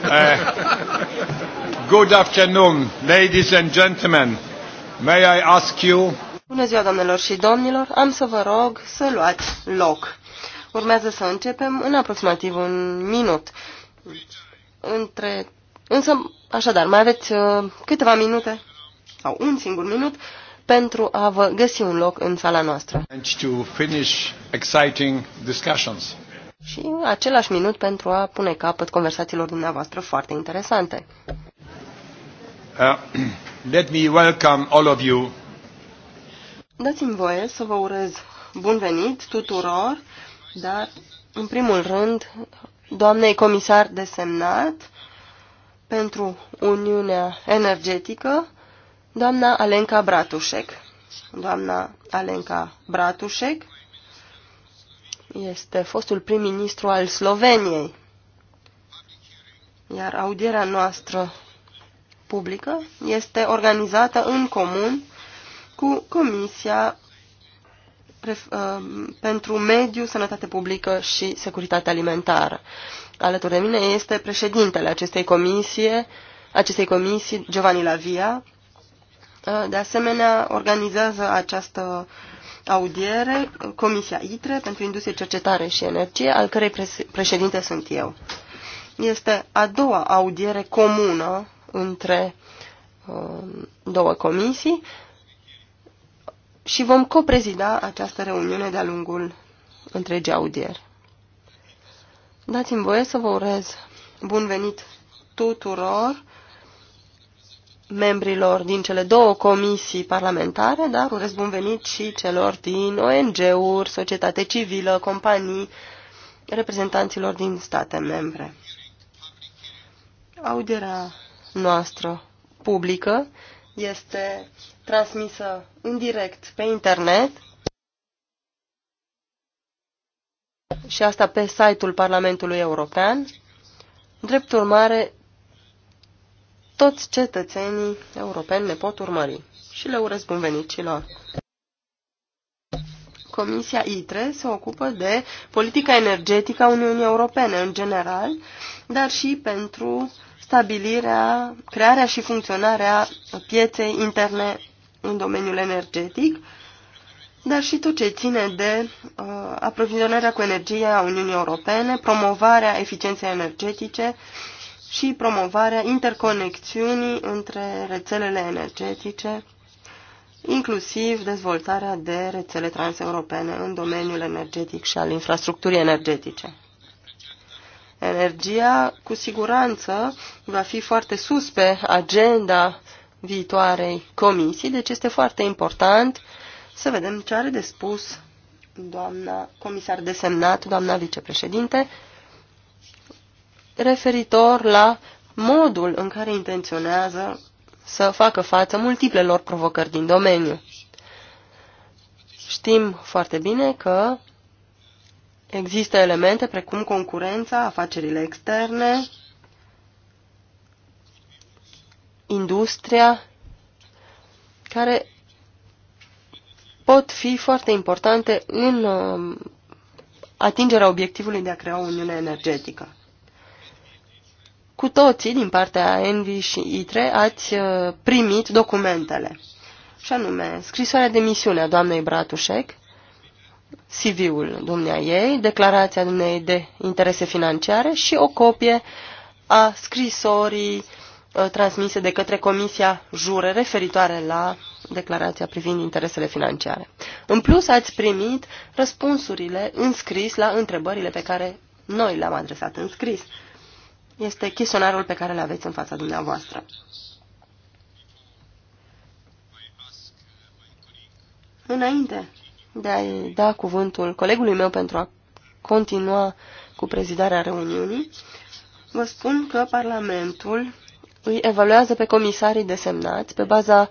Uh, good afternoon, ladies and gentlemen. May I ask you... Bună ziua, doamnelor și domnilor. Am să vă rog să luați loc. Urmează să începem în aproximativ un minut. Între... Însă, așadar, mai aveți uh, câteva minute sau un singur minut pentru a vă găsi un loc în sala noastră. And to finish exciting discussions și același minut pentru a pune capăt conversațiilor dumneavoastră foarte interesante. Uh, let me welcome all of you. Dați-mi voie să vă urez bun venit tuturor, dar în primul rând doamnei comisar desemnat pentru Uniunea Energetică, doamna Alenca Bratușec. Doamna Alenca Bratușec este fostul prim-ministru al Sloveniei. Iar audierea noastră publică este organizată în comun cu Comisia uh, pentru Mediu, Sănătate Publică și Securitate Alimentară. Alături de mine este președintele acestei comisie, acestei comisii, Giovanni Lavia. Uh, de asemenea, organizează această uh, audiere Comisia ITRE pentru Industrie, Cercetare și Energie, al cărei președinte sunt eu. Este a doua audiere comună între um, două comisii și vom coprezida această reuniune de-a lungul întregii audieri. Dați-mi voie să vă urez bun venit tuturor membrilor din cele două comisii parlamentare, dar urez bun venit și celor din ONG-uri, societate civilă, companii, reprezentanților din state membre. Audierea noastră publică este transmisă în direct pe internet și asta pe site-ul Parlamentului European. Drept urmare, toți cetățenii europeni ne pot urmări și le urez bun venit și lor. Comisia ITRE se ocupă de politica energetică a Uniunii Europene în general, dar și pentru stabilirea, crearea și funcționarea pieței interne în domeniul energetic, dar și tot ce ține de uh, aprovizionarea cu energie a Uniunii Europene, promovarea eficienței energetice și promovarea interconexiunii între rețelele energetice, inclusiv dezvoltarea de rețele transeuropene în domeniul energetic și al infrastructurii energetice. Energia, cu siguranță, va fi foarte sus pe agenda viitoarei comisii, deci este foarte important să vedem ce are de spus doamna comisar desemnat, doamna vicepreședinte, referitor la modul în care intenționează să facă față multiplelor provocări din domeniu. Știm foarte bine că există elemente precum concurența, afacerile externe, industria, care pot fi foarte importante în uh, atingerea obiectivului de a crea o uniune energetică. Cu toții, din partea Envi și ITRE, ați uh, primit documentele. Și anume, scrisoarea de misiune a doamnei Bratușec, CV-ul dumnea ei, declarația dumnei de interese financiare și o copie a scrisorii uh, transmise de către Comisia Jure referitoare la declarația privind interesele financiare. În plus, ați primit răspunsurile înscris la întrebările pe care noi le-am adresat în scris este chisonarul pe care îl aveți în fața dumneavoastră. Înainte de a-i da cuvântul colegului meu pentru a continua cu prezidarea reuniunii, vă spun că Parlamentul îi evaluează pe comisarii desemnați pe baza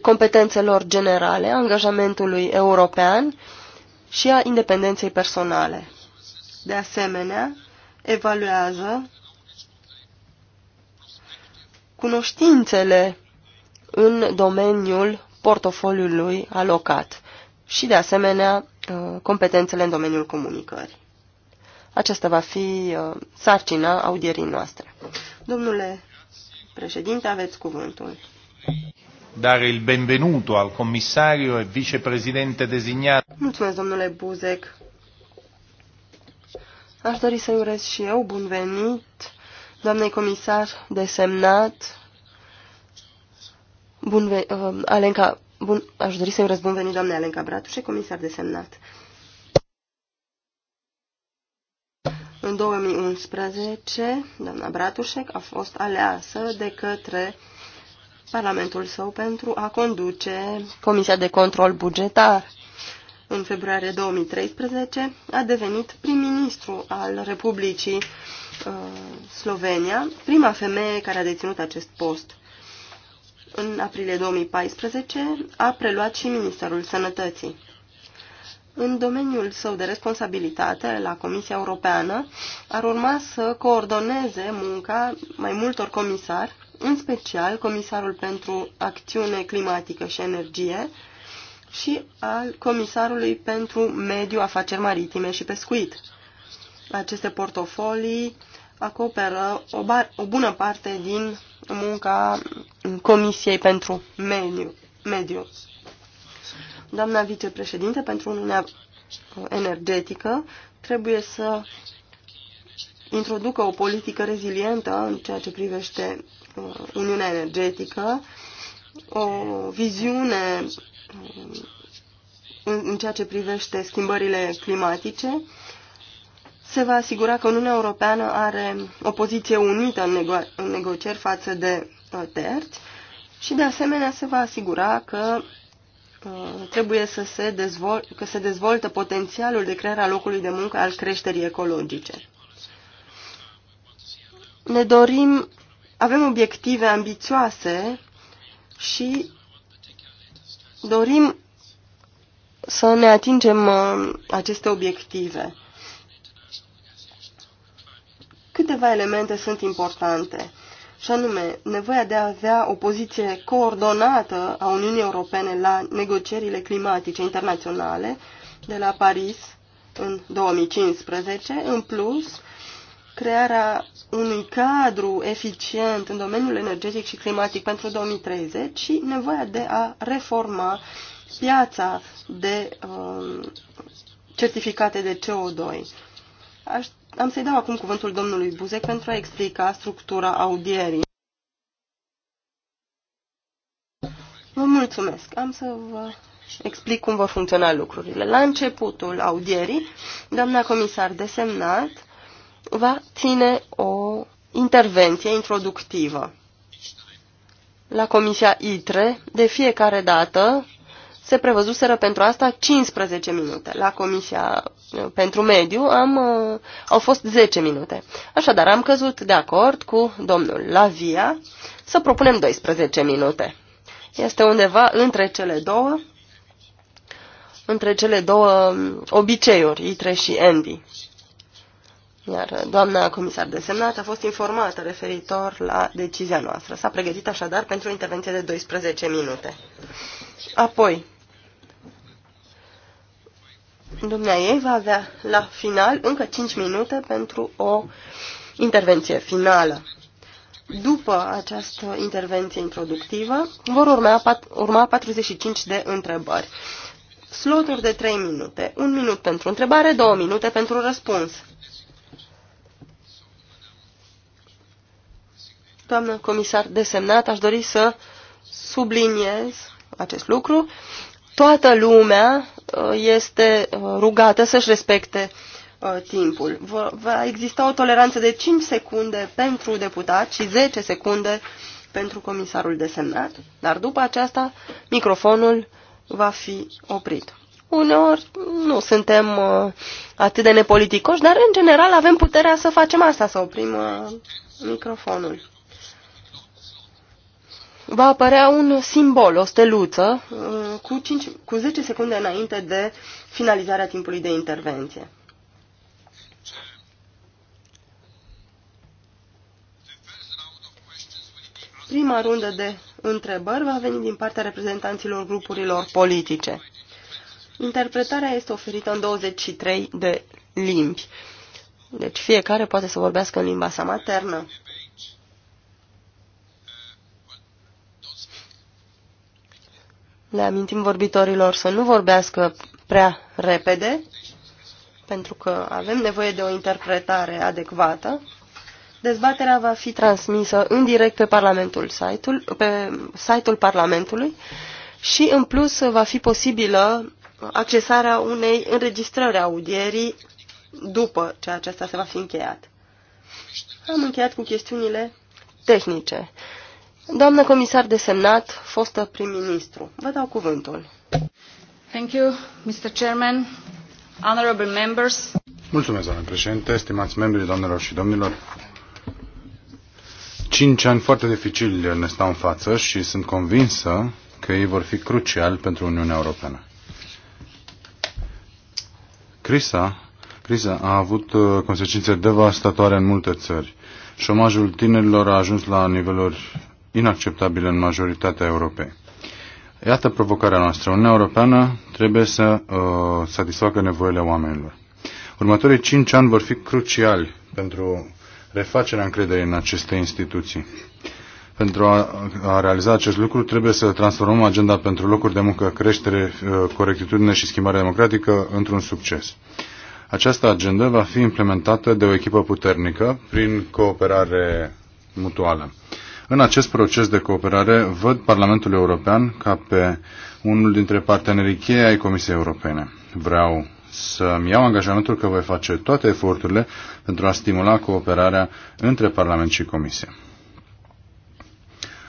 competențelor generale, angajamentului european și a independenței personale. De asemenea, evaluează cunoștințele în domeniul portofoliului alocat și, de asemenea, uh, competențele în domeniul comunicării. Aceasta va fi uh, sarcina audierii noastre. Domnule președinte, aveți cuvântul. Dare il benvenuto al comisario e vicepresidente designat. Mulțumesc, domnule Buzek. Aș dori să-i urez și eu bun venit, doamnei comisar desemnat, bun ve uh, Alenca, bun, aș dori să-i urez bun venit, doamne Alenca Bratușe, comisar desemnat. În 2011, doamna Bratușec a fost aleasă de către Parlamentul său pentru a conduce Comisia de Control Bugetar în februarie 2013, a devenit prim-ministru al Republicii uh, Slovenia, prima femeie care a deținut acest post. În aprilie 2014 a preluat și Ministerul Sănătății. În domeniul său de responsabilitate la Comisia Europeană ar urma să coordoneze munca mai multor comisari, în special Comisarul pentru Acțiune Climatică și Energie, și al Comisarului pentru Mediu, Afaceri Maritime și Pescuit. Aceste portofolii acoperă o, o bună parte din munca Comisiei pentru Mediu. mediu. Doamna vicepreședinte pentru Uniunea Energetică trebuie să introducă o politică rezilientă în ceea ce privește uh, Uniunea Energetică, o viziune în ceea ce privește schimbările climatice, se va asigura că Uniunea Europeană are o poziție unită în, nego- în negocieri față de uh, terți și, de asemenea, se va asigura că uh, trebuie să se, dezvol- că se dezvoltă potențialul de creare a locului de muncă al creșterii ecologice. Ne dorim, avem obiective ambițioase și Dorim să ne atingem uh, aceste obiective. Câteva elemente sunt importante, și anume nevoia de a avea o poziție coordonată a Uniunii Europene la negocierile climatice internaționale de la Paris în 2015, în plus crearea unui cadru eficient în domeniul energetic și climatic pentru 2030 și nevoia de a reforma piața de um, certificate de CO2. Aș, am să-i dau acum cuvântul domnului Buzec pentru a explica structura audierii. Vă mulțumesc. Am să vă explic cum vor funcționa lucrurile. La începutul audierii, doamna comisar desemnat va ține o intervenție introductivă. La Comisia ITRE, de fiecare dată, se prevăzuseră pentru asta 15 minute. La Comisia uh, pentru Mediu am, uh, au fost 10 minute. Așadar, am căzut de acord cu domnul Lavia să propunem 12 minute. Este undeva între cele două, între cele două um, obiceiuri, ITRE și Endi. Iar doamna comisar desemnat a fost informată referitor la decizia noastră. S-a pregătit așadar pentru o intervenție de 12 minute. Apoi, dumnea ei va avea la final încă 5 minute pentru o intervenție finală. După această intervenție introductivă, vor urma, urma 45 de întrebări. Sloturi de 3 minute, 1 minut pentru întrebare, 2 minute pentru răspuns. Doamnă comisar desemnat, aș dori să subliniez acest lucru. Toată lumea uh, este uh, rugată să-și respecte uh, timpul. Va exista o toleranță de 5 secunde pentru deputat și 10 secunde pentru comisarul desemnat, dar după aceasta microfonul va fi oprit. Uneori nu suntem atât de nepoliticoși, dar în general avem puterea să facem asta, să oprim microfonul va apărea un simbol, o steluță, mm, cu, 5, cu 10 secunde înainte de finalizarea timpului de intervenție. Prima rundă de întrebări va veni din partea reprezentanților grupurilor politice. Interpretarea este oferită în 23 de limbi. Deci fiecare poate să vorbească în limba sa maternă. Le amintim vorbitorilor să nu vorbească prea repede, pentru că avem nevoie de o interpretare adecvată. Dezbaterea va fi transmisă în direct pe, parlamentul site-ul, pe site-ul Parlamentului și, în plus, va fi posibilă accesarea unei înregistrări audierii după ce aceasta se va fi încheiat. Am încheiat cu chestiunile tehnice. Doamnă comisar desemnat, fostă prim-ministru, vă dau cuvântul. Thank you, Mr. Chairman, honorable members. Mulțumesc, doamnă președinte, stimați membri, doamnelor și domnilor. Cinci ani foarte dificili ne stau în față și sunt convinsă că ei vor fi cruciali pentru Uniunea Europeană. Crisa, criza a avut uh, consecințe devastatoare în multe țări. Șomajul tinerilor a ajuns la niveluri inacceptabile în majoritatea Europei. Iată provocarea noastră. Uniunea Europeană trebuie să uh, satisfacă nevoile oamenilor. Următorii cinci ani vor fi cruciali pentru refacerea încrederii în aceste instituții. Pentru a, a realiza acest lucru trebuie să transformăm agenda pentru locuri de muncă, creștere, uh, corectitudine și schimbare democratică într-un succes. Această agendă va fi implementată de o echipă puternică prin cooperare mutuală. În acest proces de cooperare văd Parlamentul European ca pe unul dintre partenerii cheie ai Comisiei Europene. Vreau să-mi iau angajamentul că voi face toate eforturile pentru a stimula cooperarea între Parlament și Comisie.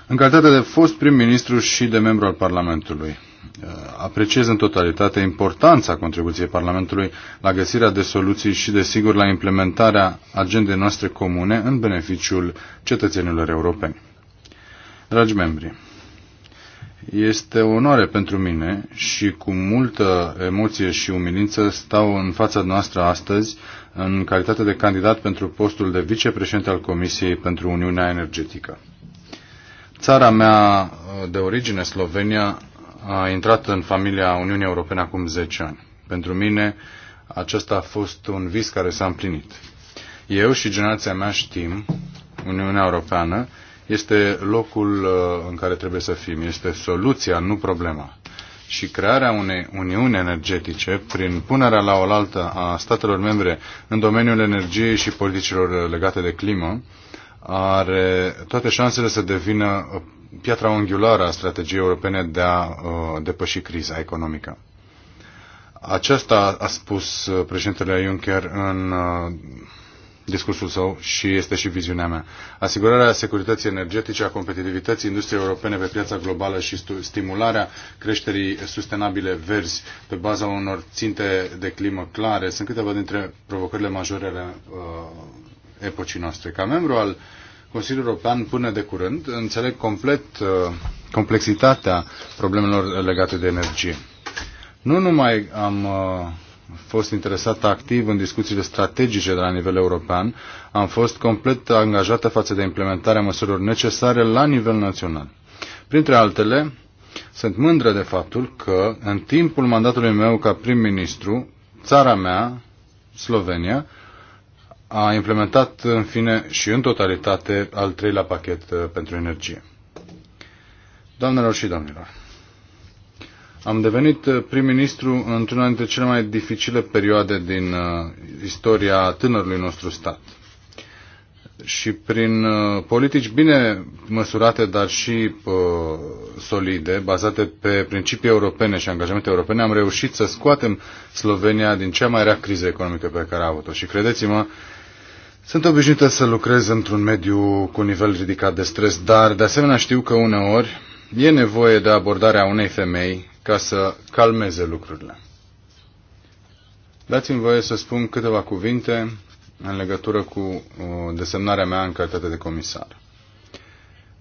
În calitate de fost prim-ministru și de membru al Parlamentului, Uh, apreciez în totalitate importanța contribuției Parlamentului la găsirea de soluții și, desigur, la implementarea agendei noastre comune în beneficiul cetățenilor europeni. Dragi membri, este o onoare pentru mine și cu multă emoție și umilință stau în fața noastră astăzi în calitate de candidat pentru postul de vicepreședinte al Comisiei pentru Uniunea Energetică. Țara mea uh, de origine, Slovenia, a intrat în familia Uniunii Europene acum 10 ani. Pentru mine, acesta a fost un vis care s-a împlinit. Eu și generația mea știm, Uniunea Europeană este locul uh, în care trebuie să fim, este soluția, nu problema. Și crearea unei uniuni energetice, prin punerea la oaltă a statelor membre în domeniul energiei și politicilor legate de climă, are toate șansele să devină piatra unghiulară a strategiei europene de a uh, depăși criza economică. Aceasta a spus uh, președintele Juncker în uh, discursul său și este și viziunea mea. Asigurarea securității energetice, a competitivității industriei europene pe piața globală și stimularea creșterii sustenabile verzi pe baza unor ținte de climă clare sunt câteva dintre provocările majore ale uh, epocii noastre. Ca membru al uh, Consiliul European până de curând, înțeleg complet uh, complexitatea problemelor legate de energie. Nu numai am uh, fost interesat activ în discuțiile strategice de la nivel european, am fost complet angajată față de implementarea măsurilor necesare la nivel național. Printre altele, sunt mândră de faptul că în timpul mandatului meu ca prim-ministru, țara mea, Slovenia, a implementat în fine și în totalitate al treilea pachet uh, pentru energie. Doamnelor și domnilor, am devenit uh, prim-ministru într-una dintre cele mai dificile perioade din uh, istoria tânărului nostru stat. Și prin politici bine măsurate, dar și solide, bazate pe principii europene și angajamente europene, am reușit să scoatem Slovenia din cea mai rea criză economică pe care a avut-o. Și credeți-mă, sunt obișnuită să lucrez într-un mediu cu nivel ridicat de stres, dar de asemenea știu că uneori e nevoie de abordarea unei femei ca să calmeze lucrurile. Dați-mi voie să spun câteva cuvinte în legătură cu uh, desemnarea mea în calitate de comisar.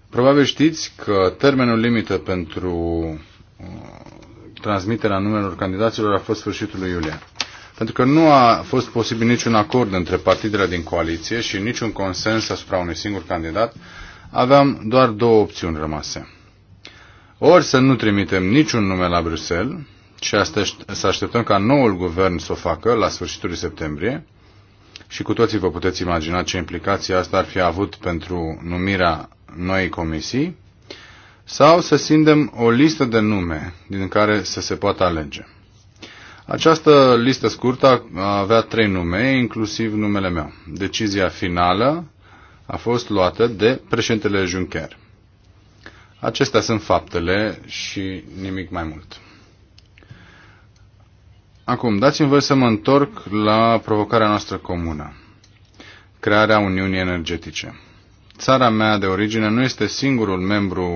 Probabil știți că termenul limită pentru uh, transmiterea numelor candidaților a fost sfârșitul lui Iulia pentru că nu a fost posibil niciun acord între partidele din coaliție și niciun consens asupra unui singur candidat, aveam doar două opțiuni rămase. Ori să nu trimitem niciun nume la Bruxelles și să așteptăm ca noul guvern să o facă la sfârșitul septembrie, și cu toții vă puteți imagina ce implicații asta ar fi avut pentru numirea noii comisii, sau să sindem o listă de nume din care să se poată alege. Această listă scurtă avea trei nume, inclusiv numele meu. Decizia finală a fost luată de președintele Juncker. Acestea sunt faptele și nimic mai mult. Acum, dați-mi voi să mă întorc la provocarea noastră comună, crearea Uniunii Energetice. Țara mea de origine nu este singurul membru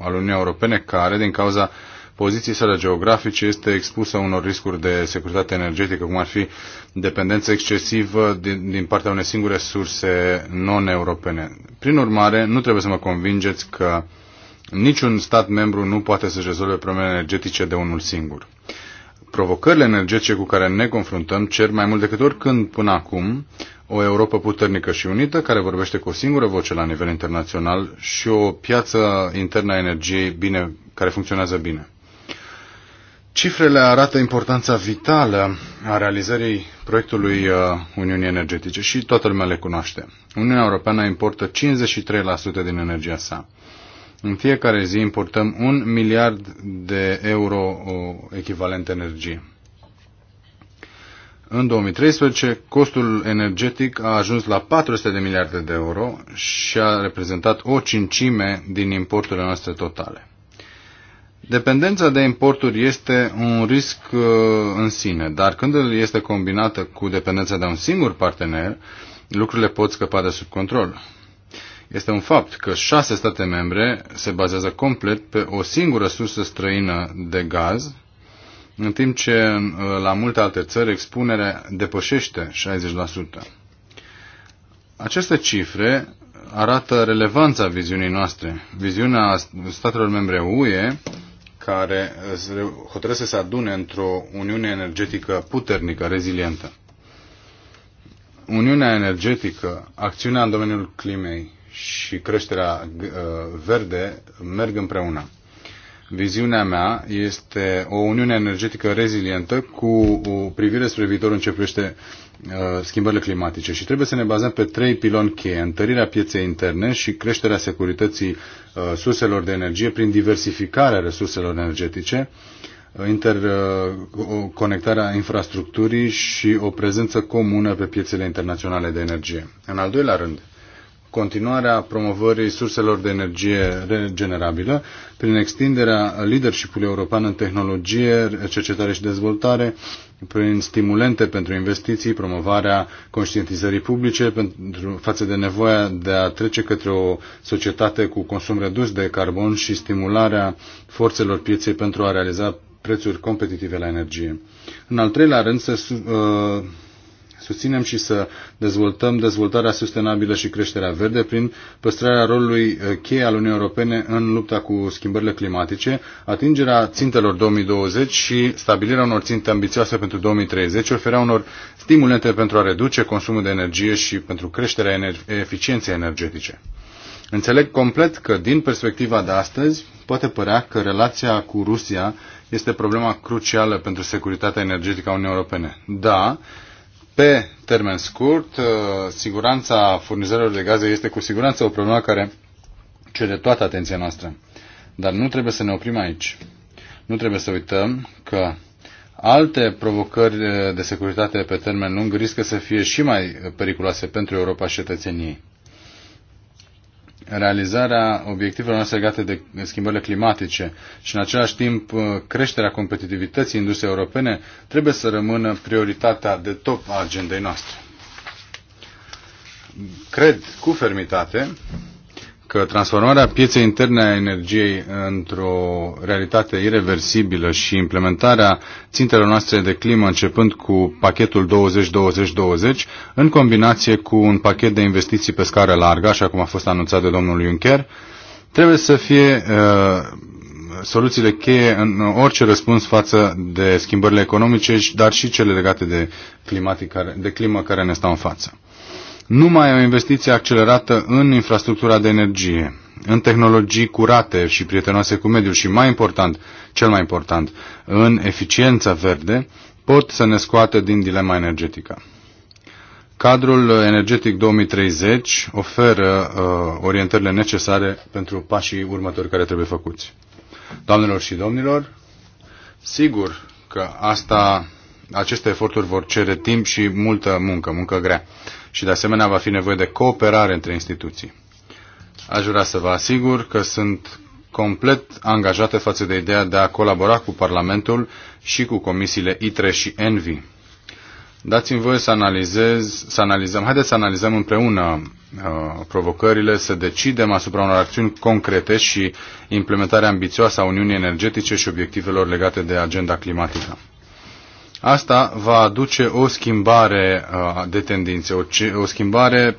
al Uniunii Europene care, din cauza poziției sale geografice este expusă unor riscuri de securitate energetică, cum ar fi dependență excesivă din, din partea unei singure surse non-europene. Prin urmare, nu trebuie să mă convingeți că niciun stat membru nu poate să-și rezolve problemele energetice de unul singur. Provocările energetice cu care ne confruntăm cer mai mult decât oricând până acum o Europa puternică și unită care vorbește cu o singură voce la nivel internațional și o piață internă a energiei bine, care funcționează bine. Cifrele arată importanța vitală a realizării proiectului uh, Uniunii Energetice și toată lumea le cunoaște. Uniunea Europeană importă 53% din energia sa. În fiecare zi importăm un miliard de euro echivalent energie. În 2013, costul energetic a ajuns la 400 de miliarde de euro și a reprezentat o cincime din importurile noastre totale. Dependența de importuri este un risc uh, în sine, dar când este combinată cu dependența de un singur partener, lucrurile pot scăpa de sub control. Este un fapt că șase state membre se bazează complet pe o singură sursă străină de gaz, în timp ce uh, la multe alte țări expunerea depășește 60%. Aceste cifre arată relevanța viziunii noastre. Viziunea statelor membre UE care hotărăsc să se adune într-o uniune energetică puternică, rezilientă. Uniunea energetică, acțiunea în domeniul climei și creșterea uh, verde merg împreună. Viziunea mea este o uniune energetică rezilientă cu o privire spre viitorul în ce privește uh, schimbările climatice și trebuie să ne bazăm pe trei piloni cheie, întărirea pieței interne și creșterea securității uh, surselor de energie prin diversificarea resurselor energetice, uh, interconectarea infrastructurii și o prezență comună pe piețele internaționale de energie. În al doilea rând, continuarea promovării surselor de energie regenerabilă, prin extinderea leadership-ului european în tehnologie, cercetare și dezvoltare, prin stimulente pentru investiții, promovarea conștientizării publice pentru, față de nevoia de a trece către o societate cu consum redus de carbon și stimularea forțelor pieței pentru a realiza prețuri competitive la energie. În al treilea rând, să uh, susținem și să dezvoltăm dezvoltarea sustenabilă și creșterea verde prin păstrarea rolului eh, cheie al Uniunii Europene în lupta cu schimbările climatice, atingerea țintelor 2020 și stabilirea unor ținte ambițioase pentru 2030, oferea unor stimulente pentru a reduce consumul de energie și pentru creșterea ener- eficienței energetice. Înțeleg complet că, din perspectiva de astăzi, poate părea că relația cu Rusia este problema crucială pentru securitatea energetică a Uniunii Europene. Da, pe termen scurt, uh, siguranța furnizorilor de gaze este cu siguranță o problemă care cere toată atenția noastră. Dar nu trebuie să ne oprim aici. Nu trebuie să uităm că alte provocări uh, de securitate pe termen lung riscă să fie și mai periculoase pentru Europa și cetățenii realizarea obiectivelor noastre legate de schimbările climatice și în același timp creșterea competitivității industriei europene trebuie să rămână prioritatea de top a agendei noastre. Cred cu fermitate că transformarea pieței interne a energiei într-o realitate irreversibilă și implementarea țintelor noastre de climă începând cu pachetul 20-20-20 în combinație cu un pachet de investiții pe scară largă, așa cum a fost anunțat de domnul Juncker, trebuie să fie uh, soluțiile cheie în orice răspuns față de schimbările economice, dar și cele legate de, climatic, de climă care ne stau în față numai o investiție accelerată în infrastructura de energie, în tehnologii curate și prietenoase cu mediul și, mai important, cel mai important, în eficiența verde, pot să ne scoată din dilema energetică. Cadrul energetic 2030 oferă uh, orientările necesare pentru pașii următori care trebuie făcuți. Doamnelor și domnilor, sigur că asta, aceste eforturi vor cere timp și multă muncă, muncă grea și de asemenea va fi nevoie de cooperare între instituții. Aș vrea să vă asigur că sunt complet angajate față de ideea de a colabora cu Parlamentul și cu comisiile ITRE și ENVI. Dați-mi voie să, analizez, să analizăm, haideți să analizăm împreună uh, provocările, să decidem asupra unor acțiuni concrete și implementarea ambițioasă a Uniunii Energetice și obiectivelor legate de agenda climatică. Asta va aduce o schimbare uh, de tendințe, o, schimbare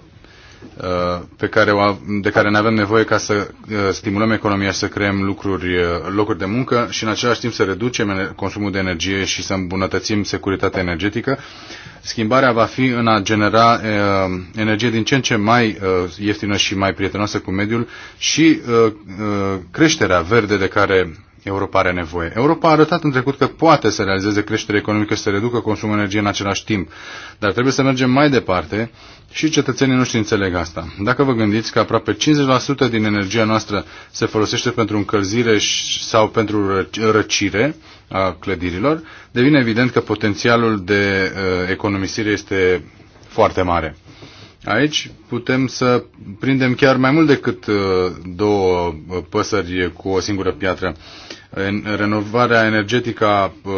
uh, pe care o, de care ne avem nevoie ca să uh, stimulăm economia și să creăm lucruri, locuri de muncă și în același timp să reducem consumul de energie și să îmbunătățim securitatea energetică. Schimbarea va fi în a genera energie din ce în ce mai ieftină și mai prietenoasă cu mediul și creșterea verde de care Europa are nevoie. Europa a arătat în trecut că poate să realizeze creștere economică și să reducă consumul energiei în același timp, dar trebuie să mergem mai departe și cetățenii noștri înțeleg asta. Dacă vă gândiți că aproape 50% din energia noastră se folosește pentru încălzire sau pentru răcire a clădirilor, devine evident că potențialul de uh, economisire este foarte mare. Aici putem să prindem chiar mai mult decât uh, două uh, păsări cu o singură piatră renovarea energetică a uh,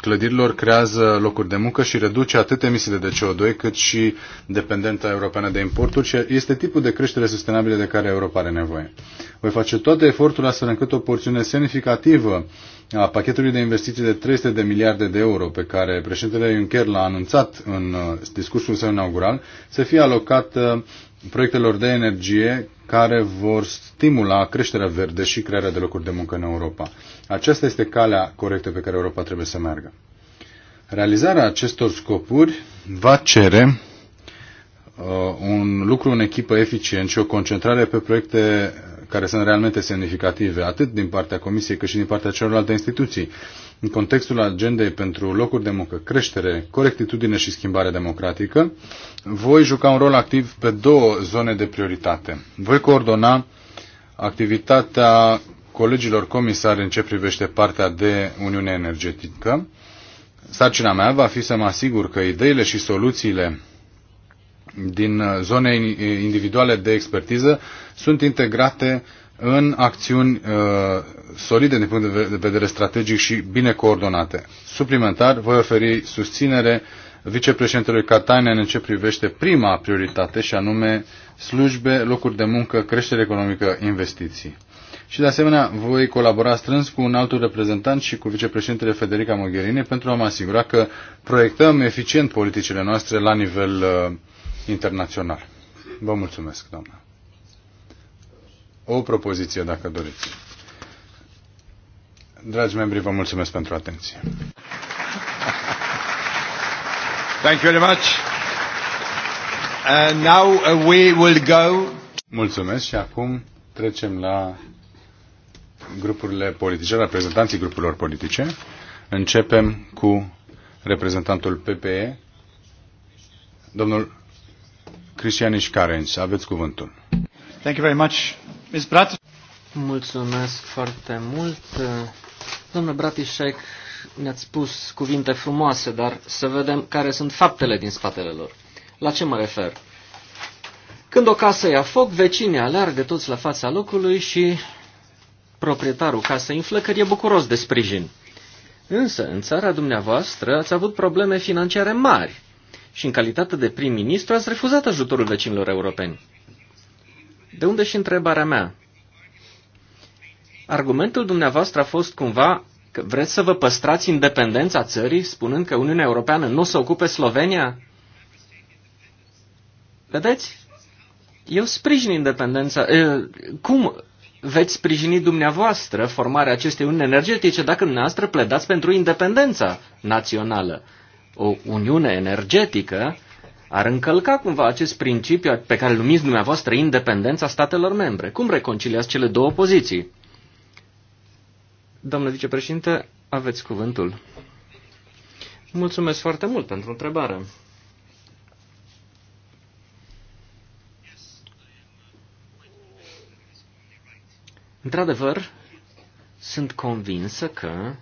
clădirilor creează locuri de muncă și reduce atât emisiile de CO2 cât și dependența europeană de importuri și este tipul de creștere sustenabilă de care Europa are nevoie. Voi face toate eforturile astfel încât o porțiune semnificativă a pachetului de investiții de 300 de miliarde de euro pe care președintele Juncker l-a anunțat în uh, discursul său inaugural să fie alocat uh, proiectelor de energie care vor stimula creșterea verde și crearea de locuri de muncă în Europa. Aceasta este calea corectă pe care Europa trebuie să meargă. Realizarea acestor scopuri va cere uh, un lucru în echipă eficient și o concentrare pe proiecte care sunt realmente semnificative, atât din partea Comisiei cât și din partea celorlalte instituții în contextul agendei pentru locuri de muncă, creștere, corectitudine și schimbare democratică, voi juca un rol activ pe două zone de prioritate. Voi coordona activitatea colegilor comisari în ce privește partea de Uniune Energetică. Sarcina mea va fi să mă asigur că ideile și soluțiile din zone individuale de expertiză sunt integrate în acțiuni uh, solide din punct de vedere strategic și bine coordonate. Suplimentar, voi oferi susținere vicepreședintelui Katainen în ce privește prima prioritate și anume slujbe, locuri de muncă, creștere economică, investiții. Și de asemenea voi colabora strâns cu un alt reprezentant și cu vicepreședintele Federica Mogherini pentru a mă asigura că proiectăm eficient politicile noastre la nivel uh, internațional. Vă mulțumesc, doamna o propoziție, dacă doriți. Dragi membri, vă mulțumesc pentru atenție. Thank you very much. And now uh, we will go. Mulțumesc și acum trecem la grupurile politice, reprezentanții grupurilor politice. Începem cu reprezentantul PPE, domnul Cristian Iscarenț. Aveți cuvântul. Thank you very much. Ms. Brat... Mulțumesc foarte mult. Domnule Bratișek, ne-ați spus cuvinte frumoase, dar să vedem care sunt faptele din spatele lor. La ce mă refer? Când o casă ia foc, vecinii alargă toți la fața locului și proprietarul casei în flăcări e bucuros de sprijin. Însă, în țara dumneavoastră ați avut probleme financiare mari și în calitate de prim-ministru ați refuzat ajutorul vecinilor europeni. De unde și întrebarea mea? Argumentul dumneavoastră a fost cumva că vreți să vă păstrați independența țării, spunând că Uniunea Europeană nu se ocupe Slovenia? Vedeți? Eu sprijin independența. Cum veți sprijini dumneavoastră formarea acestei uniuni energetice dacă dumneavoastră pledați pentru independența națională? O uniune energetică ar încălca cumva acest principiu pe care îl numiți dumneavoastră independența statelor membre. Cum reconciliați cele două poziții? Domnule vicepreședinte, aveți cuvântul. Mulțumesc foarte mult pentru întrebare. Într-adevăr, sunt convinsă că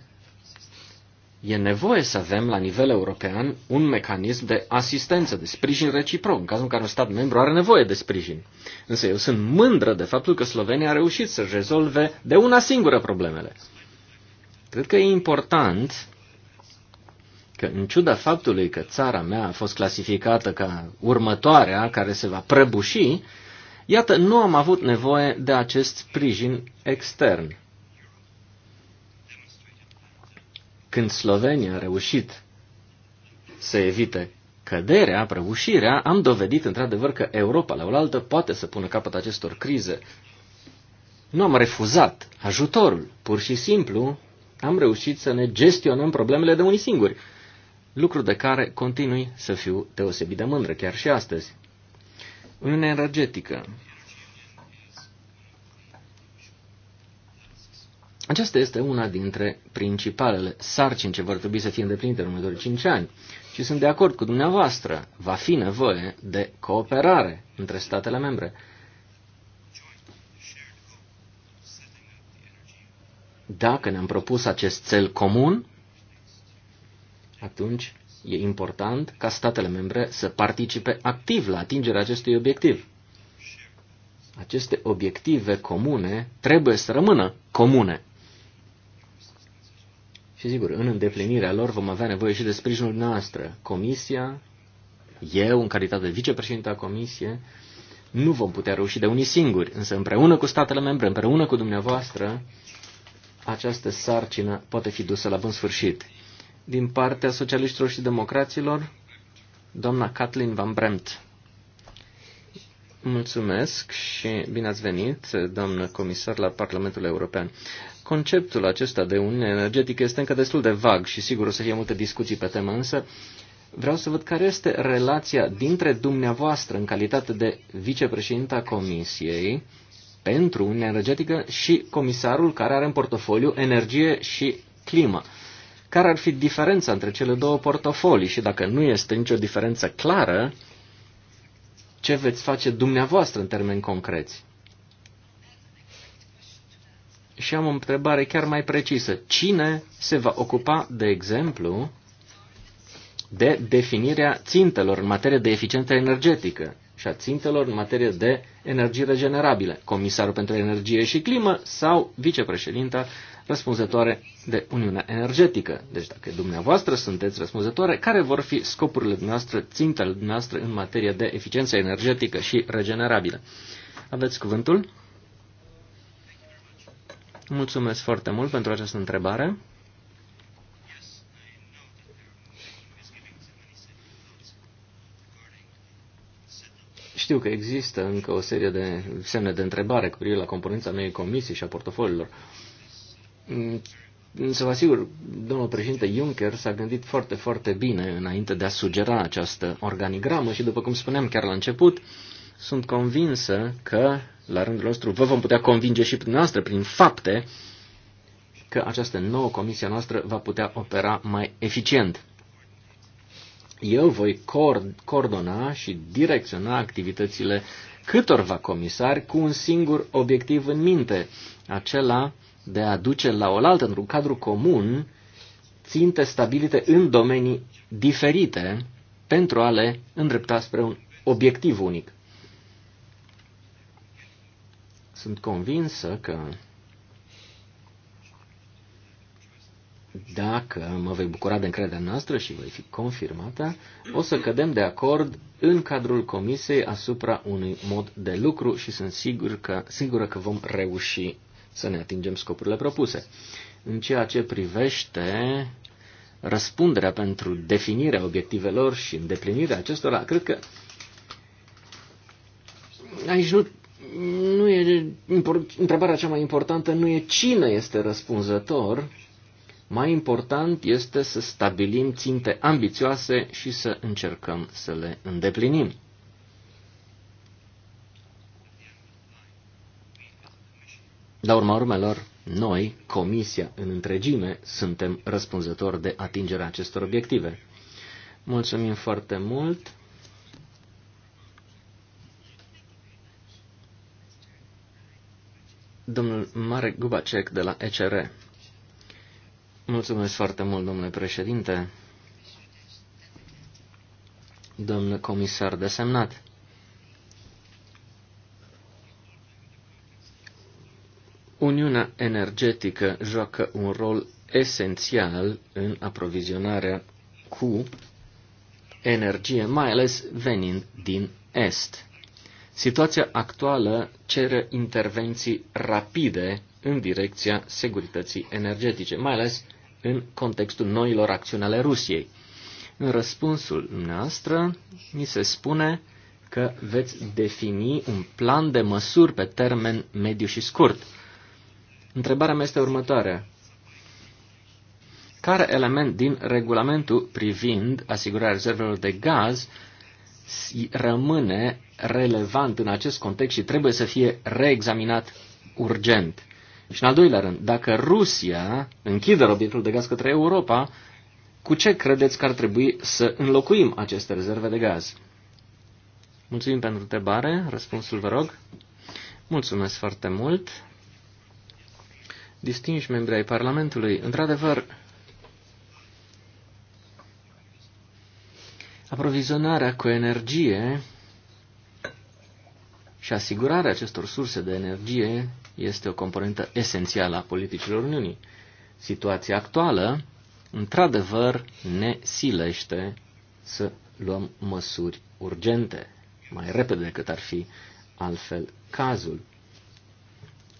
e nevoie să avem la nivel european un mecanism de asistență, de sprijin reciproc, în cazul în care un stat membru are nevoie de sprijin. Însă eu sunt mândră de faptul că Slovenia a reușit să rezolve de una singură problemele. Cred că e important că în ciuda faptului că țara mea a fost clasificată ca următoarea care se va prăbuși, iată, nu am avut nevoie de acest sprijin extern. Când Slovenia a reușit să evite căderea, prăbușirea, am dovedit într-adevăr că Europa la oaltă poate să pună capăt acestor crize. Nu am refuzat ajutorul, pur și simplu am reușit să ne gestionăm problemele de unii singuri, lucru de care continui să fiu deosebit de mândră chiar și astăzi. Uniunea energetică. Aceasta este una dintre principalele sarcini ce vor trebui să fie îndeplinite în următorii 5 ani. Și sunt de acord cu dumneavoastră, va fi nevoie de cooperare între statele membre. Dacă ne-am propus acest cel comun, atunci e important ca statele membre să participe activ la atingerea acestui obiectiv. Aceste obiective comune trebuie să rămână comune și sigur, în îndeplinirea lor vom avea nevoie și de sprijinul noastră. Comisia, eu, în calitate de vicepreședinte a Comisiei, nu vom putea reuși de unii singuri, însă împreună cu statele membre, împreună cu dumneavoastră, această sarcină poate fi dusă la bun sfârșit. Din partea socialiștilor și democraților, doamna Kathleen Van Bremt. Mulțumesc și bine ați venit, doamnă comisar, la Parlamentul European. Conceptul acesta de uniune energetică este încă destul de vag și sigur o să fie multe discuții pe temă, însă vreau să văd care este relația dintre dumneavoastră în calitate de vicepreședinta Comisiei pentru Uniunea Energetică și comisarul care are în portofoliu energie și climă. Care ar fi diferența între cele două portofolii și dacă nu este nicio diferență clară, ce veți face dumneavoastră în termeni concreți. Și am o întrebare chiar mai precisă. Cine se va ocupa, de exemplu, de definirea țintelor în materie de eficiență energetică și a țintelor în materie de energii regenerabile? Comisarul pentru Energie și Climă sau vicepreședinta răspunzătoare de Uniunea Energetică. Deci dacă dumneavoastră sunteți răspunzătoare, care vor fi scopurile dumneavoastră, țintele dumneavoastră în materie de eficiență energetică și regenerabilă? Aveți cuvântul? Mulțumesc foarte mult pentru această întrebare. Știu că există încă o serie de semne de întrebare cu privire la componența noii comisii și a portofoliilor. Uh, Mm, să vă asigur, domnul președinte Juncker s-a gândit foarte, foarte bine înainte de a sugera această organigramă și, după cum spuneam chiar la început, sunt convinsă că, la rândul nostru, vă vom putea convinge și prin noastră, prin fapte, că această nouă comisie noastră va putea opera mai eficient. Eu voi coordona și direcționa activitățile câtorva comisari cu un singur obiectiv în minte, acela de a duce la oaltă, într-un cadru comun, ținte stabilite în domenii diferite pentru a le îndrepta spre un obiectiv unic. Sunt convinsă că dacă mă vei bucura de încrederea noastră și voi fi confirmată, o să cădem de acord în cadrul comisiei asupra unui mod de lucru și sunt sigur că, sigură că vom reuși să ne atingem scopurile propuse. În ceea ce privește răspunderea pentru definirea obiectivelor și îndeplinirea acestora, cred că aici nu, nu e, întrebarea cea mai importantă nu e cine este răspunzător, mai important este să stabilim ținte ambițioase și să încercăm să le îndeplinim. La urma urmelor, noi, Comisia în întregime, suntem răspunzători de atingerea acestor obiective. Mulțumim foarte mult! Domnul Marek Gubacek de la ECR. Mulțumesc foarte mult, domnule președinte, domnul comisar desemnat. Uniunea energetică joacă un rol esențial în aprovizionarea cu energie, mai ales venind din Est. Situația actuală cere intervenții rapide în direcția securității energetice, mai ales în contextul noilor acțiuni ale Rusiei. În răspunsul noastră, mi se spune că veți defini un plan de măsuri pe termen mediu și scurt. Întrebarea mea este următoarea. Care element din regulamentul privind asigurarea rezervelor de gaz rămâne relevant în acest context și trebuie să fie reexaminat urgent? Și în al doilea rând, dacă Rusia închide obiectul de gaz către Europa, cu ce credeți că ar trebui să înlocuim aceste rezerve de gaz? Mulțumim pentru întrebare. Răspunsul vă rog. Mulțumesc foarte mult distinși membri ai Parlamentului. Într-adevăr, aprovizionarea cu energie și asigurarea acestor surse de energie este o componentă esențială a politicilor Uniunii. Situația actuală, într-adevăr, ne silește să luăm măsuri urgente, mai repede decât ar fi altfel cazul.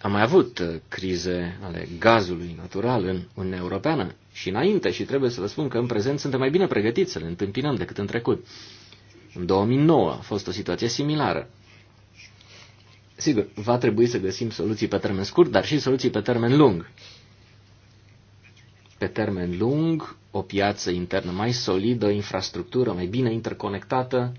Am mai avut uh, crize ale gazului natural în Uniunea Europeană și înainte și trebuie să vă spun că în prezent suntem mai bine pregătiți să le întâmpinăm decât în trecut. În 2009 a fost o situație similară. Sigur, va trebui să găsim soluții pe termen scurt, dar și soluții pe termen lung. Pe termen lung, o piață internă mai solidă, infrastructură mai bine interconectată,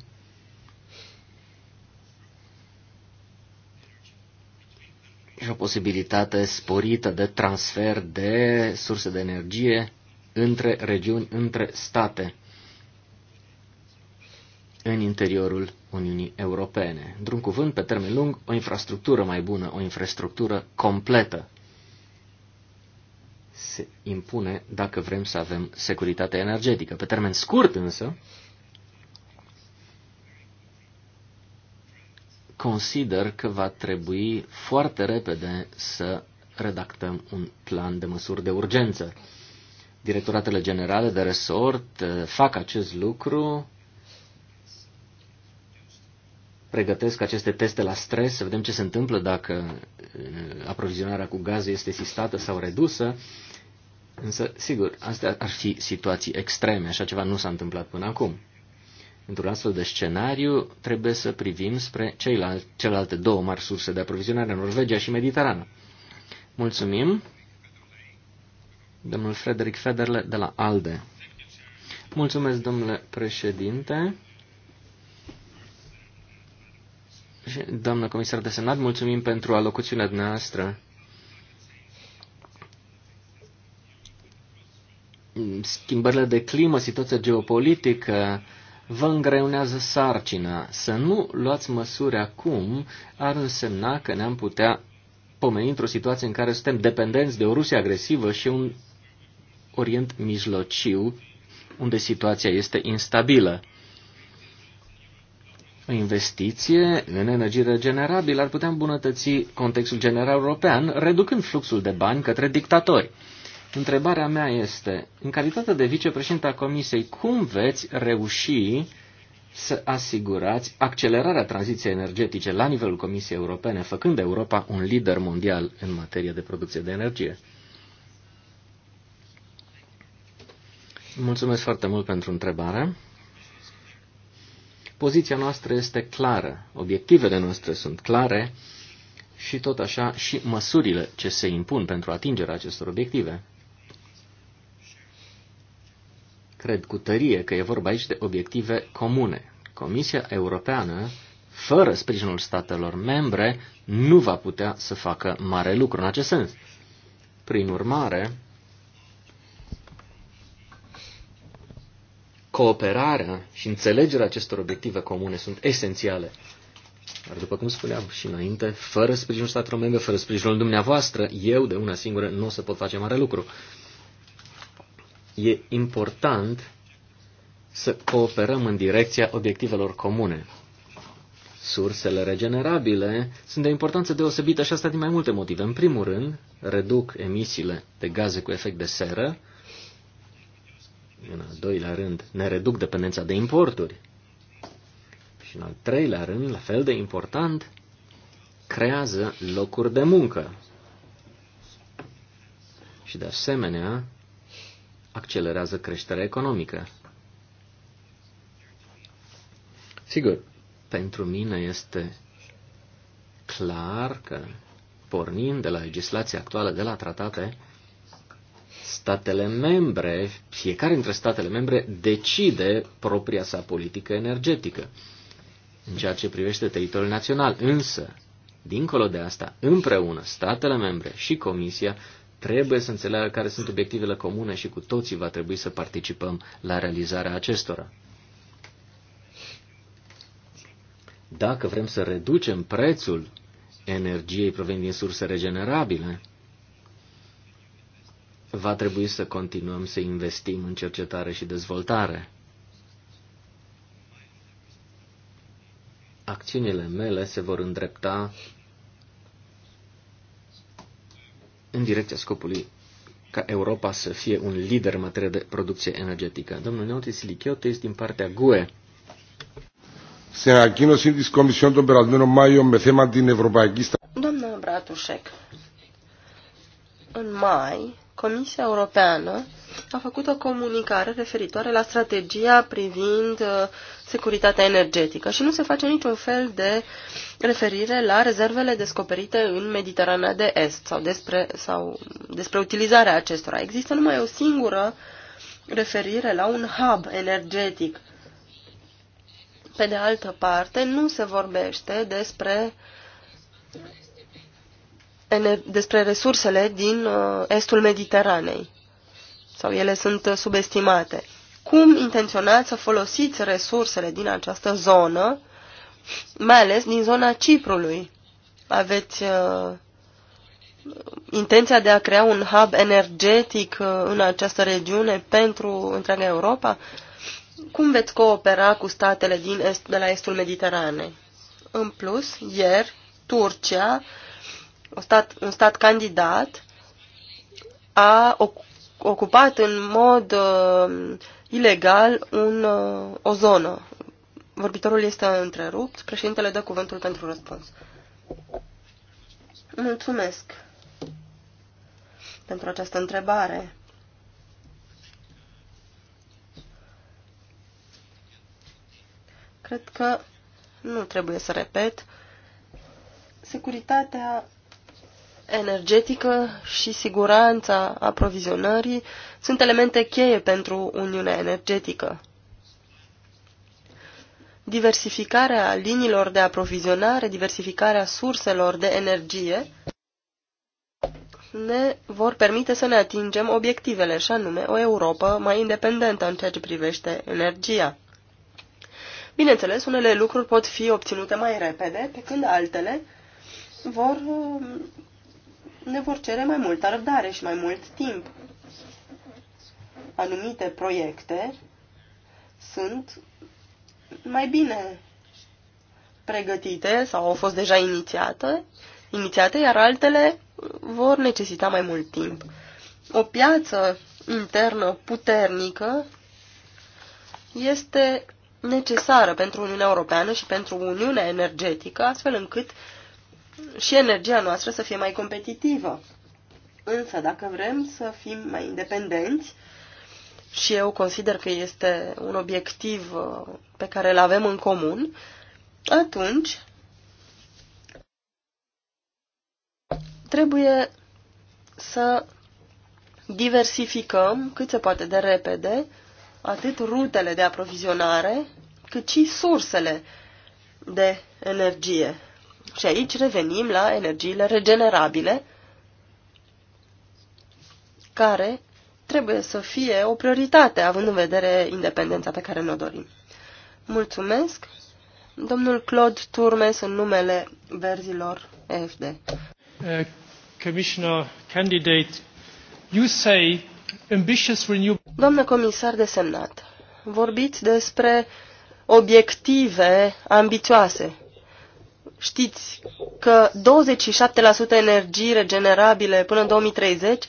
și o posibilitate sporită de transfer de surse de energie între regiuni, între state în interiorul Uniunii Europene. Într-un cuvânt, pe termen lung, o infrastructură mai bună, o infrastructură completă se impune dacă vrem să avem securitate energetică. Pe termen scurt însă, consider că va trebui foarte repede să redactăm un plan de măsuri de urgență. Directoratele generale de resort eh, fac acest lucru, pregătesc aceste teste la stres, să vedem ce se întâmplă dacă eh, aprovizionarea cu gaze este sistată sau redusă. Însă, sigur, astea ar fi situații extreme, așa ceva nu s-a întâmplat până acum. Într-un astfel de scenariu, trebuie să privim spre ceilalte, celelalte două mari surse de aprovizionare, Norvegia și Mediterana. Mulțumim, domnul Frederic Federle de la ALDE. Mulțumesc, domnule președinte. Și, doamnă comisar de senat, mulțumim pentru alocuțiunea dumneavoastră. Schimbările de climă, situația geopolitică, vă îngreunează sarcina. Să nu luați măsuri acum ar însemna că ne-am putea pomeni într-o situație în care suntem dependenți de o Rusie agresivă și un Orient mijlociu, unde situația este instabilă. O investiție în energie regenerabilă ar putea îmbunătăți contextul general european, reducând fluxul de bani către dictatori. Întrebarea mea este, în calitate de vicepreședinte a Comisiei, cum veți reuși să asigurați accelerarea tranziției energetice la nivelul Comisiei Europene, făcând Europa un lider mondial în materie de producție de energie? Mulțumesc foarte mult pentru întrebare. Poziția noastră este clară, obiectivele noastre sunt clare și tot așa și măsurile ce se impun pentru atingerea acestor obiective. Cred cu tărie că e vorba aici de obiective comune. Comisia Europeană, fără sprijinul statelor membre, nu va putea să facă mare lucru în acest sens. Prin urmare, cooperarea și înțelegerea acestor obiective comune sunt esențiale. Dar după cum spuneam și înainte, fără sprijinul statelor membre, fără sprijinul dumneavoastră, eu de una singură nu o să pot face mare lucru e important să cooperăm în direcția obiectivelor comune. Sursele regenerabile sunt de importanță deosebită și asta din mai multe motive. În primul rând, reduc emisiile de gaze cu efect de seră. În al doilea rând, ne reduc dependența de importuri. Și în al treilea rând, la fel de important, creează locuri de muncă. Și de asemenea, accelerează creșterea economică. Sigur, pentru mine este clar că, pornind de la legislația actuală, de la tratate, statele membre, fiecare dintre statele membre decide propria sa politică energetică în ceea ce privește teritoriul național. Însă, dincolo de asta, împreună, statele membre și Comisia trebuie să înțeleagă care sunt obiectivele comune și cu toții va trebui să participăm la realizarea acestora. Dacă vrem să reducem prețul energiei provenind din surse regenerabile, va trebui să continuăm să investim în cercetare și dezvoltare. Acțiunile mele se vor îndrepta în direcția scopului ca Europa să fie un lider în materie de producție energetică. Domnul Neotis Silichiotis din partea GUE. Σε ανακοίνωση τη Κομισιόν τον περασμένο Μάιο με θέμα την Ευρωπαϊκή Europa Doamna Bratușek, în mai, Comisia Europeană a făcut o comunicare referitoare la strategia privind uh, securitatea energetică și nu se face niciun fel de referire la rezervele descoperite în Mediterana de Est sau despre, sau despre utilizarea acestora. Există numai o singură referire la un hub energetic. Pe de altă parte, nu se vorbește despre uh, despre resursele din uh, estul Mediteranei sau ele sunt uh, subestimate. Cum intenționați să folosiți resursele din această zonă, mai ales din zona Ciprului? Aveți uh, intenția de a crea un hub energetic uh, în această regiune pentru întreaga Europa? Cum veți coopera cu statele din est, de la estul Mediteranei? În plus, ieri, Turcia o stat, un stat candidat a ocupat în mod uh, ilegal un, uh, o zonă. Vorbitorul este întrerupt. Președintele dă cuvântul pentru răspuns. Mulțumesc pentru această întrebare. Cred că nu trebuie să repet. Securitatea energetică și siguranța aprovizionării sunt elemente cheie pentru Uniunea Energetică. Diversificarea liniilor de aprovizionare, diversificarea surselor de energie ne vor permite să ne atingem obiectivele, și anume o Europa mai independentă în ceea ce privește energia. Bineînțeles, unele lucruri pot fi obținute mai repede, pe când altele vor ne vor cere mai multă răbdare și mai mult timp. Anumite proiecte sunt mai bine pregătite sau au fost deja inițiate, inițiate, iar altele vor necesita mai mult timp. O piață internă puternică este necesară pentru Uniunea Europeană și pentru Uniunea Energetică, astfel încât și energia noastră să fie mai competitivă. Însă, dacă vrem să fim mai independenți, și eu consider că este un obiectiv uh, pe care îl avem în comun, atunci trebuie să diversificăm cât se poate de repede atât rutele de aprovizionare, cât și sursele de energie. Și aici revenim la energiile regenerabile, care trebuie să fie o prioritate, având în vedere independența pe care ne-o dorim. Mulțumesc. Domnul Claude Turmes în numele verzilor EFD. Uh, Commissioner candidate, you say ambitious renewable... Domnule comisar desemnat, vorbiți despre obiective ambițioase știți că 27% energii regenerabile până în 2030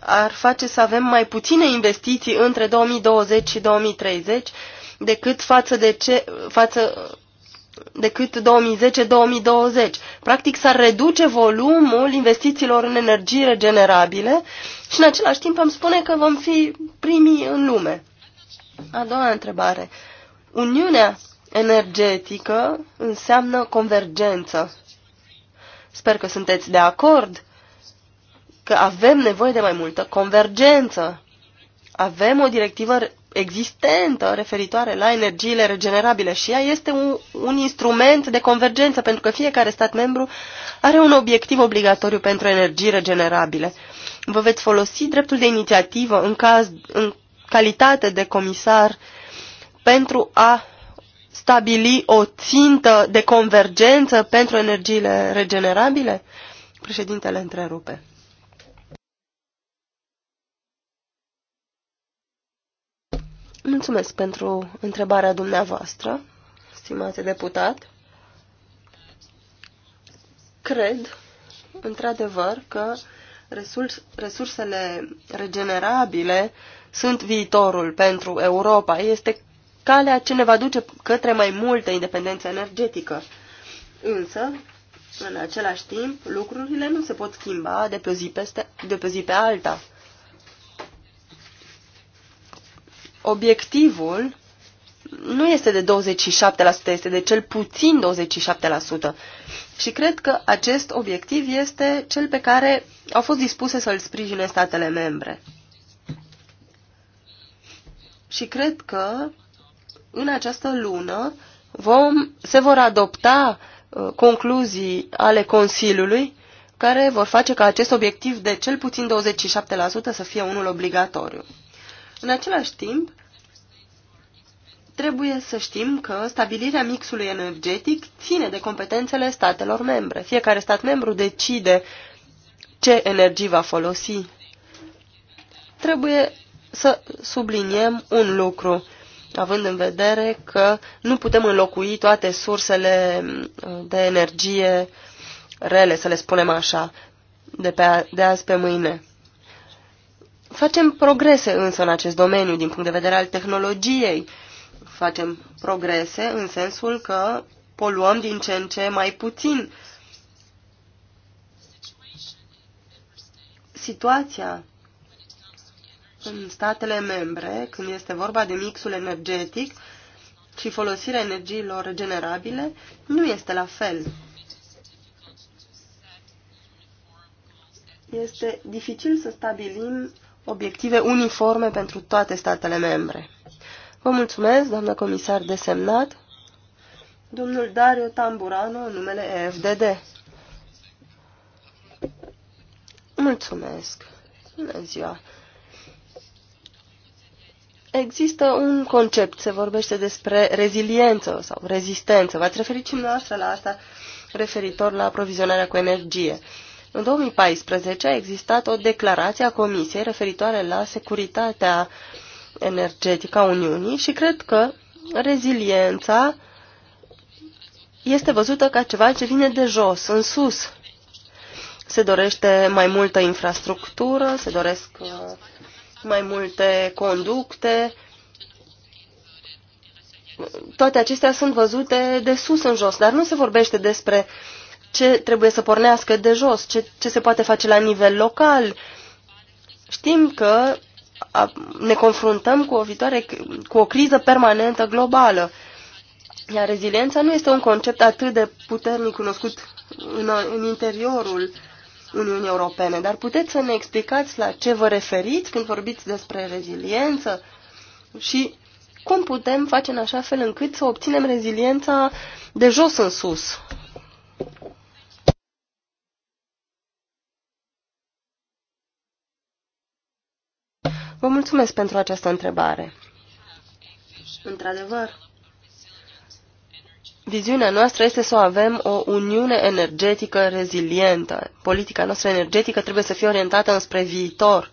ar face să avem mai puține investiții între 2020 și 2030 decât față de ce, față, decât 2010-2020. Practic s-ar reduce volumul investițiilor în energii regenerabile și în același timp am spune că vom fi primii în lume. A doua întrebare. Uniunea energetică înseamnă convergență. Sper că sunteți de acord că avem nevoie de mai multă convergență. Avem o directivă existentă referitoare la energiile regenerabile și ea este un, un instrument de convergență pentru că fiecare stat membru are un obiectiv obligatoriu pentru energii regenerabile. Vă veți folosi dreptul de inițiativă în, caz, în calitate de comisar pentru a stabili o țintă de convergență pentru energiile regenerabile? Președintele întrerupe. Mulțumesc pentru întrebarea dumneavoastră, stimate deputat. Cred, într-adevăr, că resursele regenerabile sunt viitorul pentru Europa. Este calea ce ne va duce către mai multă independență energetică. Însă, în același timp, lucrurile nu se pot schimba de pe o zi, peste, de pe, zi pe alta. Obiectivul nu este de 27%, este de cel puțin 27%. Și cred că acest obiectiv este cel pe care au fost dispuse să-l sprijine statele membre. Și cred că în această lună vom, se vor adopta uh, concluzii ale Consiliului care vor face ca acest obiectiv de cel puțin 27% să fie unul obligatoriu. În același timp, trebuie să știm că stabilirea mixului energetic ține de competențele statelor membre. Fiecare stat membru decide ce energie va folosi. Trebuie să subliniem un lucru având în vedere că nu putem înlocui toate sursele uh, de energie rele, să le spunem așa, de, pe, de azi pe mâine. Facem progrese însă în acest domeniu din punct de vedere al tehnologiei. Facem progrese în sensul că poluăm din ce în ce mai puțin. Situația în statele membre, când este vorba de mixul energetic și folosirea energiilor regenerabile, nu este la fel. Este dificil să stabilim obiective uniforme pentru toate statele membre. Vă mulțumesc, doamnă comisar desemnat, domnul Dario Tamburano, în numele EFDD. Mulțumesc. Bună ziua. Există un concept, se vorbește despre reziliență sau rezistență. V-ați referit și noastră la asta referitor la aprovizionarea cu energie. În 2014 a existat o declarație a Comisiei referitoare la securitatea energetică a Uniunii și cred că reziliența este văzută ca ceva ce vine de jos, în sus. Se dorește mai multă infrastructură, se doresc uh, mai multe conducte. Toate acestea sunt văzute de sus în jos, dar nu se vorbește despre ce trebuie să pornească de jos, ce, ce se poate face la nivel local. Știm că ne confruntăm cu o viitoare, cu o criză permanentă globală. Iar reziliența nu este un concept atât de puternic cunoscut în, în interiorul Uniunii Europene, dar puteți să ne explicați la ce vă referiți când vorbiți despre reziliență și cum putem face în așa fel încât să obținem reziliența de jos în sus. Vă mulțumesc pentru această întrebare. Într-adevăr, Viziunea noastră este să avem o uniune energetică rezilientă. Politica noastră energetică trebuie să fie orientată înspre viitor.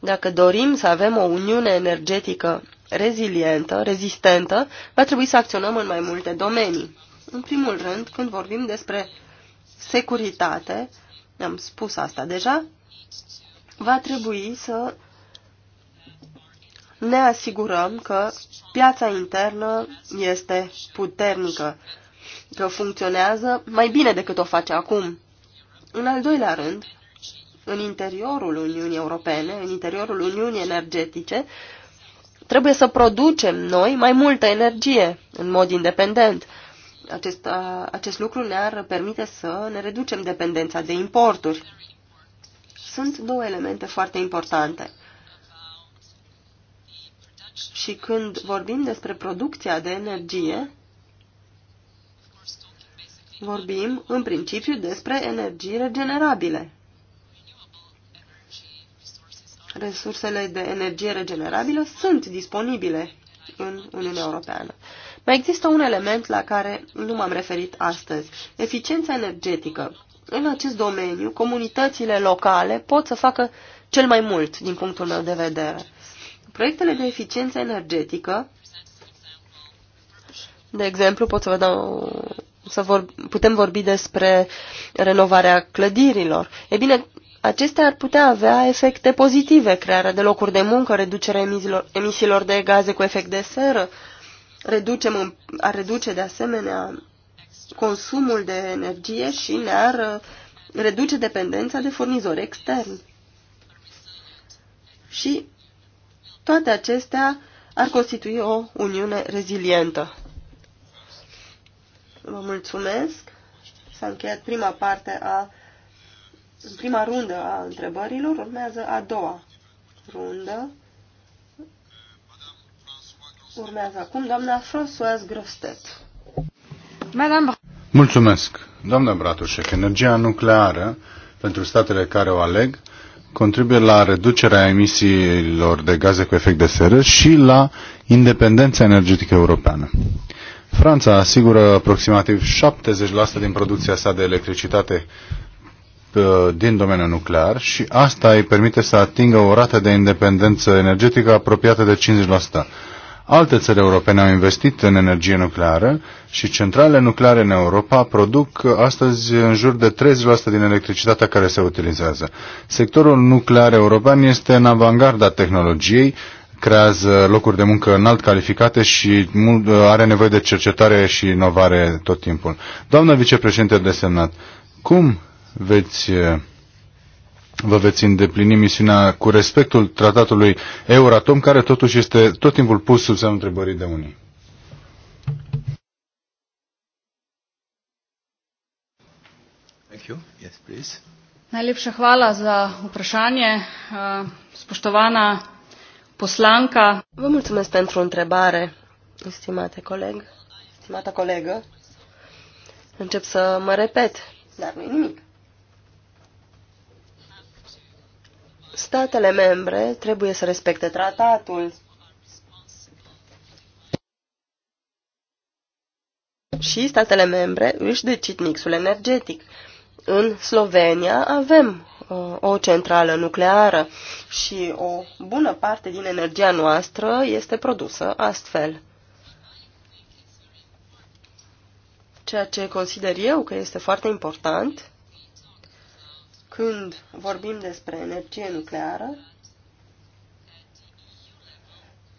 Dacă dorim să avem o uniune energetică rezilientă, rezistentă, va trebui să acționăm în mai multe domenii. În primul rând, când vorbim despre securitate, am spus asta deja, va trebui să ne asigurăm că piața internă este puternică, că funcționează mai bine decât o face acum. În al doilea rând, în interiorul Uniunii Europene, în interiorul Uniunii Energetice, trebuie să producem noi mai multă energie în mod independent. Acest, acest lucru ne-ar permite să ne reducem dependența de importuri. Sunt două elemente foarte importante. Și când vorbim despre producția de energie, vorbim în principiu despre energii regenerabile. Resursele de energie regenerabilă sunt disponibile în Uniunea Europeană. Mai există un element la care nu m-am referit astăzi, eficiența energetică. În acest domeniu, comunitățile locale pot să facă cel mai mult, din punctul meu de vedere. Proiectele de eficiență energetică, de exemplu, pot să vă dau să vor, putem vorbi despre renovarea clădirilor. E bine, acestea ar putea avea efecte pozitive, crearea de locuri de muncă, reducerea emisiilor, emisiilor de gaze cu efect de seră, reducem, ar reduce de asemenea consumul de energie și ne-ar reduce dependența de furnizori externi. Și toate acestea ar constitui o uniune rezilientă. Vă mulțumesc. S-a încheiat prima parte a prima rundă a întrebărilor, urmează a doua rundă. Urmează acum doamna Françoise Grostet. Madame... Mulțumesc. Doamna Bratușec, energia nucleară pentru statele care o aleg contribuie la reducerea emisiilor de gaze cu efect de seră și la independența energetică europeană. Franța asigură aproximativ 70% din producția sa de electricitate uh, din domeniul nuclear și asta îi permite să atingă o rată de independență energetică apropiată de 50%. Alte țări europene au investit în energie nucleară și centrale nucleare în Europa produc astăzi în jur de 30% din electricitatea care se utilizează. Sectorul nuclear european este în avangarda tehnologiei, creează locuri de muncă înalt calificate și are nevoie de cercetare și inovare tot timpul. Doamnă vicepreședinte de senat, cum veți vă veți îndeplini misiunea cu respectul tratatului Euratom, care totuși este tot timpul pus sub semnul întrebării de unii. Thank you. Yes, please. Najlepša hvala za vprašanje, eh, spoštovana poslanka. Vă mulțumesc pentru întrebare, stimate coleg, stimata colegă. Încep să mă repet, dar nu nimic. statele membre trebuie să respecte tratatul și statele membre își decid mixul energetic. În Slovenia avem uh, o centrală nucleară și o bună parte din energia noastră este produsă astfel. Ceea ce consider eu că este foarte important când vorbim despre energie nucleară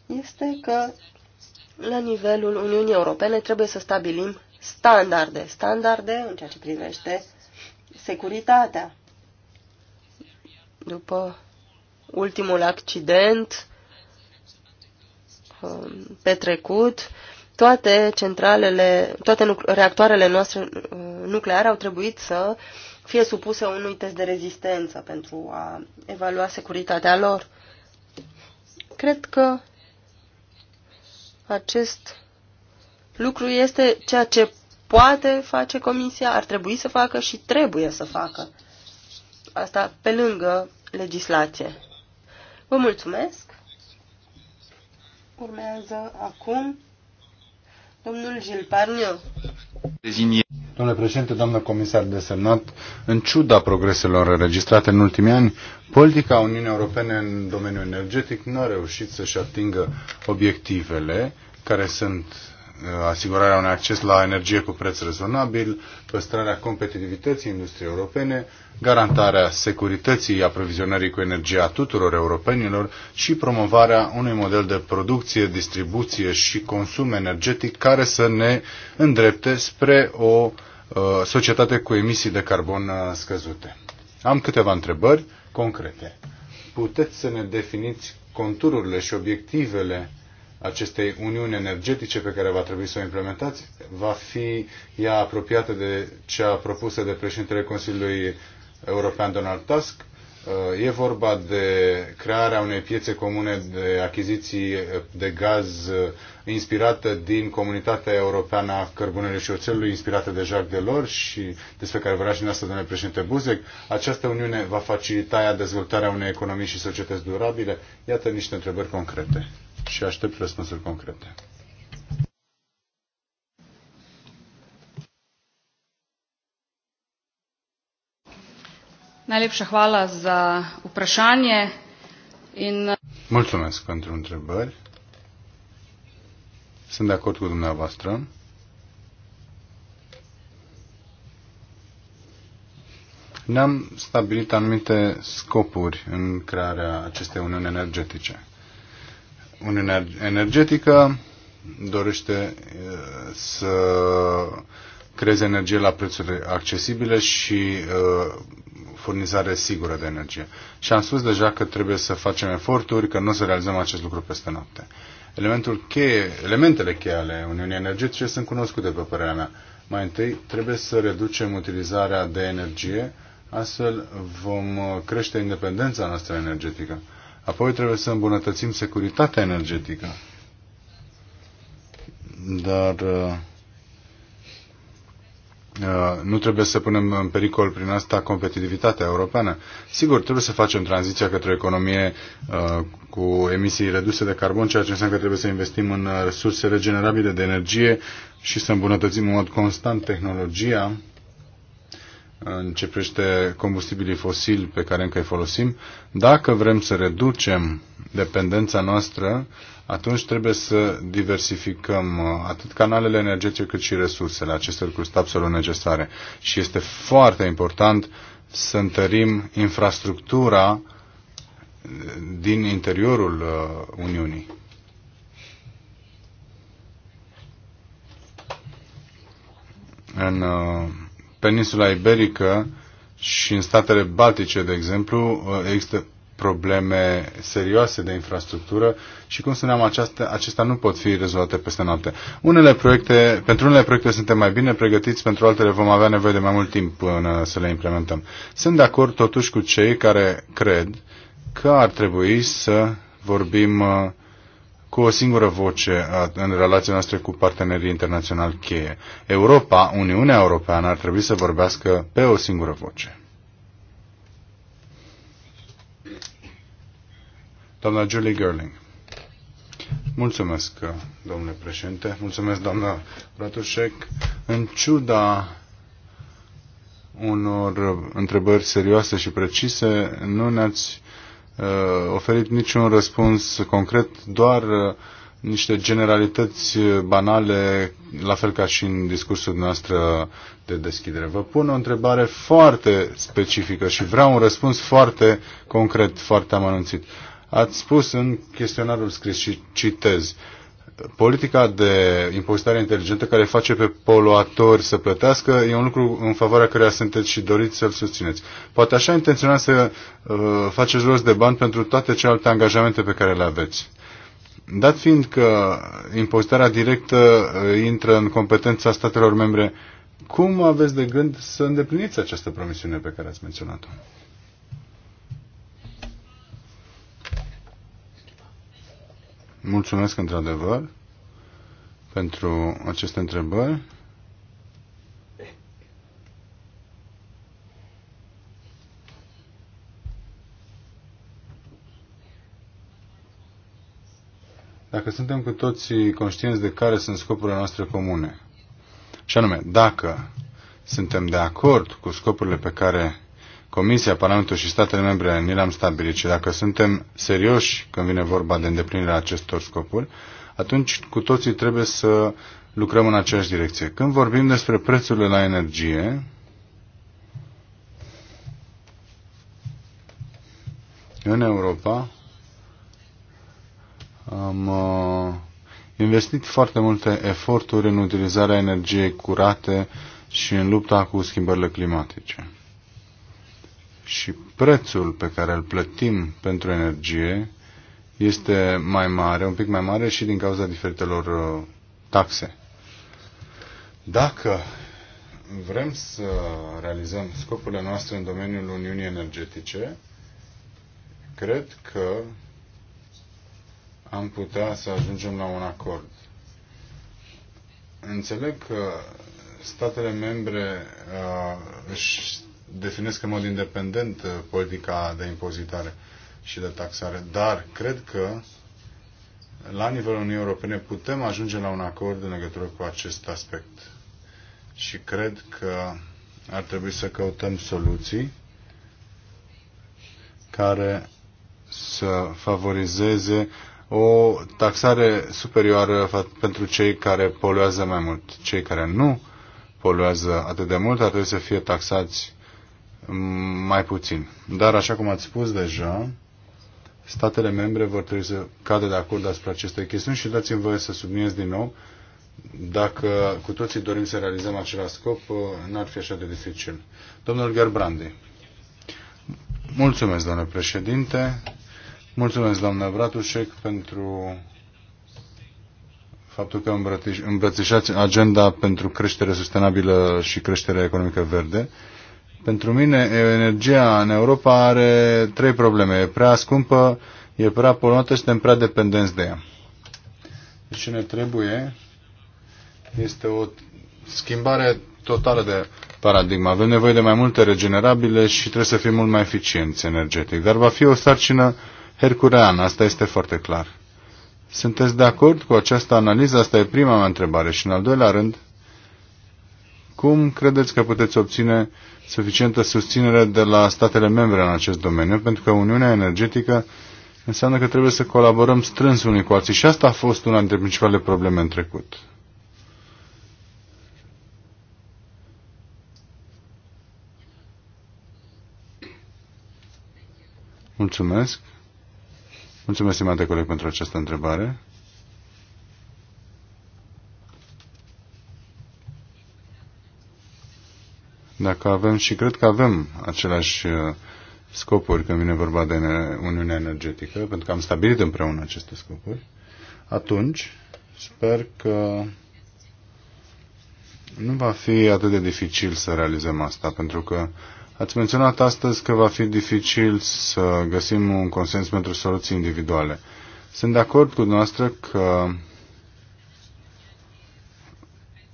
este că la nivelul Uniunii Europene trebuie să stabilim standarde, standarde în ceea ce privește securitatea. După ultimul accident um, petrecut, toate centralele, toate reactoarele noastre uh, nucleare au trebuit să uh, fie supuse unui test de rezistență pentru a evalua securitatea lor. Cred că acest lucru este ceea ce poate face Comisia, ar trebui să facă și trebuie să facă. Asta pe lângă legislație. Vă mulțumesc. Urmează acum domnul Gilles Parniu. Domnule președinte, doamnă comisar desemnat, în ciuda progreselor înregistrate în ultimii ani, politica Uniunii Europene în domeniul energetic nu a reușit să-și atingă obiectivele care sunt Uh, asigurarea unui acces la energie cu preț rezonabil, păstrarea competitivității industriei europene, garantarea securității aprovizionării cu energie a tuturor europenilor și promovarea unui model de producție, distribuție și consum energetic care să ne îndrepte spre o uh, societate cu emisii de carbon uh, scăzute. Am câteva întrebări concrete. Puteți să ne definiți contururile și obiectivele acestei uniuni energetice pe care va trebui să o implementați, va fi ea apropiată de cea propusă de președintele Consiliului European Donald Tusk. Uh, e vorba de crearea unei piețe comune de achiziții de gaz uh, inspirată din comunitatea europeană a cărbunelui și oțelului, inspirată de Jacques Delors și despre care vrea și dumneavoastră, domnule președinte Buzek. Această uniune va facilita ea dezvoltarea unei economii și societăți durabile? Iată niște întrebări concrete și aștept răspunsuri concrete. Najlepša hvala za vprašanje in Mulțumesc pentru întrebări. Sunt de acord cu dumneavoastră. Ne-am stabilit anumite scopuri în crearea acestei uniuni energetice. Uniunea Energetică dorește uh, să creeze energie la prețuri accesibile și uh, furnizare sigură de energie. Și am spus deja că trebuie să facem eforturi, că nu o să realizăm acest lucru peste noapte. Elementul cheie, elementele cheie ale Uniunii Energetice sunt cunoscute, pe părerea mea. Mai întâi, trebuie să reducem utilizarea de energie, astfel vom uh, crește independența noastră energetică. Apoi trebuie să îmbunătățim securitatea energetică. Dar uh, uh, nu trebuie să punem în pericol prin asta competitivitatea europeană. Sigur, trebuie să facem tranziția către o economie uh, cu emisii reduse de carbon, ceea ce înseamnă că trebuie să investim în resurse regenerabile de energie și să îmbunătățim în mod constant tehnologia în ce privește combustibilii fosili pe care încă îi folosim, dacă vrem să reducem dependența noastră, atunci trebuie să diversificăm uh, atât canalele energetice cât și resursele. Aceste lucruri sunt absolut necesare. Și este foarte important să întărim infrastructura uh, din interiorul uh, Uniunii. În peninsula iberică și în statele baltice, de exemplu, ă, există probleme serioase de infrastructură și, cum spuneam, aceasta, acestea nu pot fi rezolvate peste noapte. Unele proiecte, pentru unele proiecte suntem mai bine pregătiți, pentru altele vom avea nevoie de mai mult timp până să le implementăm. Sunt de acord totuși cu cei care cred că ar trebui să vorbim ă, cu o singură voce în relația noastră cu partenerii internaționali cheie. Europa, Uniunea Europeană, ar trebui să vorbească pe o singură voce. Doamna Julie Gerling. Mulțumesc, domnule președinte. Mulțumesc, doamna Bratușec. În ciuda unor întrebări serioase și precise, nu ne-ați Uh, oferit niciun răspuns concret, doar uh, niște generalități banale, la fel ca și în discursul noastră de deschidere. Vă pun o întrebare foarte specifică și vreau un răspuns foarte concret, foarte amănunțit. Ați spus în chestionarul scris și citez. Uh, politica de impozitare inteligentă care face pe poluatori să plătească e un lucru în favoarea căreia sunteți și doriți să-l susțineți. Poate așa intenționați să uh, faceți rost de bani pentru toate celelalte angajamente pe care le aveți. Dat fiind că impozitarea directă uh, intră în competența statelor membre, cum aveți de gând să îndepliniți această promisiune pe care ați menționat-o? Mulțumesc într-adevăr pentru aceste întrebări. Dacă suntem cu toții conștienți de care sunt scopurile noastre comune, și anume, dacă suntem de acord cu scopurile pe care Comisia, Parlamentul și statele membre ni le-am stabilit și dacă suntem serioși când vine vorba de îndeplinirea acestor scopuri, atunci cu toții trebuie să lucrăm în aceeași direcție. Când vorbim despre prețurile la energie, în Europa am uh, investit foarte multe eforturi în utilizarea energiei curate și în lupta cu schimbările climatice și prețul pe care îl plătim pentru energie este mai mare, un pic mai mare și din cauza diferitelor uh, taxe. Dacă vrem să realizăm scopurile noastre în domeniul Uniunii Energetice, cred că am putea să ajungem la un acord. Înțeleg că statele membre uh, își definesc în mod independent uh, politica de impozitare și de taxare, dar cred că la nivelul Uniunii Europene putem ajunge la un acord în legătură cu acest aspect. Și cred că ar trebui să căutăm soluții care să favorizeze o taxare superioară pentru cei care poluează mai mult. Cei care nu poluează atât de mult ar trebui să fie taxați mai puțin. Dar, așa cum ați spus deja, statele membre vor trebui să cadă de acord asupra acestei chestiuni și dați-mi voie să subliniez din nou, dacă cu toții dorim să realizăm același scop, uh, n-ar fi așa de dificil. Domnul Gerbrandi. Mulțumesc, domnule președinte. Mulțumesc, doamnă Bratușec, pentru faptul că îmbrățișați agenda pentru creștere sustenabilă și creștere economică verde. Pentru mine, energia în Europa are trei probleme. E prea scumpă, e prea poluată și suntem prea dependenți de ea. Deci ce ne trebuie este o schimbare totală de paradigma. Avem nevoie de mai multe regenerabile și trebuie să fim mult mai eficienți energetic. Dar va fi o sarcină hercureană, asta este foarte clar. Sunteți de acord cu această analiză? Asta e prima mea întrebare. Și în al doilea rând, cum credeți că puteți obține suficientă susținere de la statele membre în acest domeniu? Pentru că Uniunea Energetică înseamnă că trebuie să colaborăm strâns unii cu alții și asta a fost una dintre principalele probleme în trecut. Mulțumesc. Mulțumesc, stimate coleg, pentru această întrebare. dacă avem și cred că avem aceleași uh, scopuri când vine vorba de Uniunea Energetică, pentru că am stabilit împreună aceste scopuri, atunci sper că nu va fi atât de dificil să realizăm asta, pentru că ați menționat astăzi că va fi dificil să găsim un consens pentru soluții individuale. Sunt de acord cu noastră că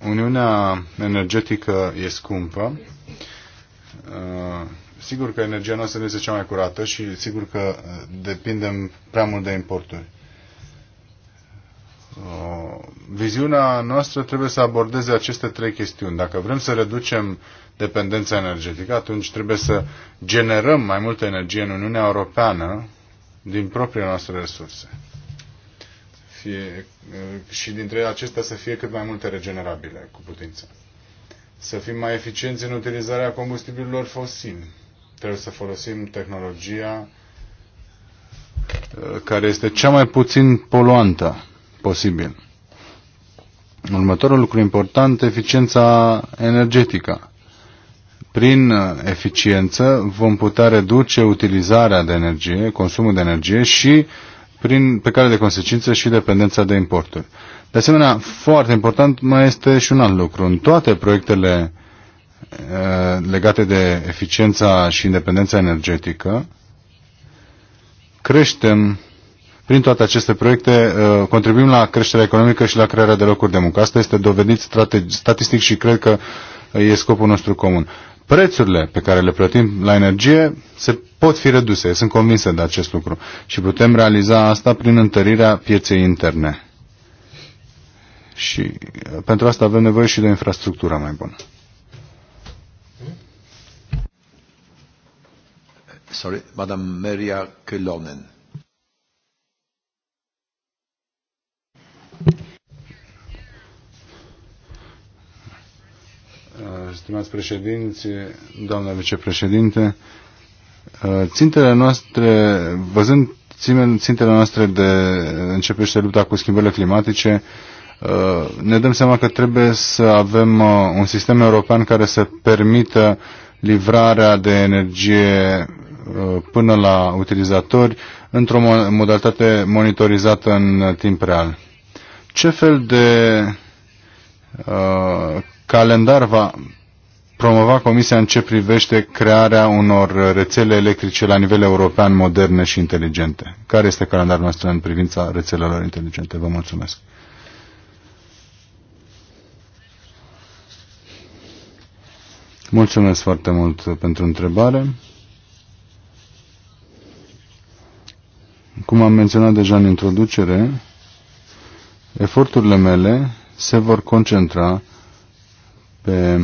Uniunea energetică e scumpă. Uh, sigur că energia noastră nu este cea mai curată și sigur că uh, depindem prea mult de importuri. Uh, viziunea noastră trebuie să abordeze aceste trei chestiuni. Dacă vrem să reducem dependența energetică, atunci trebuie să generăm mai multă energie în Uniunea Europeană din propriile noastre resurse fie, și dintre acestea să fie cât mai multe regenerabile, cu putință. Să fim mai eficienți în utilizarea combustibililor fosili. Trebuie să folosim tehnologia uh, care este cea mai puțin poluantă posibil. Următorul lucru important, eficiența energetică. Prin uh, eficiență vom putea reduce utilizarea de energie, consumul de energie și uh, prin, pe care de consecință și dependența de importuri. De asemenea, foarte important mai este și un alt lucru. În toate proiectele eh, legate de eficiența și independența energetică, creștem prin toate aceste proiecte, eh, contribuim la creșterea economică și la crearea de locuri de muncă. Asta este dovedit statistic și cred că eh, e scopul nostru comun. Prețurile pe care le plătim la energie se pot fi reduse. Sunt convinsă de acest lucru. Și putem realiza asta prin întărirea pieței interne. Și uh, pentru asta avem nevoie și de o infrastructură mai bună. Uh, sorry, Madame Maria Kelonen. Uh, stimați președinți, doamna vicepreședinte, Uh, țintele noastre, văzând țintele noastre de începește lupta cu schimbările climatice, uh, ne dăm seama că trebuie să avem uh, un sistem european care să permită livrarea de energie până la utilizatori într-o modalitate monitorizată în timp real. Ce fel de uh, calendar va promova Comisia în ce privește crearea unor rețele electrice la nivel european moderne și inteligente? Care este calendarul nostru în privința rețelelor inteligente? Vă mulțumesc. Mulțumesc foarte mult pentru întrebare. Cum am menționat deja în introducere, eforturile mele se vor concentra pe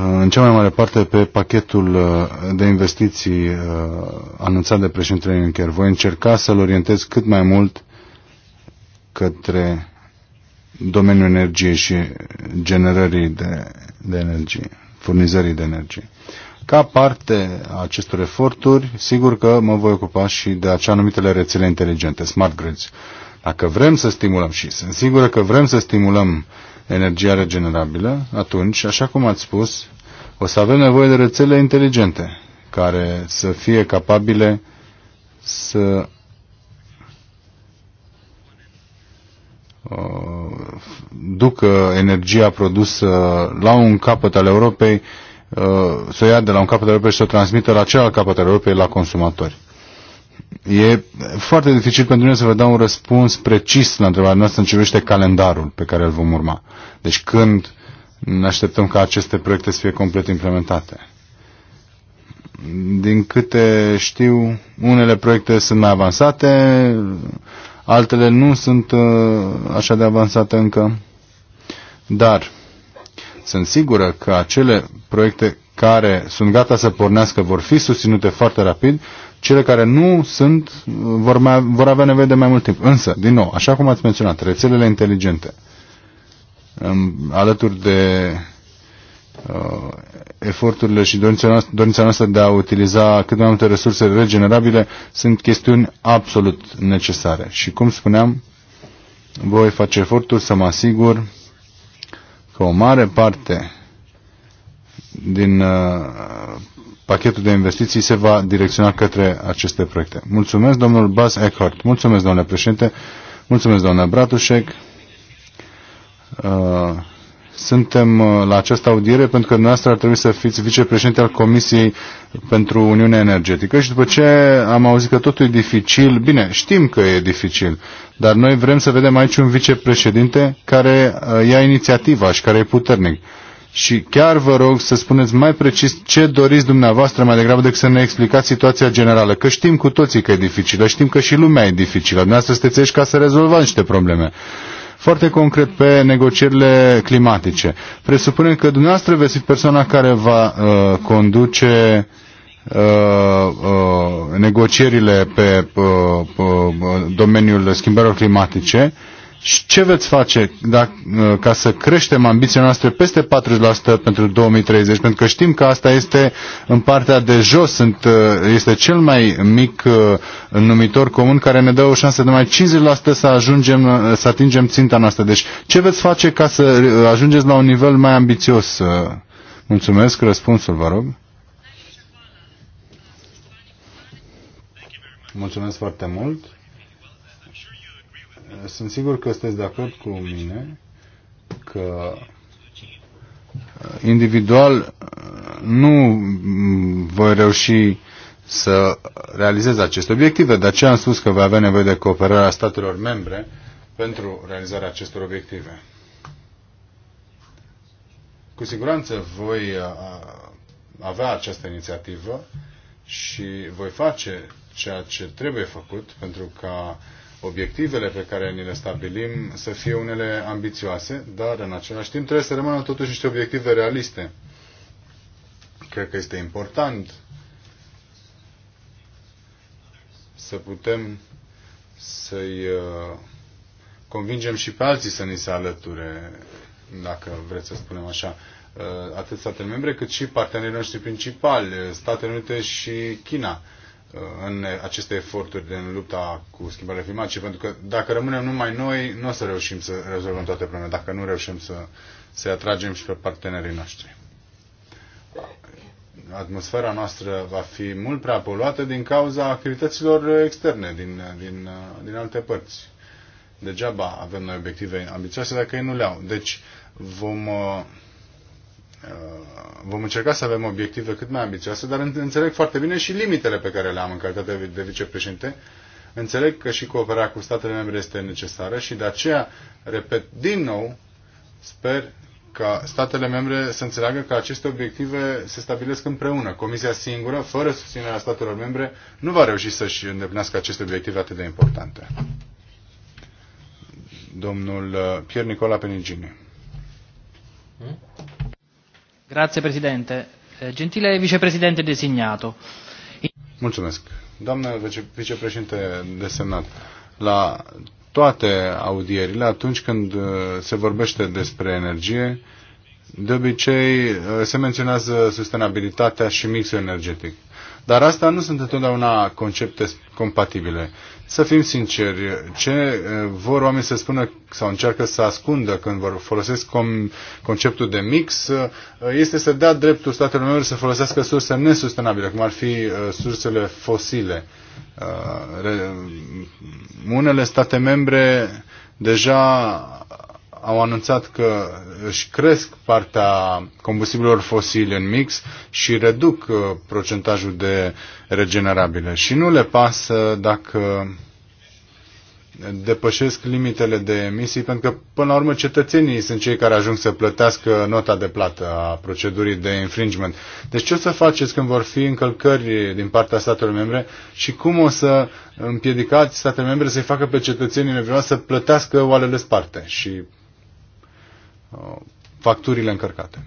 în cea mai mare parte pe pachetul uh, de investiții uh, anunțat de președintele Juncker. Voi încerca să-l orientez cât mai mult către domeniul energiei și generării de, de energie, furnizării de energie. Ca parte a acestor eforturi, sigur că mă voi ocupa și de acea numitele rețele inteligente, smart grids. Dacă vrem să stimulăm și sunt sigură că vrem să stimulăm uh, energia regenerabilă, atunci, așa cum ați spus, o să avem nevoie de rețele inteligente care să fie capabile să uh, ducă energia produsă la un capăt al Europei, uh, să o ia de la un capăt al Europei și să o transmită la celălalt capăt al Europei la consumatori. E foarte dificil pentru mine să vă dau un răspuns precis la întrebarea noastră în ce privește calendarul pe care îl vom urma. Deci când ne așteptăm ca aceste proiecte să fie complet implementate. Din câte știu, unele proiecte sunt mai avansate, altele nu sunt uh, așa de avansate încă. Dar sunt sigură că acele proiecte care sunt gata să pornească vor fi susținute foarte rapid cele care nu sunt vor, mai, vor avea nevoie de mai mult timp. Însă, din nou, așa cum ați menționat, rețelele inteligente, în, alături de uh, eforturile și dorința noastră, dorința noastră de a utiliza cât mai multe resurse regenerabile, sunt chestiuni absolut necesare. Și cum spuneam, voi face efortul să mă asigur că o mare parte din uh, pachetul de investiții se va direcționa către aceste proiecte. Mulțumesc, domnul Bas Eckhart. Mulțumesc, domnule președinte. Mulțumesc, doamna Bratușec. Uh, suntem uh, la această audiere pentru că dumneavoastră ar trebui să fiți vicepreședinte al Comisiei pentru Uniunea Energetică și după ce am auzit că totul e dificil, bine, știm că e dificil, dar noi vrem să vedem aici un vicepreședinte care uh, ia inițiativa și care e puternic și chiar vă rog să spuneți mai precis ce doriți dumneavoastră mai degrabă decât să ne explicați situația generală. Că știm cu toții că e dificilă, știm că și lumea e dificilă. Dumneavoastră sunteți aici ca să rezolvați niște probleme. Foarte concret pe negocierile climatice. Presupunem că dumneavoastră veți fi persoana care va uh, conduce Uh, uh, negocierile pe uh, uh, domeniul schimbărilor climatice și ce veți face dacă, uh, ca să creștem ambiția noastră peste 40% pentru 2030? Pentru că știm că asta este în partea de jos, sunt, uh, este cel mai mic uh, numitor comun care ne dă o șansă de mai 50% să, ajungem, să atingem ținta noastră. Deci ce veți face ca să ajungeți la un nivel mai ambițios? Mulțumesc, răspunsul vă rog. Mulțumesc foarte mult sunt sigur că sunteți de acord cu mine că uh, individual uh, nu voi reuși să realizez aceste obiective. De aceea am spus că va avea nevoie de cooperarea statelor membre pentru realizarea acestor obiective. Cu siguranță voi uh, avea această inițiativă și voi face ceea ce trebuie făcut pentru ca uh, obiectivele pe care ni le stabilim să fie unele ambițioase, dar în același timp trebuie să rămână totuși niște obiective realiste. Cred că este important să putem să-i uh, convingem și pe alții să ni se alăture, dacă vreți să spunem așa, uh, atât statele membre cât și partenerii noștri principali, uh, Statele Unite și China Uh, în aceste eforturi în lupta cu schimbările climatice, pentru că dacă rămânem numai noi, nu o să reușim să rezolvăm toate problemele, dacă nu reușim să, să atragem și pe partenerii noștri. Atmosfera noastră va fi mult prea poluată din cauza activităților externe din, din, uh, din alte părți. Degeaba avem noi obiective ambițioase dacă ei nu le au. Deci vom uh, Uh, vom încerca să avem obiective cât mai ambițioase, dar înțeleg foarte bine și limitele pe care le am în calitate de vicepreședinte. Înțeleg că și cooperarea cu statele membre este necesară și de aceea, repet din nou, sper ca statele membre să înțeleagă că aceste obiective se stabilesc împreună. Comisia singură, fără susținerea statelor membre, nu va reuși să-și îndeplinească aceste obiective atât de importante. Domnul uh, Pier Nicola Penigini. Hmm? Grazie, Presidente. Eh, Gentile Vicepresidente designato. Mulțumesc. Doamnă vice vicepreședinte desemnat, la toate audierile, atunci când eh, se vorbește despre energie, de obicei eh, se menționează sustenabilitatea și mixul energetic. Dar asta nu sunt întotdeauna concepte compatibile. Să fim sinceri, ce eh, vor oamenii să spună sau încearcă să ascundă când vor folosesc com, conceptul de mix, eh, este să dea dreptul statelor membre să folosească surse nesustenabile, cum ar fi eh, sursele fosile. Unele state membre deja au anunțat că își cresc partea combustibilor fosile în mix și reduc procentajul de uh, regenerabile și nu le pasă dacă depășesc limitele de emisii, pentru că, până la urmă, cetățenii sunt cei care ajung să plătească nota de plată a procedurii de infringement. Deci ce o să faceți când vor fi încălcări din partea statelor membre și cum o să împiedicați statele membre să-i facă pe cetățenii nevinoase să plătească oalele sparte și uh, facturile încărcate?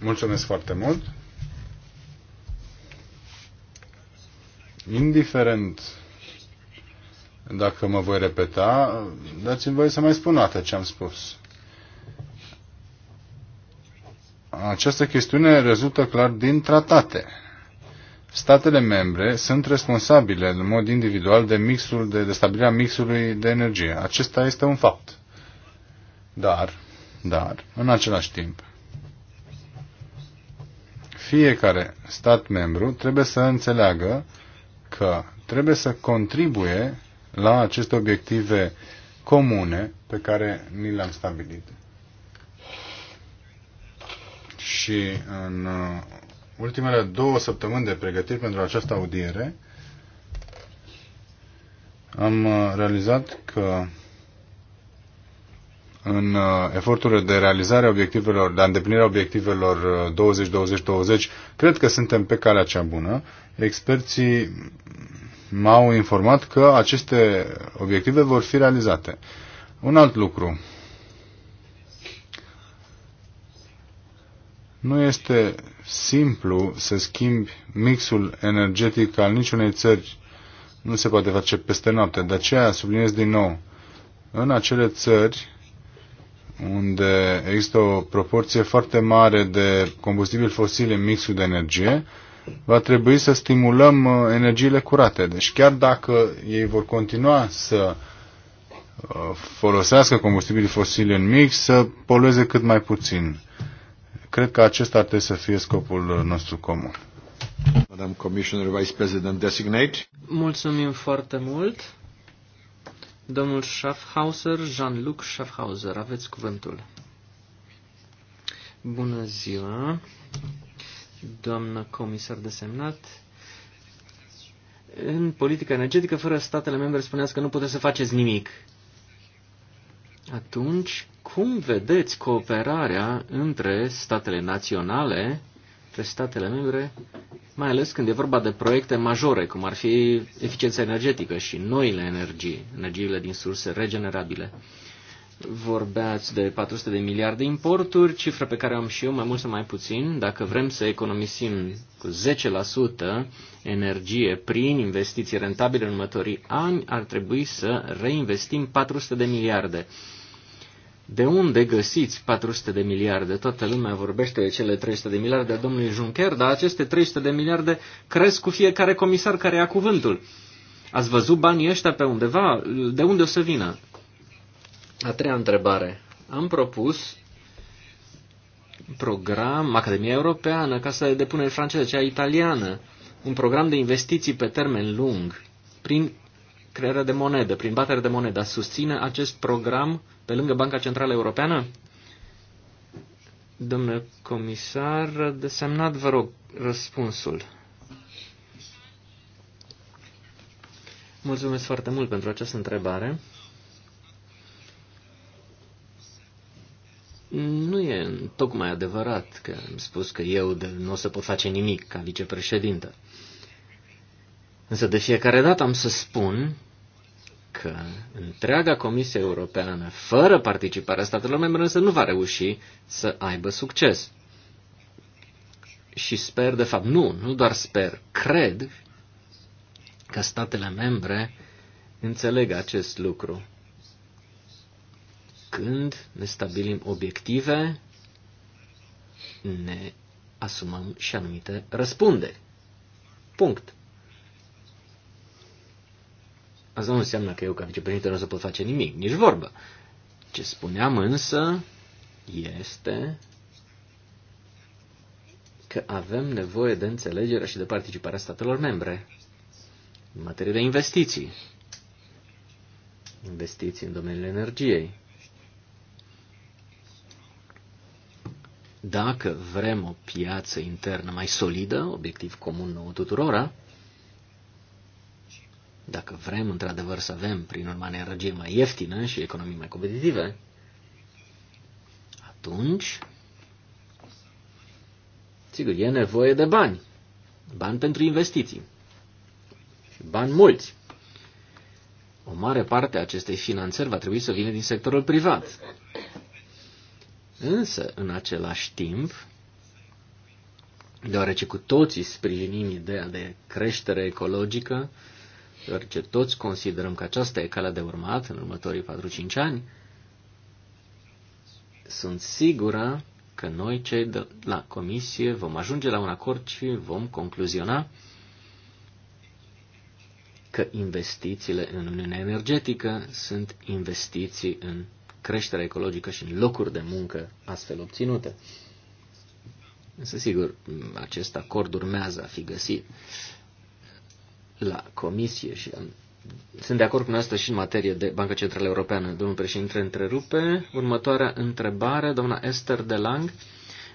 Mulțumesc foarte mult! indiferent dacă mă voi repeta, dați-mi voie să mai spun o dată ce am spus. Această chestiune rezultă clar din tratate. Statele membre sunt responsabile în mod individual de mixul, de, de stabilirea mixului de energie. Acesta este un fapt. Dar, dar, în același timp, fiecare stat membru trebuie să înțeleagă că trebuie să contribuie la aceste obiective comune pe care ni le-am stabilit. Și în uh, ultimele două săptămâni de pregătiri pentru această audiere am uh, realizat că în uh, eforturile de realizare a obiectivelor, de a îndeplinirea obiectivelor 20-20-20, uh, cred că suntem pe calea cea bună. Experții m-au informat că aceste obiective vor fi realizate. Un alt lucru. Nu este simplu să schimbi mixul energetic al niciunei țări. Nu se poate face peste noapte. De aceea subliniez din nou. În acele țări unde există o proporție foarte mare de combustibil fosil în mixul de energie, va trebui să stimulăm uh, energiile curate. Deci chiar dacă ei vor continua să uh, folosească combustibili fosili în mix, să polueze cât mai puțin. Cred că acesta ar trebui să fie scopul uh, nostru comun. Madam Commissioner Vice President Designate. Mulțumim foarte mult. Domnul Schaffhauser, Jean-Luc Schaffhauser, aveți cuvântul. Bună ziua, doamnă comisar desemnat. În politica energetică, fără statele membre, spuneați că nu puteți să faceți nimic. Atunci, cum vedeți cooperarea între statele naționale pe statele membre, mai ales când e vorba de proiecte majore, cum ar fi eficiența energetică și noile energii, energiile din surse regenerabile. Vorbeați de 400 de miliarde importuri, cifră pe care am și eu, mai mult sau mai puțin. Dacă vrem să economisim cu 10% energie prin investiții rentabile în următorii ani, ar trebui să reinvestim 400 de miliarde. De unde găsiți 400 de miliarde? Toată lumea vorbește de cele 300 de miliarde a domnului Juncker, dar aceste 300 de miliarde cresc cu fiecare comisar care ia cuvântul. Ați văzut banii ăștia pe undeva? De unde o să vină? A treia întrebare. Am propus un program, Academia Europeană, ca să depune franceză, cea italiană, un program de investiții pe termen lung, prin crearea de monedă, prin batere de monedă, susține acest program pe lângă Banca Centrală Europeană? Domnule comisar, desemnat, vă rog, răspunsul. Mulțumesc foarte mult pentru această întrebare. Nu e tocmai adevărat că am spus că eu nu o să pot face nimic ca vicepreședinte. Însă de fiecare dată am să spun că întreaga Comisie Europeană, fără participarea statelor membre, însă nu va reuși să aibă succes. Și sper, de fapt, nu, nu doar sper, cred că statele membre înțeleg acest lucru. Când ne stabilim obiective, ne asumăm și anumite răspunderi. Punct. Asta nu înseamnă că eu ca vicepreședinte nu o să pot face nimic, nici vorbă. Ce spuneam însă este că avem nevoie de înțelegere și de participarea statelor membre în materie de investiții. Investiții în domeniul energiei. Dacă vrem o piață internă mai solidă, obiectiv comun nouă tuturora, dacă vrem într-adevăr să avem, prin urmare, energie mai ieftină și economii mai competitive, atunci, sigur, e nevoie de bani. Bani pentru investiții. Și bani mulți. O mare parte a acestei finanțări va trebui să vină din sectorul privat. Însă, în același timp, deoarece cu toții sprijinim ideea de creștere ecologică, deoarece toți considerăm că aceasta e calea de urmat în următorii 4-5 ani, sunt sigură că noi, cei de la comisie, vom ajunge la un acord și vom concluziona că investițiile în Uniunea Energetică sunt investiții în creșterea ecologică și în locuri de muncă astfel obținute. Însă, sigur, acest acord urmează a fi găsit la comisie și am, sunt de acord cu asta și în materie de Banca Centrală Europeană. Domnul președinte, întrerupe. Următoarea întrebare, doamna Esther de Lang.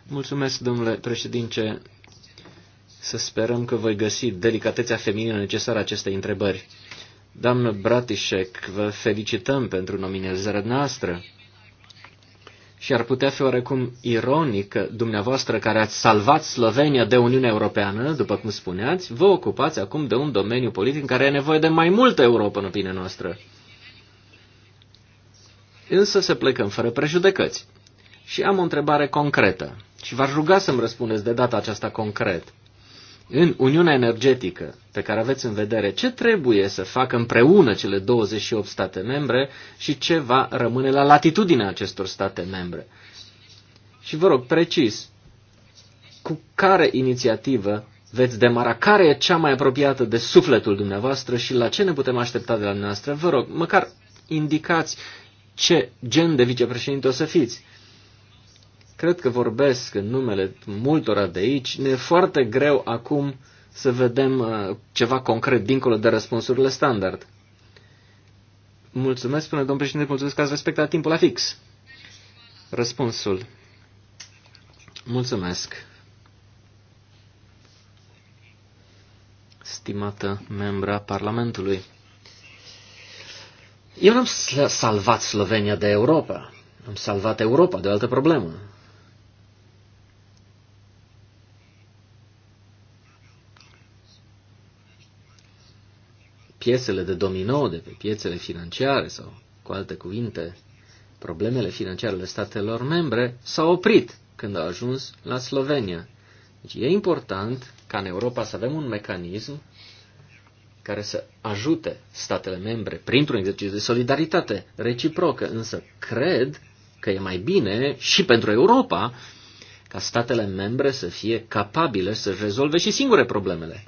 Mulțumesc, domnule președinte. Să sperăm că voi găsi delicatețea feminină necesară acestei întrebări. Doamnă Bratisek, vă felicităm pentru nominalizarea noastră și ar putea fi oarecum ironic că dumneavoastră care ați salvat Slovenia de Uniunea Europeană, după cum spuneați, vă ocupați acum de un domeniu politic în care e nevoie de mai multă Europa, în opinia noastră. Însă să plecăm fără prejudecăți. Și am o întrebare concretă și v-aș ruga să-mi răspundeți de data aceasta concret în Uniunea Energetică pe care aveți în vedere, ce trebuie să facă împreună cele 28 state membre și ce va rămâne la latitudinea acestor state membre? Și vă rog, precis, cu care inițiativă veți demara? Care e cea mai apropiată de sufletul dumneavoastră și la ce ne putem aștepta de la dumneavoastră? Vă rog, măcar indicați ce gen de vicepreședinte o să fiți cred că vorbesc în numele multora de aici, ne e foarte greu acum să vedem uh, ceva concret dincolo de răspunsurile standard. Mulțumesc, spune domnul președinte, mulțumesc că ați respectat timpul la fix. Răspunsul. Mulțumesc. Stimată membra Parlamentului. Eu nu am salvat Slovenia de Europa. Am salvat Europa de o altă problemă. piesele de domino de pe piețele financiare sau, cu alte cuvinte, problemele financiare ale statelor membre s-au oprit când au ajuns la Slovenia. Deci e important ca în Europa să avem un mecanism care să ajute statele membre printr-un exercițiu de solidaritate reciprocă, însă cred că e mai bine și pentru Europa ca statele membre să fie capabile să rezolve și singure problemele.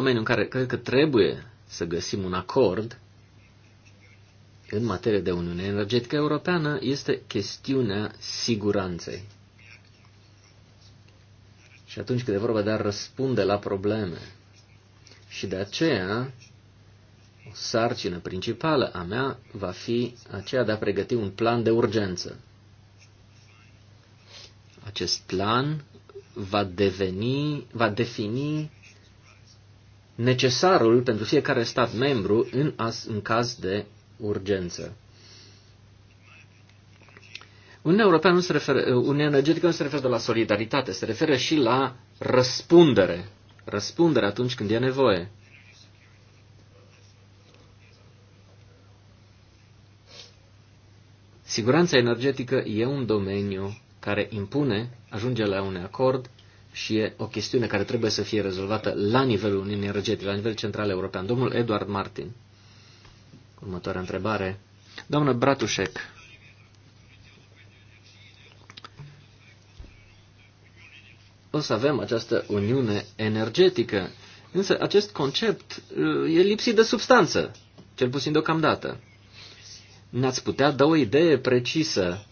domeniu în care cred că trebuie să găsim un acord în materie de Uniune Energetică Europeană este chestiunea siguranței. Și atunci când e vorba de a răspunde la probleme. Și de aceea, o sarcină principală a mea va fi aceea de a pregăti un plan de urgență. Acest plan va deveni, va defini necesarul pentru fiecare stat membru în, as, în caz de urgență. Uniunea Europeană nu se referă, uh, Uniunea Energetică nu se referă doar la solidaritate, se referă și la răspundere. Răspundere atunci când e nevoie. Siguranța energetică e un domeniu care impune, ajunge la un acord și e o chestiune care trebuie să fie rezolvată la nivelul Uniunii Energetice, la nivel central european. Domnul Eduard Martin. Următoarea întrebare. Doamnă Bratușec, o să avem această uniune energetică, însă acest concept uh, e lipsit de substanță, cel puțin deocamdată. Ne-ați putea da o idee precisă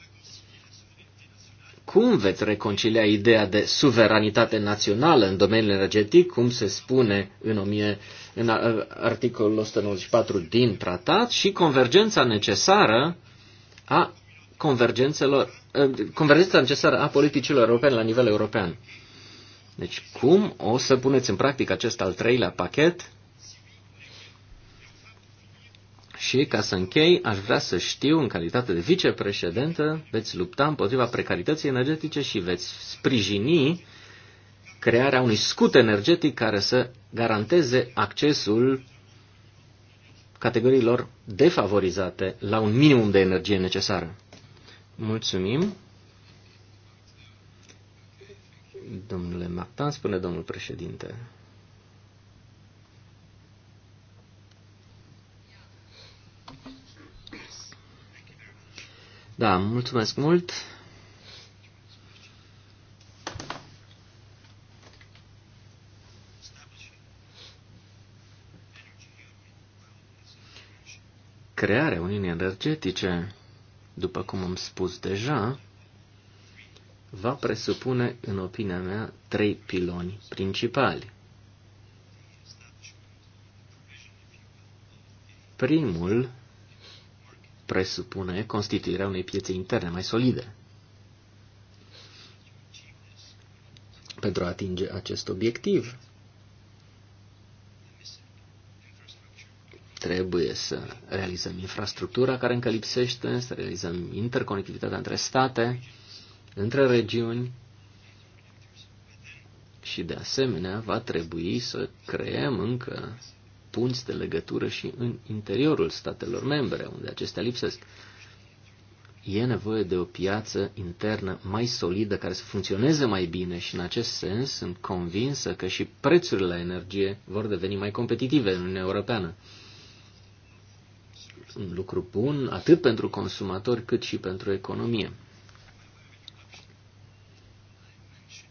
cum veți reconcilia ideea de suveranitate națională în domeniul energetic, cum se spune în, 1000, în articolul 194 din tratat, și convergența necesară a convergențelor, convergența necesară a politicilor europene la nivel european? Deci cum o să puneți în practică acest al treilea pachet și ca să închei, aș vrea să știu, în calitate de vicepreședintă, veți lupta împotriva precarității energetice și veți sprijini crearea unui scut energetic care să garanteze accesul categoriilor defavorizate la un minimum de energie necesară. Mulțumim. Domnule Mactan, spune domnul președinte. Da, mulțumesc mult. Crearea unii Energetice, după cum am spus deja, va presupune, în opinia mea, trei piloni principali. Primul presupune constituirea unei piețe interne mai solide. Pentru a atinge acest obiectiv, trebuie să realizăm infrastructura care încă lipsește, să realizăm interconectivitatea între state, între regiuni și de asemenea va trebui să creăm încă punți de legătură și în interiorul statelor membre, unde acestea lipsesc. E nevoie de o piață internă mai solidă, care să funcționeze mai bine și în acest sens sunt convinsă că și prețurile la energie vor deveni mai competitive în Uniunea Europeană. Un lucru bun atât pentru consumatori cât și pentru economie.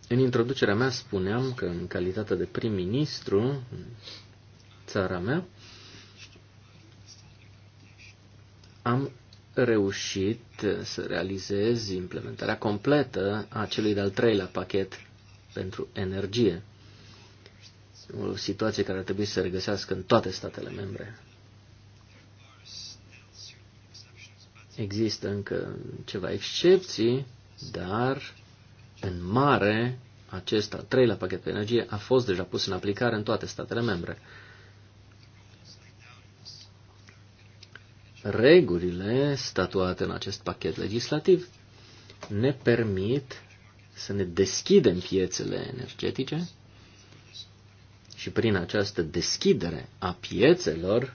În introducerea mea spuneam că în calitate de prim-ministru, țara mea, am reușit să realizez implementarea completă a celui de-al treilea pachet pentru energie. O situație care ar trebui să se regăsească în toate statele membre. Există încă ceva excepții, dar în mare acest al treilea pachet de energie a fost deja pus în aplicare în toate statele membre. Regulile statuate în acest pachet legislativ ne permit să ne deschidem piețele energetice și prin această deschidere a piețelor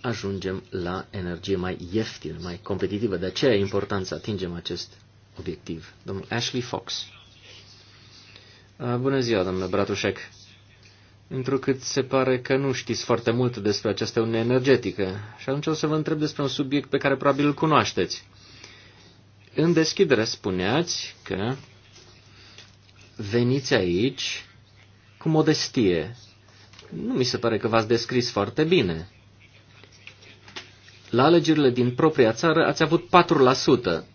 ajungem la energie mai ieftină, mai competitivă. De aceea e important să atingem acest obiectiv. Domnul Ashley Fox. Uh, bună ziua, domnule Bratușec întrucât se pare că nu știți foarte mult despre această uniune energetică. Și atunci o să vă întreb despre un subiect pe care probabil îl cunoașteți. În deschidere spuneați că veniți aici cu modestie. Nu mi se pare că v-ați descris foarte bine. La alegerile din propria țară ați avut 4%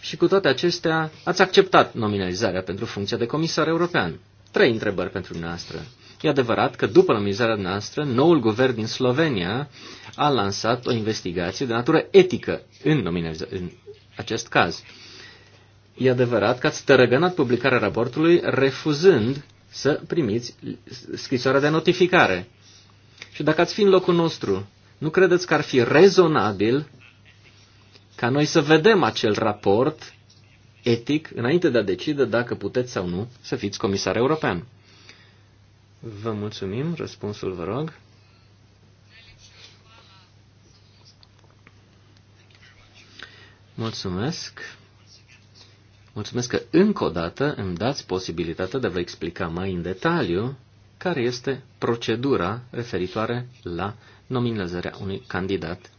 și cu toate acestea ați acceptat nominalizarea pentru funcția de comisar european. Trei întrebări pentru dumneavoastră. E adevărat că după nominizarea noastră, noul guvern din Slovenia a lansat o investigație de natură etică în, în acest caz. E adevărat că ați tărăgănat publicarea raportului refuzând să primiți scrisoarea de notificare. Și dacă ați fi în locul nostru, nu credeți că ar fi rezonabil ca noi să vedem acel raport etic înainte de a decide dacă puteți sau nu să fiți comisar european? Vă mulțumim. Răspunsul, vă rog. Mulțumesc. Mulțumesc că încă o dată îmi dați posibilitatea de a vă explica mai în detaliu care este procedura referitoare la nominalizarea unui candidat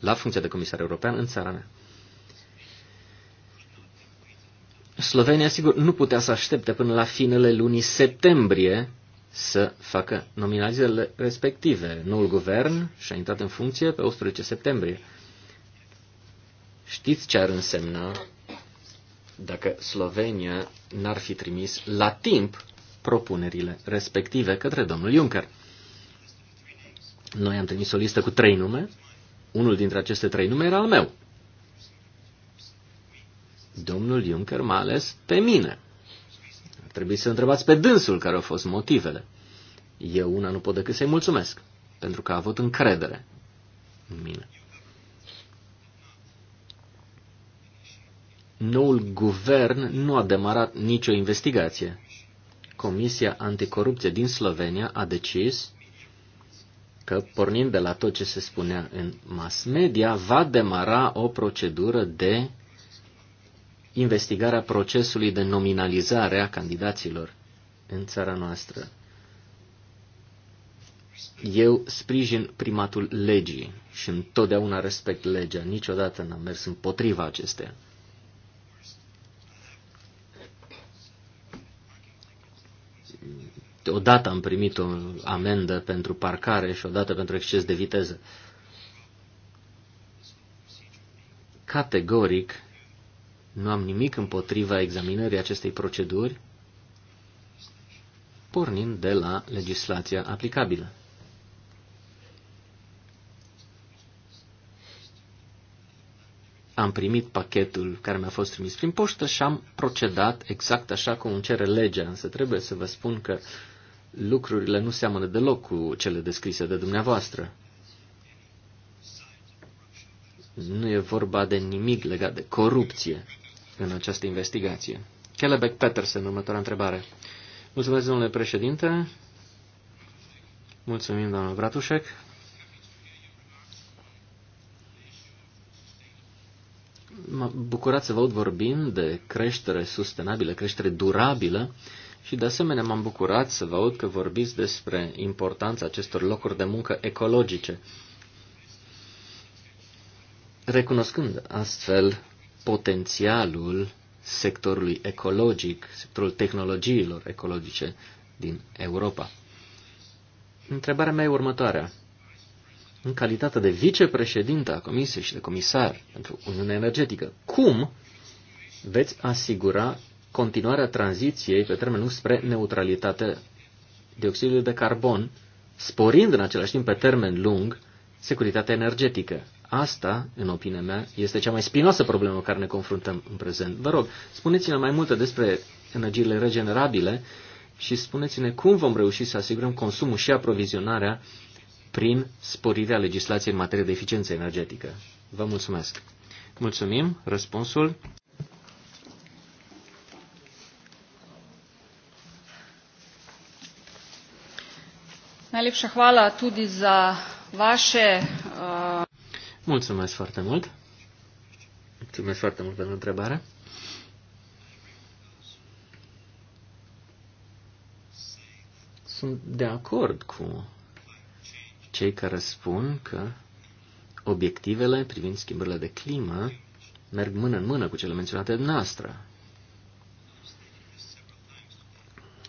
la funcția de comisar european în țara mea. Slovenia, sigur, nu putea să aștepte până la finele lunii septembrie să facă nominalizările respective. Noul guvern și-a intrat în funcție pe 18 septembrie. Știți ce ar însemna dacă Slovenia n-ar fi trimis la timp propunerile respective către domnul Juncker? Noi am trimis o listă cu trei nume. Unul dintre aceste trei nume era al meu. Domnul Juncker m-a ales pe mine Trebuie să întrebați pe dânsul care au fost motivele. Eu una nu pot decât să-i mulțumesc, pentru că a avut încredere în mine. Noul guvern nu a demarat nicio investigație. Comisia Anticorupție din Slovenia a decis că, pornind de la tot ce se spunea în mass media, va demara o procedură de investigarea procesului de nominalizare a candidaților în țara noastră. Eu sprijin primatul legii și întotdeauna respect legea. Niciodată n-am mers împotriva acesteia. Odată am primit o amendă pentru parcare și odată pentru exces de viteză. Categoric nu am nimic împotriva examinării acestei proceduri, pornind de la legislația aplicabilă. Am primit pachetul care mi-a fost trimis prin poștă și am procedat exact așa cum îmi cere legea, însă trebuie să vă spun că lucrurile nu seamănă deloc cu cele descrise de dumneavoastră. Nu e vorba de nimic legat de corupție în această investigație. Kellebeck Peterson, următoarea întrebare. Mulțumesc, domnule președinte. Mulțumim, doamnă Bratușec. Mă bucurat să vă aud vorbind de creștere sustenabilă, creștere durabilă și de asemenea m-am bucurat să vă aud că vorbiți despre importanța acestor locuri de muncă ecologice, recunoscând astfel potențialul sectorului ecologic, sectorul tehnologiilor ecologice din Europa. Întrebarea mea e următoarea. În calitate de vicepreședinte a Comisiei și de comisar pentru Uniunea Energetică, cum veți asigura continuarea tranziției pe termen lung spre neutralitate dioxidului de carbon, sporind în același timp pe termen lung securitatea energetică? asta, în opinia mea, este cea mai spinoasă problemă cu care ne confruntăm în prezent. Vă rog, spuneți-ne mai multe despre energiile regenerabile și spuneți-ne cum vom reuși să asigurăm consumul și aprovizionarea prin sporirea legislației în materie de eficiență energetică. Vă mulțumesc. Mulțumim. Răspunsul. Najlepša hvala tudi za vaše Mulțumesc foarte mult. Mulțumesc foarte mult pentru întrebare. Sunt de acord cu cei care spun că obiectivele privind schimbările de climă merg mână în mână cu cele menționate de noastră.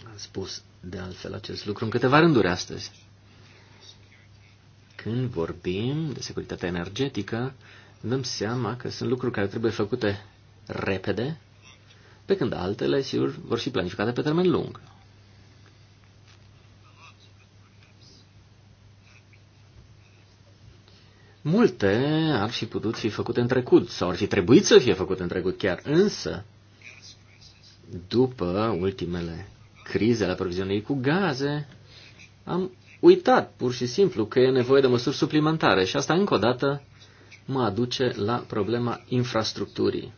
Am spus de altfel acest lucru în câteva rânduri astăzi. Când vorbim de securitatea energetică, dăm seama că sunt lucruri care trebuie făcute repede, pe când altele, sigur, vor fi planificate pe termen lung. Multe ar fi putut fi făcute în trecut sau ar fi trebuit să fie făcute în trecut chiar, însă după ultimele crize la provizionării cu gaze, am uitat pur și simplu că e nevoie de măsuri suplimentare și asta încă o dată mă aduce la problema infrastructurii,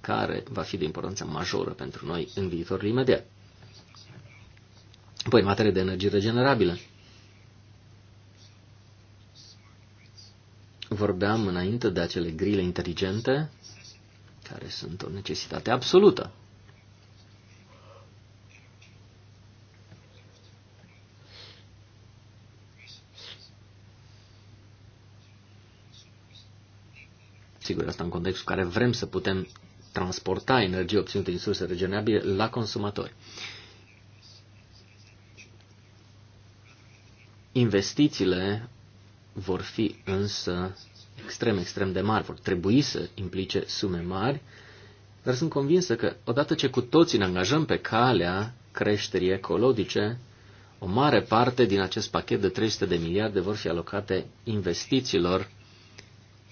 care va fi de importanță majoră pentru noi în viitorul imediat. Apoi, materie de energie regenerabilă. Vorbeam înainte de acele grile inteligente, care sunt o necesitate absolută. Sigur, asta în contextul în care vrem să putem transporta energie obținută din surse regenerabile la consumatori. Investițiile vor fi însă extrem, extrem de mari, vor trebui să implice sume mari, dar sunt convinsă că odată ce cu toții ne angajăm pe calea creșterii ecologice, o mare parte din acest pachet de 300 de miliarde vor fi alocate investițiilor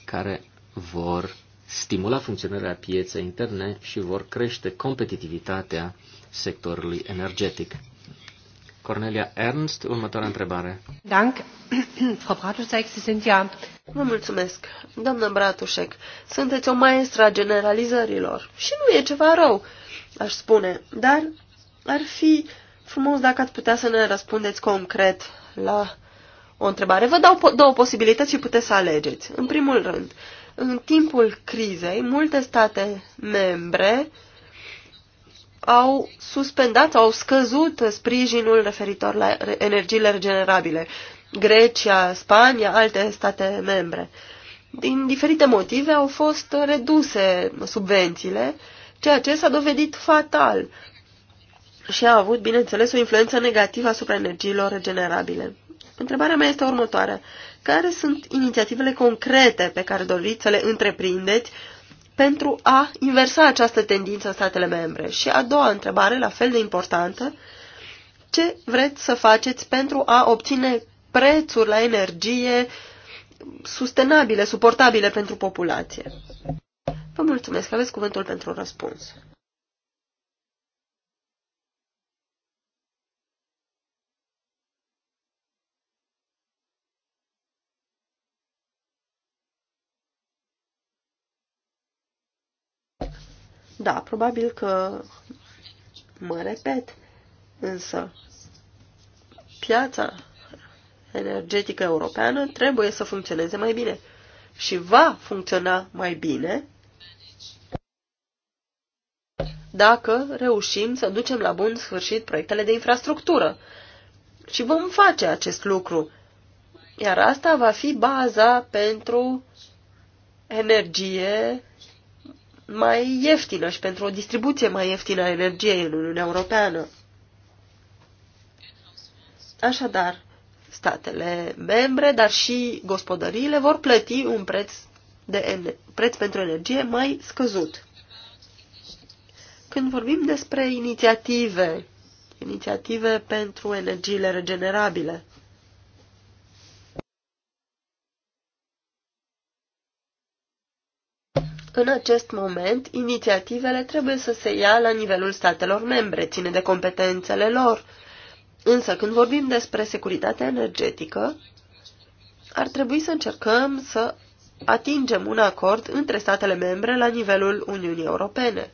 care vor stimula funcționarea pieței interne și vor crește competitivitatea sectorului energetic. Cornelia Ernst, următoarea întrebare. Dank. Frau Bratușek, Sie sind ja... Vă mulțumesc. Doamnă Bratușek, sunteți o maestră a generalizărilor și nu e ceva rău, aș spune, dar ar fi frumos dacă ați putea să ne răspundeți concret la o întrebare. Vă dau po două posibilități și puteți să alegeți. În primul rând, în timpul crizei, multe state membre au suspendat au scăzut sprijinul referitor la energiile regenerabile. Grecia, Spania, alte state membre. Din diferite motive au fost reduse subvențiile, ceea ce s-a dovedit fatal și a avut, bineînțeles, o influență negativă asupra energiilor regenerabile. Întrebarea mea este următoarea. Care sunt inițiativele concrete pe care doriți să le întreprindeți pentru a inversa această tendință în statele membre? Și a doua întrebare, la fel de importantă, ce vreți să faceți pentru a obține prețuri la energie sustenabile, suportabile pentru populație? Vă mulțumesc, aveți cuvântul pentru răspuns. Da, probabil că mă repet, însă piața energetică europeană trebuie să funcționeze mai bine și va funcționa mai bine dacă reușim să ducem la bun sfârșit proiectele de infrastructură. Și vom face acest lucru. Iar asta va fi baza pentru energie mai ieftină și pentru o distribuție mai ieftină a energiei în Uniunea Europeană. Așadar, statele membre, dar și gospodăriile vor plăti un preț, de, preț pentru energie mai scăzut. Când vorbim despre inițiative, inițiative pentru energiile regenerabile, În acest moment, inițiativele trebuie să se ia la nivelul statelor membre, ține de competențele lor. Însă, când vorbim despre securitatea energetică, ar trebui să încercăm să atingem un acord între statele membre la nivelul Uniunii Europene.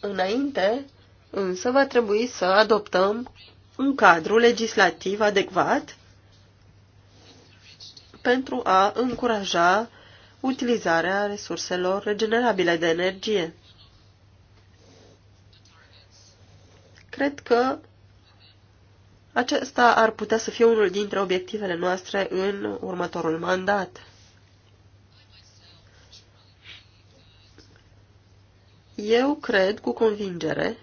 Înainte, însă, va trebui să adoptăm un cadru legislativ adecvat pentru a încuraja utilizarea resurselor regenerabile de energie. Cred că acesta ar putea să fie unul dintre obiectivele noastre în următorul mandat. Eu cred cu convingere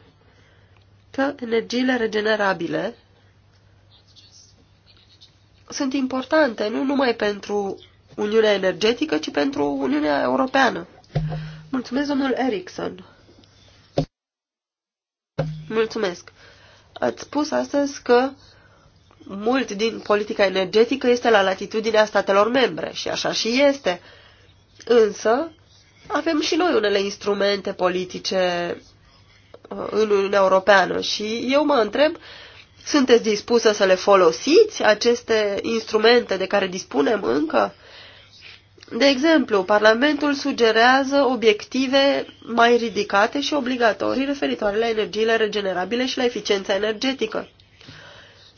că energiile regenerabile sunt importante nu numai pentru Uniunea Energetică, ci pentru Uniunea Europeană. Mulțumesc, domnul Ericsson. Mulțumesc. Ați spus astăzi că mult din politica energetică este la latitudinea statelor membre și așa și este. Însă, avem și noi unele instrumente politice uh, în Uniunea Europeană și eu mă întreb uh, sunteți dispusă să le folosiți, aceste instrumente de care dispunem încă? De exemplu, Parlamentul sugerează obiective mai ridicate și obligatorii referitoare la energiile regenerabile și la eficiența energetică.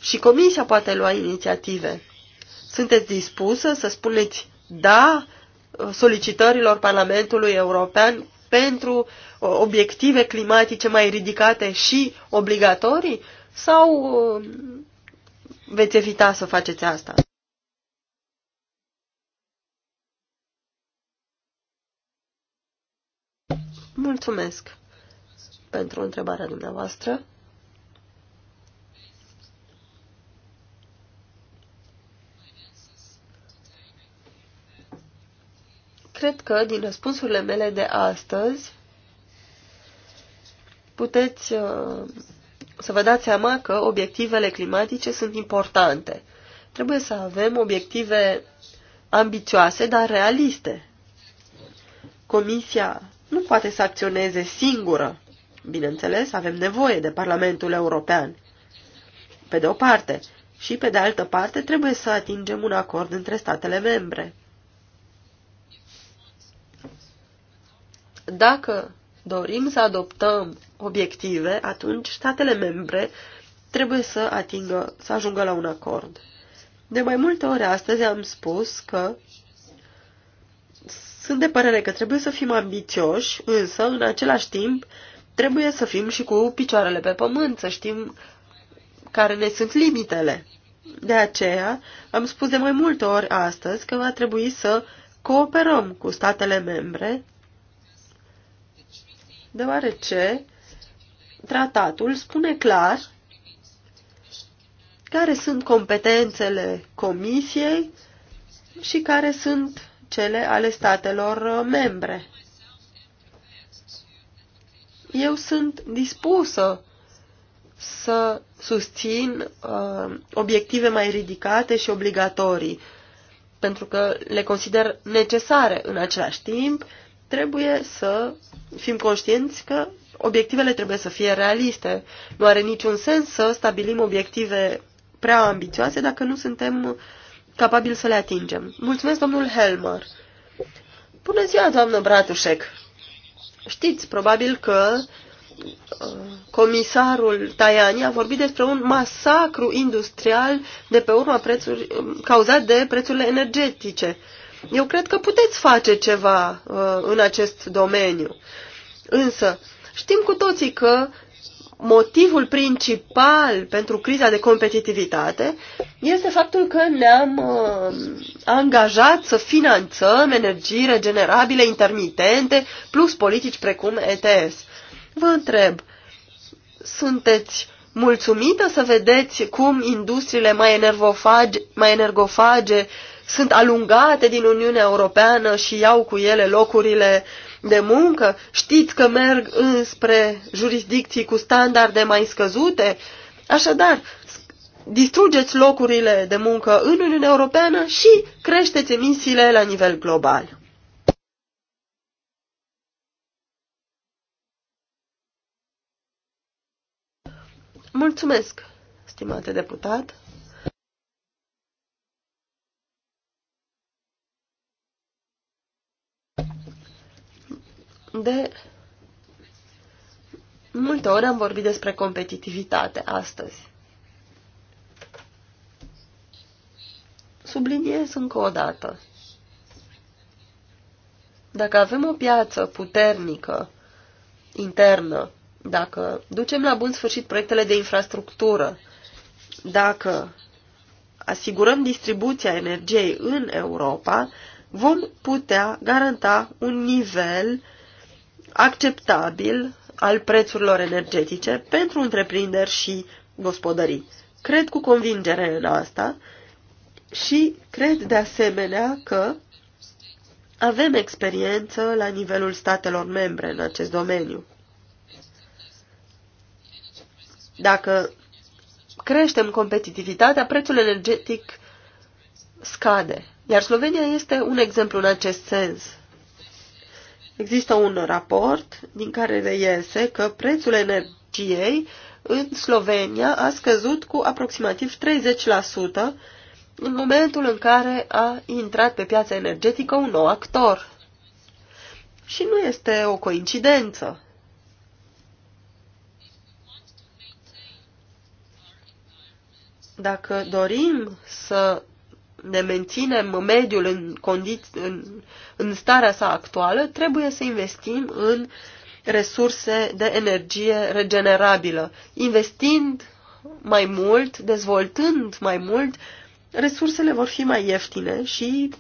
Și Comisia poate lua inițiative. Sunteți dispusă să spuneți da solicitărilor Parlamentului European pentru uh, obiective climatice mai ridicate și obligatorii? sau uh, veți evita să faceți asta? Mulțumesc pentru întrebarea dumneavoastră. Cred că din răspunsurile mele de astăzi puteți uh, să vă dați seama că obiectivele climatice sunt importante. Trebuie să avem obiective ambițioase, dar realiste. Comisia nu poate să acționeze singură. Bineînțeles, avem nevoie de Parlamentul European. Pe de o parte, și pe de altă parte, trebuie să atingem un acord între statele membre. Dacă dorim să adoptăm obiective, atunci statele membre trebuie să atingă, să ajungă la un acord. De mai multe ori astăzi am spus că sunt de părere că trebuie să fim ambițioși, însă, în același timp, trebuie să fim și cu picioarele pe pământ, să știm care ne sunt limitele. De aceea, am spus de mai multe ori astăzi că va trebui să cooperăm cu statele membre deoarece tratatul spune clar care sunt competențele Comisiei și care sunt cele ale statelor uh, membre. Eu sunt dispusă să susțin uh, obiective mai ridicate și obligatorii, pentru că le consider necesare în același timp, trebuie să fim conștienți că obiectivele trebuie să fie realiste. Nu are niciun sens să stabilim obiective prea ambițioase dacă nu suntem capabili să le atingem. Mulțumesc, domnul Helmer. Bună ziua, doamnă Bratușec. Știți, probabil că uh, comisarul Tajani a vorbit despre un masacru industrial de pe urma prețuri, um, cauzat de prețurile energetice. Eu cred că puteți face ceva uh, în acest domeniu. Însă, știm cu toții că motivul principal pentru criza de competitivitate este faptul că ne-am uh, angajat să finanțăm energii regenerabile intermitente plus politici precum ETS. Vă întreb, sunteți mulțumită să vedeți cum industriile mai, energofage, mai energofage sunt alungate din Uniunea Europeană și iau cu ele locurile de muncă? Știți că merg înspre jurisdicții cu standarde mai scăzute? Așadar, distrugeți locurile de muncă în Uniunea Europeană și creșteți emisiile la nivel global. Mulțumesc, stimate deputat. De multe ori am vorbit despre competitivitate astăzi. Subliniez încă o dată. Dacă avem o piață puternică, internă, dacă ducem la bun sfârșit proiectele de infrastructură, dacă asigurăm distribuția energiei în Europa, vom putea garanta un nivel acceptabil al prețurilor energetice pentru întreprinderi și gospodării. Cred cu convingere în asta și cred de asemenea că avem experiență la nivelul statelor membre în acest domeniu. Dacă creștem competitivitatea, prețul energetic scade. Iar Slovenia este un exemplu în acest sens. Există un raport din care reiese că prețul energiei în Slovenia a scăzut cu aproximativ 30% în momentul în care a intrat pe piața energetică un nou actor. Și nu este o coincidență. Dacă dorim să ne menținem mediul în, condiți, în, în starea sa actuală, trebuie să investim în resurse de energie regenerabilă, investind mai mult, dezvoltând mai mult, resursele vor fi mai ieftine și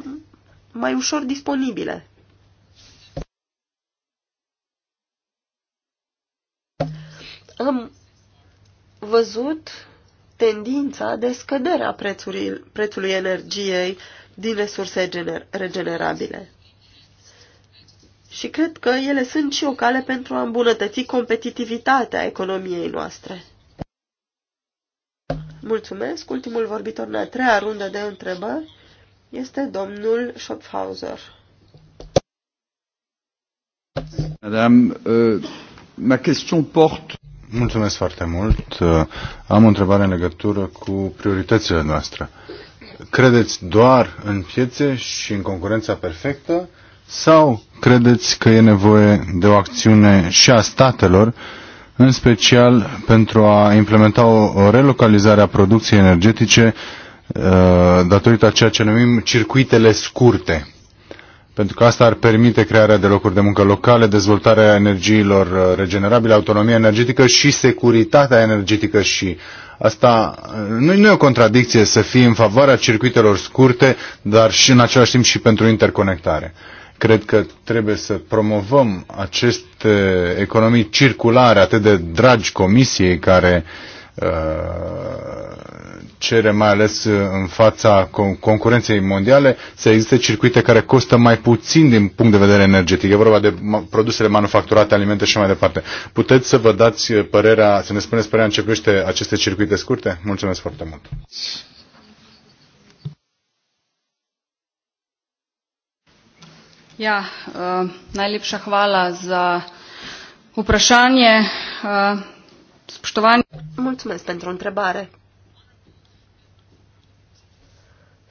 mai ușor disponibile. Am văzut tendința de scădere a prețului, prețului energiei din resurse regenerabile. Și cred că ele sunt și o cale pentru a îmbunătăți competitivitatea economiei noastre. Mulțumesc. Ultimul vorbitor în a treia rundă de întrebări este domnul Schopfhauser. Madame, uh, ma question porte Mulțumesc foarte mult. Uh, am o întrebare în legătură cu prioritățile noastre. Credeți doar în piețe și în concurența perfectă sau credeți că e nevoie de o acțiune și a statelor, în special pentru a implementa o relocalizare a producției energetice uh, datorită a ceea ce numim circuitele scurte? pentru că asta ar permite crearea de locuri de muncă locale, dezvoltarea energiilor uh, regenerabile, autonomia energetică și securitatea energetică și asta uh, nu, nu e o contradicție să fii în favoarea circuitelor scurte, dar și în același timp și pentru interconectare. Cred că trebuie să promovăm aceste economii circulare atât de dragi comisiei care uh, Uh, cere, mai ales uh, în fața concurenței mondiale, să existe circuite care costă mai puțin din punct de vedere energetic. E vorba de produsele manufacturate, alimente și mai departe. Puteți să vă dați uh, părerea, să ne spuneți părerea în ce privește aceste circuite scurte? Mulțumesc foarte mult! Ja, uh, najlepša hvala za vprašanje. Uh, Spoštovani. Mulțumesc pentru întrebare.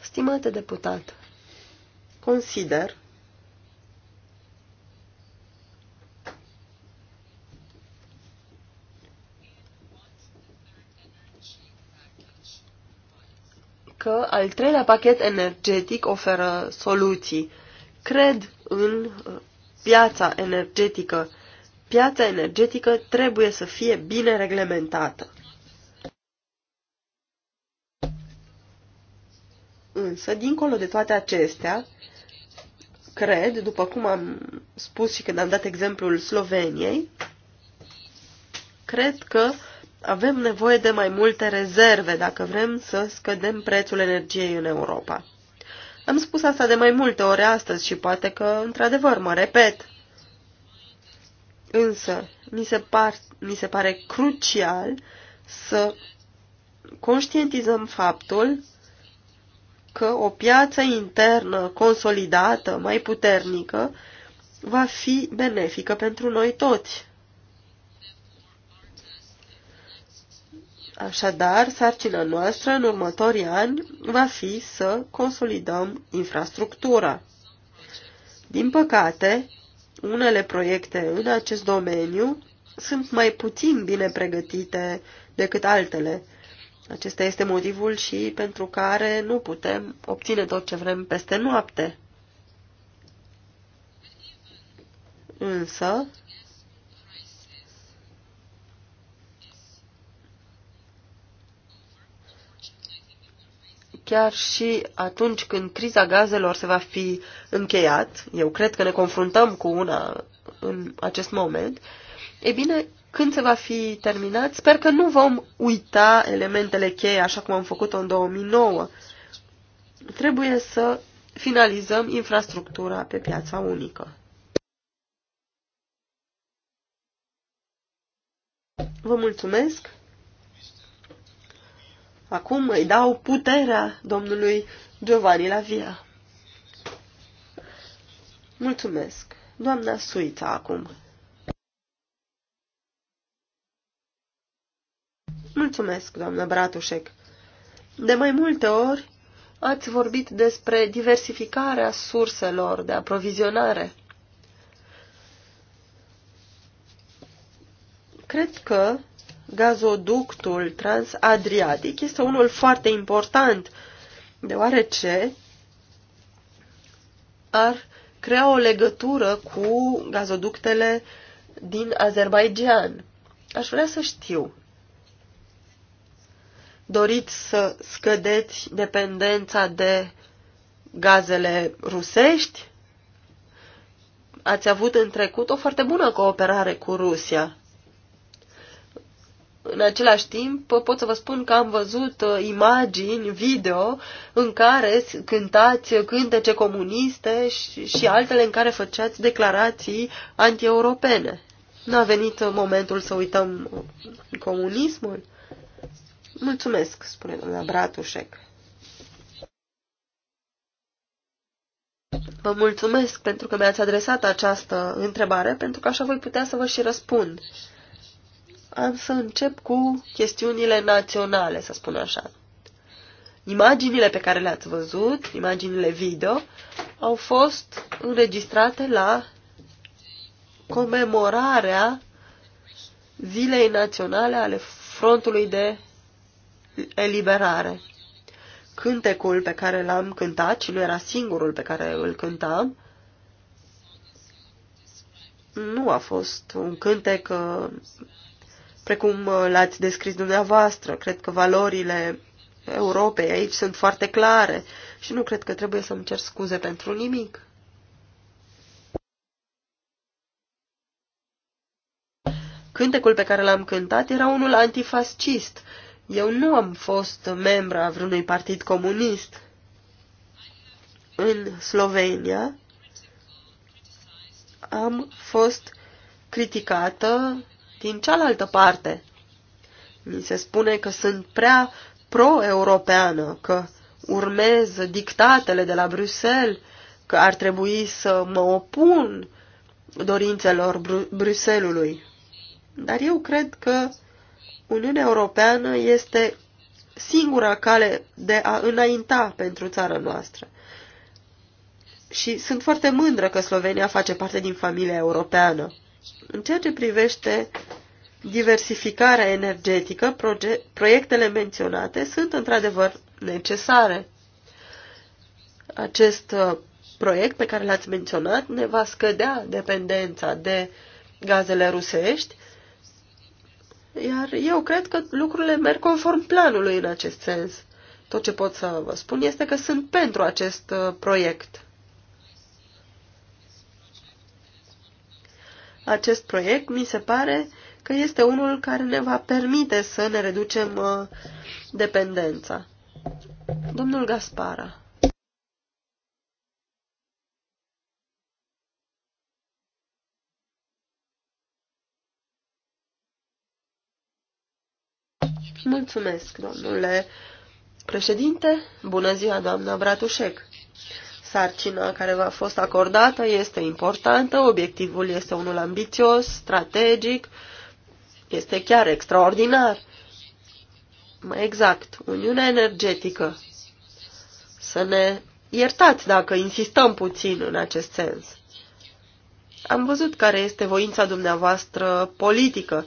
Stimate deputat, consider că al treilea pachet energetic oferă soluții. Cred în uh, piața energetică piața energetică trebuie să fie bine reglementată. Însă, dincolo de toate acestea, cred, după cum am spus și când am dat exemplul Sloveniei, cred că avem nevoie de mai multe rezerve dacă vrem să scădem prețul energiei în Europa. Am spus asta de mai multe ori astăzi și poate că, într-adevăr, mă repet. Însă, mi se, par, mi se pare crucial să conștientizăm faptul că o piață internă consolidată, mai puternică, va fi benefică pentru noi toți. Așadar, sarcina noastră în următorii ani va fi să consolidăm infrastructura. Din păcate, unele proiecte în acest domeniu sunt mai puțin bine pregătite decât altele. Acesta este motivul și pentru care nu putem obține tot ce vrem peste noapte. Însă, chiar și atunci când criza gazelor se va fi încheiat, eu cred că ne confruntăm cu una în acest moment, e bine, când se va fi terminat, sper că nu vom uita elementele cheie așa cum am făcut-o în 2009. Trebuie să finalizăm infrastructura pe piața unică. Vă mulțumesc! Acum îi dau puterea domnului Giovanni via. Mulțumesc. Doamna Suița acum. Mulțumesc, doamnă Bratușec. De mai multe ori ați vorbit despre diversificarea surselor de aprovizionare. Cred că gazoductul transadriatic este unul foarte important, deoarece ar crea o legătură cu gazoductele din Azerbaijan. Aș vrea să știu. Doriți să scădeți dependența de gazele rusești? Ați avut în trecut o foarte bună cooperare cu Rusia. În același timp, pot să vă spun că am văzut uh, imagini, video, în care cântați cântece comuniste și, și altele în care făceați declarații antieuropene. Nu a venit uh, momentul să uităm uh, comunismul? Mulțumesc, spune doamna Bratușec. Vă mulțumesc pentru că mi-ați adresat această întrebare, pentru că așa voi putea să vă și răspund am să încep cu chestiunile naționale, să spun așa. Imaginile pe care le-ați văzut, imaginile video, au fost înregistrate la comemorarea Zilei Naționale ale Frontului de Eliberare. Cântecul pe care l-am cântat, și nu era singurul pe care îl cântam, nu a fost un cântec uh, precum uh, l-ați descris dumneavoastră. Cred că valorile Europei aici sunt foarte clare și nu cred că trebuie să-mi cer scuze pentru nimic. Cântecul pe care l-am cântat era unul antifascist. Eu nu am fost membra a vreunui partid comunist. În Slovenia am fost criticată din cealaltă parte, mi se spune că sunt prea pro-europeană, că urmez dictatele de la Bruxelles, că ar trebui să mă opun dorințelor Bru Bruselului. Dar eu cred că Uniunea Europeană este singura cale de a înainta pentru țara noastră. Și sunt foarte mândră că Slovenia face parte din familia europeană. În ceea ce privește diversificarea energetică, proiectele menționate sunt într-adevăr necesare. Acest uh, proiect pe care l-ați menționat ne va scădea dependența de gazele rusești, iar eu cred că lucrurile merg conform planului în acest sens. Tot ce pot să vă spun este că sunt pentru acest uh, proiect. acest proiect, mi se pare că este unul care ne va permite să ne reducem uh, dependența. Domnul Gaspara. Mulțumesc, domnule președinte. Bună ziua, doamna Bratușec. Sarcina care v-a fost acordată este importantă, obiectivul este unul ambițios, strategic, este chiar extraordinar. Mai exact, Uniunea Energetică. Să ne iertați dacă insistăm puțin în acest sens. Am văzut care este voința dumneavoastră politică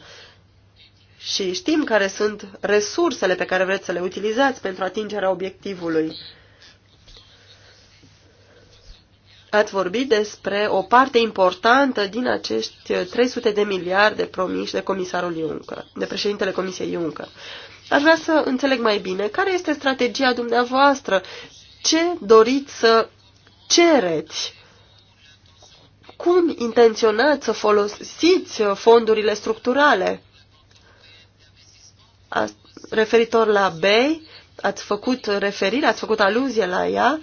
și știm care sunt resursele pe care vreți să le utilizați pentru atingerea obiectivului ați vorbit despre o parte importantă din acești 300 de miliarde promiși de comisarul Juncker, de președintele Comisiei Juncker. Aș vrea să înțeleg mai bine care este strategia dumneavoastră, ce doriți să cereți, cum intenționați să folosiți fondurile structurale. Referitor la BEI, ați făcut referire, ați făcut aluzie la ea,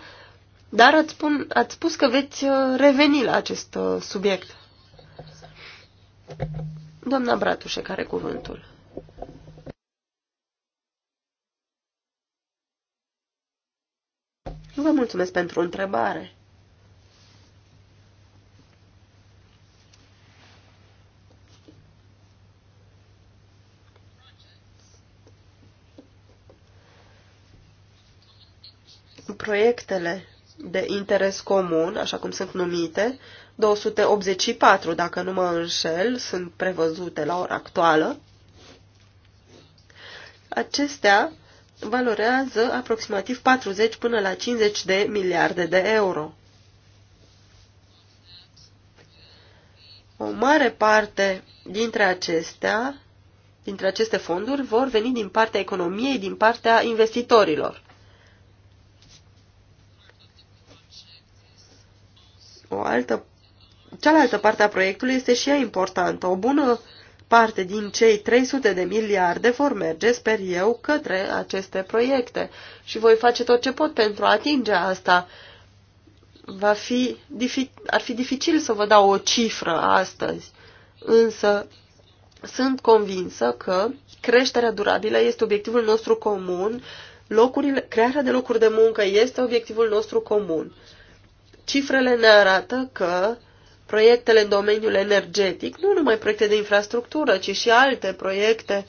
dar ați, spun, ați spus că veți uh, reveni la acest uh, subiect. Doamna Bratușe, care cuvântul? Vă mulțumesc pentru întrebare. Proiectele de interes comun, așa cum sunt numite, 284, dacă nu mă înșel, sunt prevăzute la ora actuală. Acestea valorează aproximativ 40 până la 50 de miliarde de euro. O mare parte dintre acestea, dintre aceste fonduri, vor veni din partea economiei, din partea investitorilor. O altă, cealaltă parte a proiectului este și ea importantă. O bună parte din cei 300 de miliarde vor merge, sper eu, către aceste proiecte și voi face tot ce pot pentru a atinge asta. Va fi, ar fi dificil să vă dau o cifră astăzi, însă sunt convinsă că creșterea durabilă este obiectivul nostru comun, locurile, crearea de locuri de muncă este obiectivul nostru comun. Cifrele ne arată că proiectele în domeniul energetic, nu numai proiecte de infrastructură, ci și alte proiecte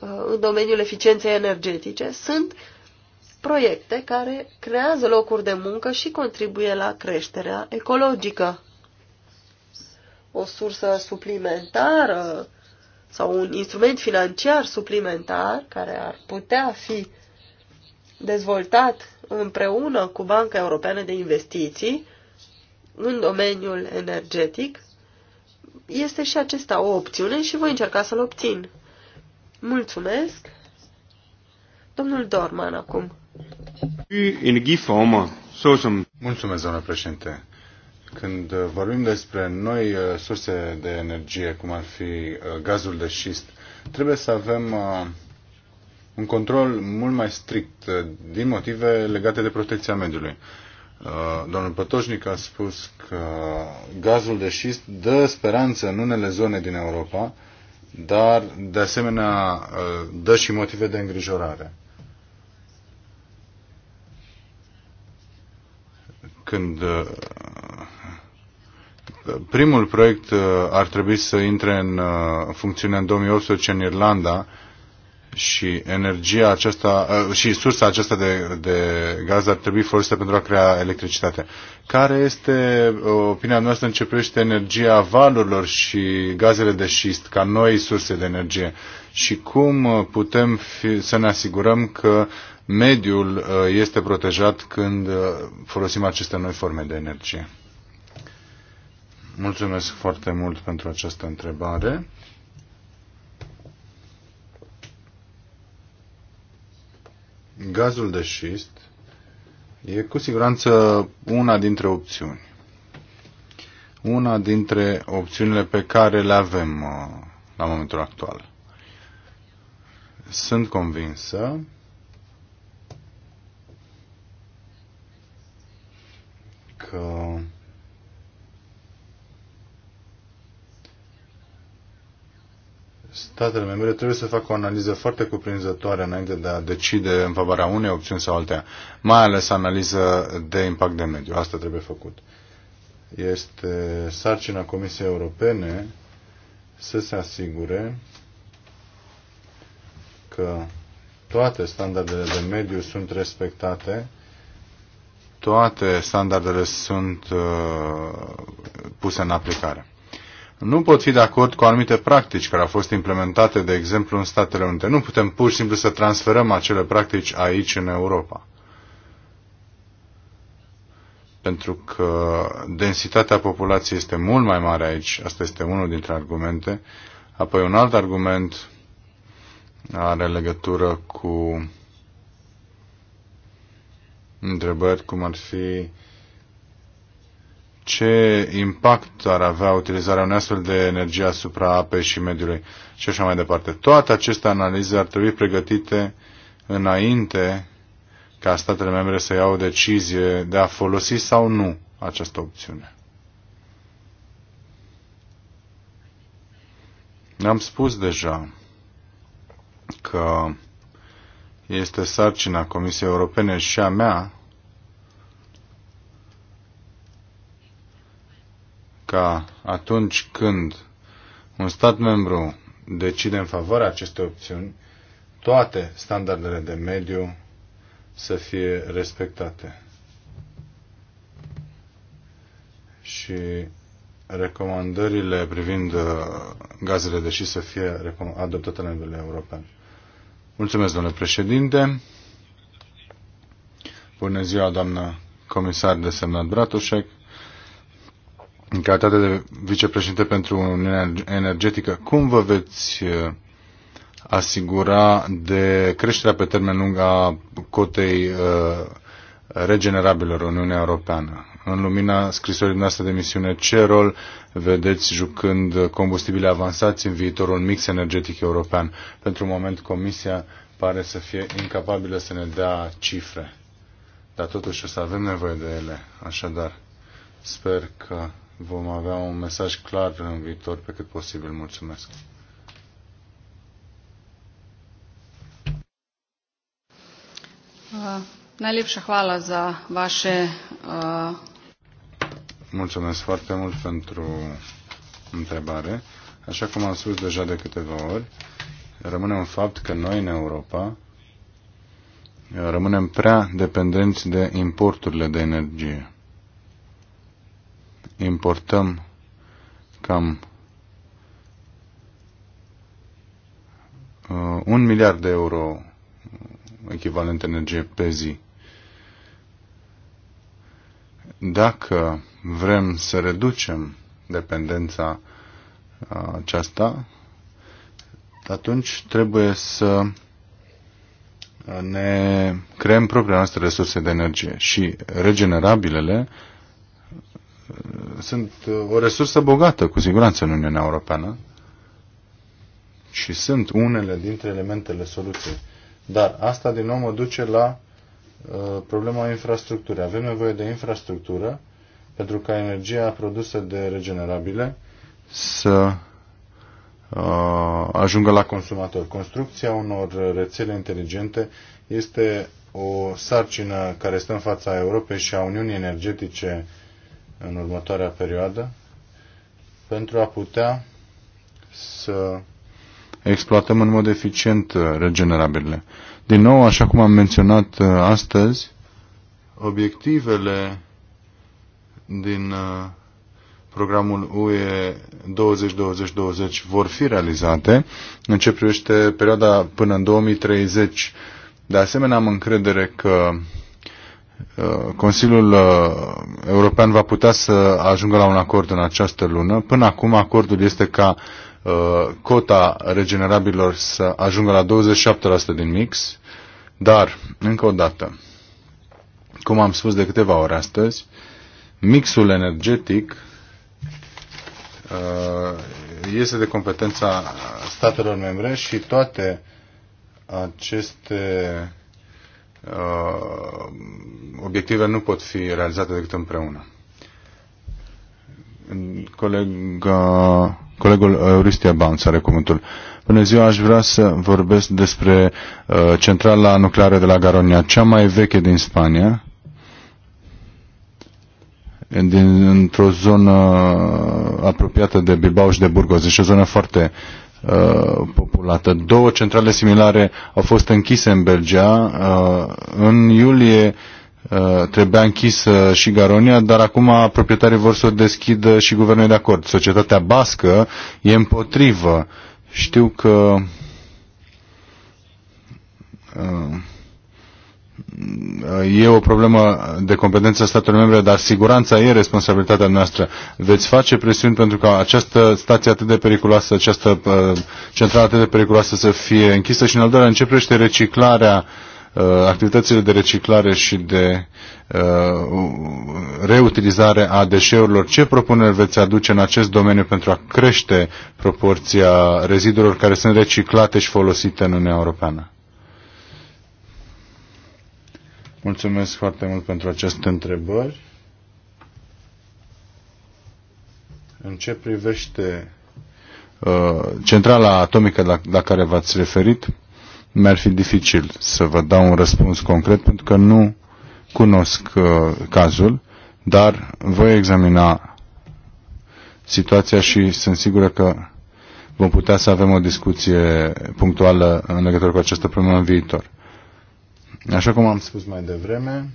uh, în domeniul eficienței energetice, sunt proiecte care creează locuri de muncă și contribuie la creșterea ecologică. O sursă suplimentară sau un instrument financiar suplimentar care ar putea fi dezvoltat împreună cu Banca Europeană de Investiții în domeniul energetic, este și acesta o opțiune și voi încerca să-l obțin. Mulțumesc! Domnul Dorman acum. Mulțumesc, doamnă președinte. Când vorbim despre noi uh, surse de energie, cum ar fi uh, gazul de șist, trebuie să avem uh, un control mult mai strict uh, din motive legate de protecția mediului. Uh, domnul Pătoșnic a spus că gazul de șist dă speranță în unele zone din Europa, dar de asemenea uh, dă și motive de îngrijorare. Când primul proiect ar trebui să intre în funcțiune în 2018 în Irlanda, și energia aceasta uh, și sursa aceasta de, de gaz ar trebui folosită pentru a crea electricitate. Care este uh, opinia noastră în ce privește energia valurilor și gazele de șist ca noi surse de energie și cum uh, putem fi, să ne asigurăm că mediul este protejat când folosim aceste noi forme de energie? Mulțumesc foarte mult pentru această întrebare. gazul de șist e cu siguranță una dintre opțiuni. Una dintre opțiunile pe care le avem uh, la momentul actual. Sunt convinsă că statele membre trebuie să facă o analiză foarte cuprinzătoare înainte de a decide în favoarea unei opțiuni sau altea, mai ales analiză de impact de mediu. Asta trebuie făcut. Este sarcina Comisiei Europene să se asigure că toate standardele de mediu sunt respectate, toate standardele sunt uh, puse în aplicare. Nu pot fi de acord cu anumite practici care au fost implementate, de exemplu, în Statele Unite. Nu putem pur și simplu să transferăm acele practici aici, în Europa. Pentru că densitatea populației este mult mai mare aici. Asta este unul dintre argumente. Apoi un alt argument are legătură cu întrebări cum ar fi ce impact ar avea utilizarea unei astfel de energie asupra apei și mediului și așa mai departe. Toate aceste analize ar trebui pregătite înainte ca statele membre să iau o decizie de a folosi sau nu această opțiune. Am spus deja că este sarcina Comisiei Europene și a mea ca atunci când un stat membru decide în favoarea acestei opțiuni, toate standardele de mediu să fie respectate. Și recomandările privind uh, gazele de să fie adoptate la nivel european. Mulțumesc, domnule președinte. Bună ziua, doamnă comisar de semnat Bratușec în calitate de vicepreședinte pentru Uniunea Energetică, cum vă veți uh, asigura de creșterea pe termen lung a cotei uh, regenerabilor în Uniunea Europeană? În lumina scrisorii dumneavoastră de misiune, ce rol vedeți jucând combustibile avansați în viitorul mix energetic european? Pentru moment, Comisia pare să fie incapabilă să ne dea cifre, dar totuși o să avem nevoie de ele. Așadar, sper că vom avea un mesaj clar în viitor pe cât posibil. Mulțumesc! Uh, Najlepša hvala za vaše... Uh... Mulțumesc foarte mult pentru întrebare. Așa cum am spus deja de câteva ori, rămâne un fapt că noi în Europa uh, rămânem prea dependenți de importurile de energie importăm cam uh, un miliard de euro echivalent energie pe zi. Dacă vrem să reducem dependența uh, aceasta, atunci trebuie să uh, ne creăm propriile noastre resurse de energie și regenerabilele sunt uh, o resursă bogată, cu siguranță, în Uniunea Europeană și sunt unele dintre elementele soluției. Dar asta, din nou, mă duce la uh, problema infrastructurii. Avem nevoie de infrastructură pentru ca energia produsă de regenerabile să uh, ajungă la consumator. Construcția unor rețele inteligente este o sarcină care stă în fața Europei și a Uniunii Energetice în următoarea perioadă pentru a putea să exploatăm în mod eficient uh, regenerabilele. Din nou, așa cum am menționat uh, astăzi, obiectivele din uh, programul UE 2020-2020 vor fi realizate. În ce privește perioada până în 2030, de asemenea am încredere că Uh, Consiliul uh, European va putea să ajungă la un acord în această lună. Până acum acordul este ca uh, cota regenerabilor să ajungă la 27% din mix, dar, încă o dată, cum am spus de câteva ori astăzi, mixul energetic este de competența statelor membre și toate aceste Uh, obiectivele nu pot fi realizate decât împreună. Colega, colegul Euristia uh, Banț are cuvântul. Bună ziua, aș vrea să vorbesc despre uh, centrala nucleară de la Garonia, cea mai veche din Spania, din, într-o zonă uh, apropiată de Bilbao și de Burgos. Deci o zonă foarte Uh, populată. Două centrale similare au fost închise în Belgia. Uh, în iulie uh, trebuia închisă și Garonia, dar acum proprietarii vor să o deschidă și guvernul de acord. Societatea bască e împotrivă. Știu că e o problemă de competență a statelor membre, dar siguranța e responsabilitatea noastră. Veți face presiuni pentru ca această stație atât de periculoasă, această uh, centrală atât de periculoasă să fie închisă și în al doilea începește reciclarea uh, activitățile de reciclare și de uh, reutilizare a deșeurilor. Ce propuneri veți aduce în acest domeniu pentru a crește proporția rezidurilor care sunt reciclate și folosite în Uniunea Europeană? Mulțumesc foarte mult pentru aceste întrebări. În ce privește uh, centrala atomică la, la care v-ați referit, mi-ar fi dificil să vă dau un răspuns concret pentru că nu cunosc uh, cazul, dar voi examina situația și sunt sigură că vom putea să avem o discuție punctuală în legătură cu această problemă în viitor. Așa cum am spus mai devreme,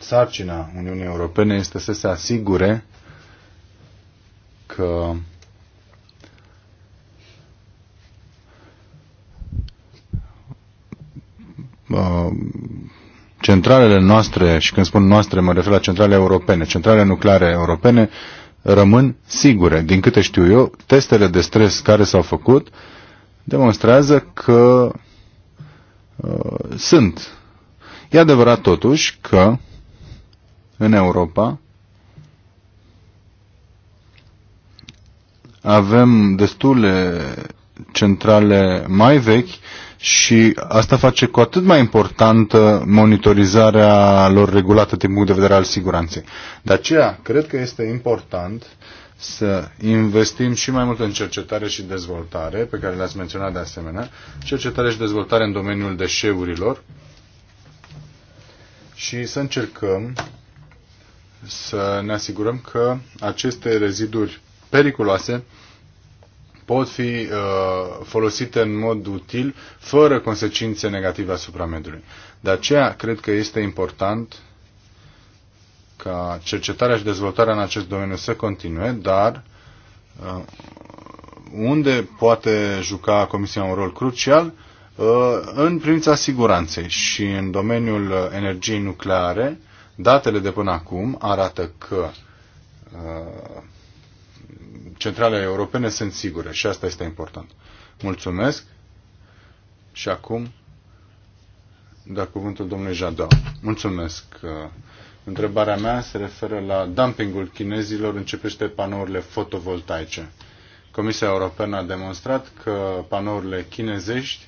sarcina Uniunii Europene este să se asigure că uh, centralele noastre, și când spun noastre mă refer la centrale europene, centrale nucleare europene, rămân sigure. Din câte știu eu, testele de stres care s-au făcut demonstrează că Uh, sunt. E adevărat totuși că în Europa avem destule centrale mai vechi și asta face cu atât mai importantă monitorizarea lor regulată din punct de vedere al siguranței. De aceea, cred că este important uh, să investim și mai mult în cercetare și dezvoltare, pe care le-ați menționat de asemenea, cercetare și dezvoltare în domeniul deșeurilor și să încercăm să ne asigurăm că aceste reziduri periculoase pot fi uh, folosite în mod util, fără consecințe negative asupra mediului. De aceea, cred că este important ca cercetarea și dezvoltarea în acest domeniu să continue, dar uh, unde poate juca Comisia un rol crucial? Uh, în privința siguranței și în domeniul energiei nucleare, datele de până acum arată că uh, centralele europene sunt sigure și asta este important. Mulțumesc și acum da cuvântul domnului Jadot. Mulțumesc, Întrebarea mea se referă la dumpingul chinezilor în ce privește panourile fotovoltaice. Comisia Europeană a demonstrat că panourile chinezești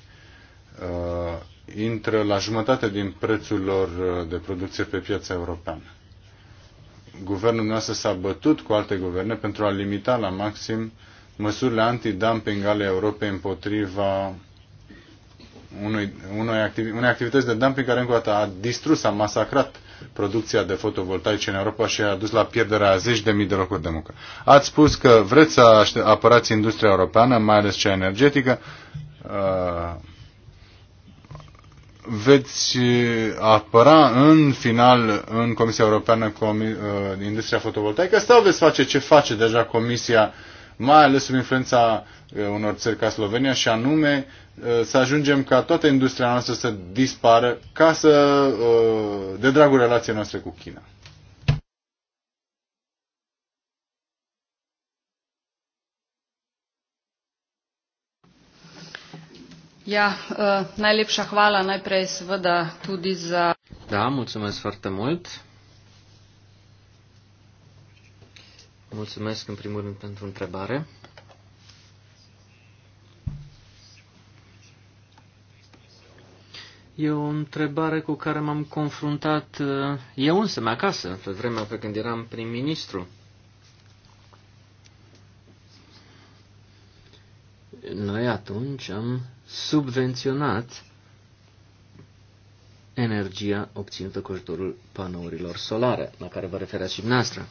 uh, intră la jumătate din prețul lor uh, de producție pe piața europeană. Guvernul nostru s-a bătut cu alte guverne pentru a limita la maxim măsurile antidumping ale Europei împotriva unei unui activi, unei activități de dumping care încă o dată a distrus, a masacrat producția de fotovoltaice în Europa și a dus la pierderea a zeci de mii de locuri de muncă. Ați spus că vreți să apărați industria europeană, mai ales cea energetică. Uh, veți apăra în final în Comisia Europeană uh, industria fotovoltaică sau veți face ce face deja Comisia uh, mai ales sub influența uh, unor țări ca Slovenia, și anume uh, să ajungem ca toată industria noastră să dispară ca să, uh, de dragul relației noastre cu China. Ja, uh, najlepša hvala najprej seveda tudi za. Da, mulțumesc foarte mult. Mulțumesc în primul rând pentru întrebare. E o întrebare cu care m-am confruntat uh, eu însă, acasă, pe vremea pe când eram prim-ministru. Noi atunci am subvenționat energia obținută cu ajutorul panourilor solare, la care vă referați și dumneavoastră.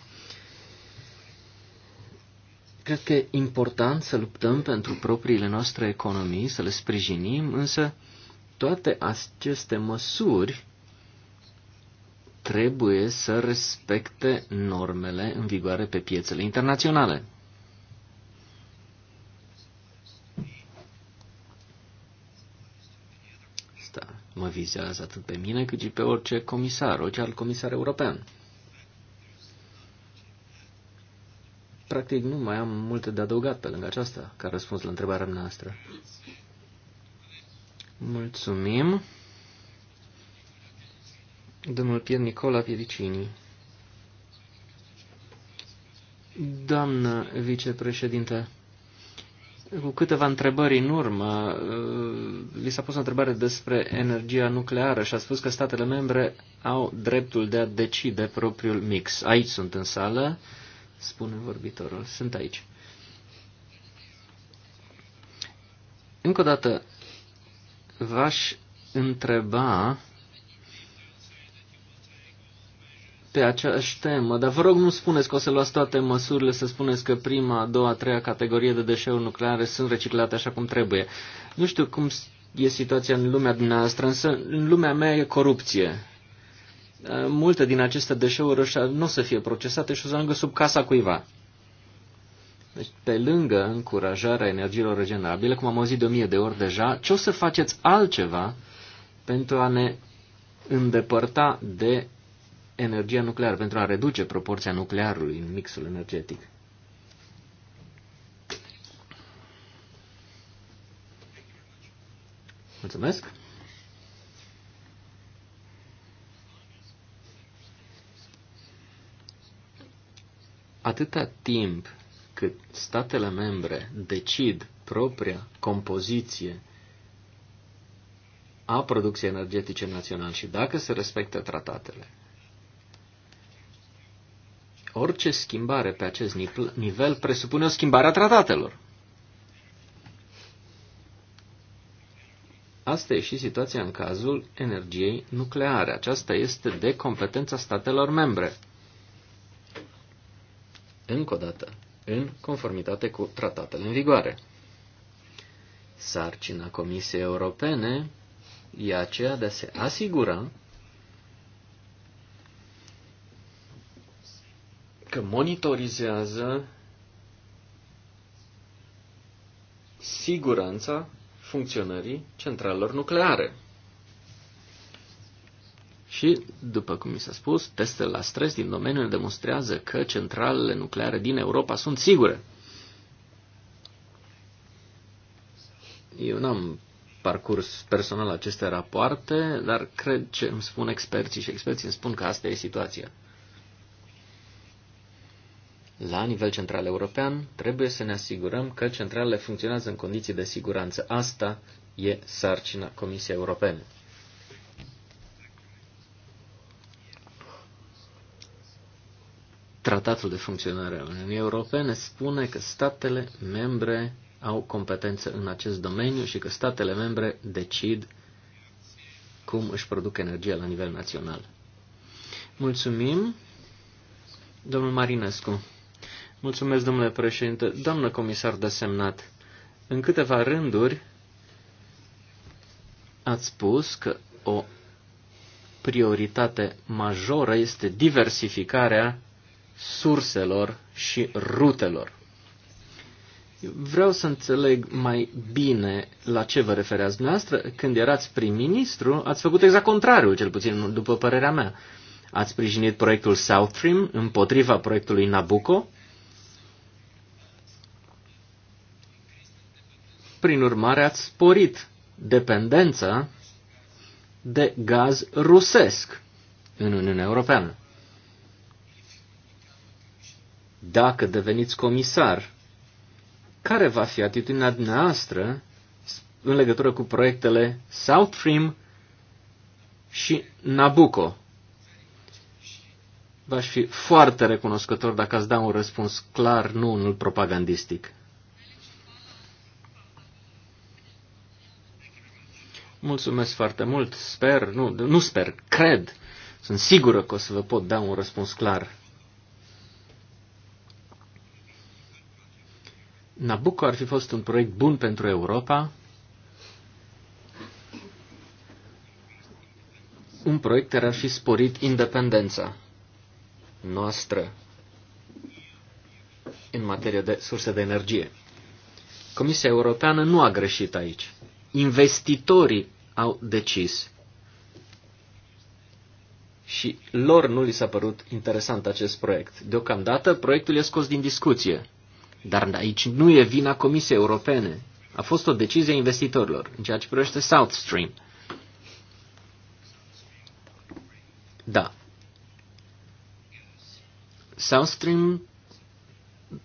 Cred că e important să luptăm pentru propriile noastre economii, să le sprijinim, însă toate aceste măsuri trebuie să respecte normele în vigoare pe piețele internaționale. Asta mă vizează atât pe mine cât și pe orice comisar, orice alt comisar european. Practic nu mai am multe de adăugat pe lângă aceasta ca răspuns la întrebarea noastră. Mulțumim. Domnul Pier Nicola Piericini. Doamnă vicepreședinte, cu câteva întrebări în urmă, uh, li s-a pus o întrebare despre energia nucleară și a spus că statele membre au dreptul de a decide propriul mix. Aici sunt în sală spune vorbitorul. Sunt aici. Încă o dată, v-aș întreba pe aceeași temă, dar vă rog nu spuneți că o să luați toate măsurile, să spuneți că prima, a doua, a treia categorie de deșeuri nucleare sunt reciclate așa cum trebuie. Nu știu cum e situația în lumea dumneavoastră, însă în lumea mea e corupție. Eh, multe din aceste deșeuri nu o să fie procesate și o să ajungă sub casa cuiva. Deci, pe lângă încurajarea energiilor regenerabile, cum am auzit de o mie de ori deja, ce o să faceți altceva pentru a ne îndepărta de energia nucleară, pentru a reduce proporția nuclearului în mixul energetic? Mulțumesc! Atâta timp cât statele membre decid propria compoziție a producției energetice naționale și dacă se respectă tratatele, orice schimbare pe acest nivel presupune o schimbare a tratatelor. Asta e și situația în cazul energiei nucleare. Aceasta este de competența statelor membre încă o dată, în conformitate cu tratatele în vigoare. Sarcina Comisiei Europene e aceea de a se asigura că monitorizează siguranța funcționării centralelor nucleare. Și, după cum mi s-a spus, testele la stres din domeniul ne demonstrează că centralele nucleare din Europa sunt sigure. Eu n-am parcurs personal aceste rapoarte, dar cred ce îmi spun experții și experții îmi spun că asta e situația. La nivel central european, trebuie să ne asigurăm că centralele funcționează în condiții de siguranță. Asta e sarcina Comisiei Europene. Tratatul de funcționare al Uniunii Europene spune că statele membre au competență în acest domeniu și că statele membre decid cum își produc energia la nivel național. Mulțumim, domnul Marinescu. Mulțumesc, domnule președinte. Doamnă comisar desemnat, în câteva rânduri ați spus că o prioritate majoră este diversificarea surselor și rutelor. Vreau să înțeleg mai bine la ce vă refereați dumneavoastră. Când erați prim-ministru, ați făcut exact contrariul, cel puțin după părerea mea. Ați sprijinit proiectul South Stream împotriva proiectului Nabucco. Prin urmare, ați sporit dependența de gaz rusesc în Uniunea Europeană dacă deveniți comisar, care va fi atitudinea dumneavoastră în legătură cu proiectele South Stream și Nabucco? V-aș fi foarte recunoscător dacă ați da un răspuns clar, nu unul propagandistic. Mulțumesc foarte mult, sper, nu, nu sper, cred, sunt sigură că o să vă pot da un răspuns clar. Nabucco ar fi fost un proiect bun pentru Europa, un proiect care ar fi sporit independența noastră în materie de surse de energie. Comisia Europeană nu a greșit aici. Investitorii au decis. Și lor nu li s-a părut interesant acest proiect. Deocamdată, proiectul e scos din discuție. Dar aici nu e vina Comisiei Europene. A fost o decizie a investitorilor în ceea ce privește South Stream. Da. South Stream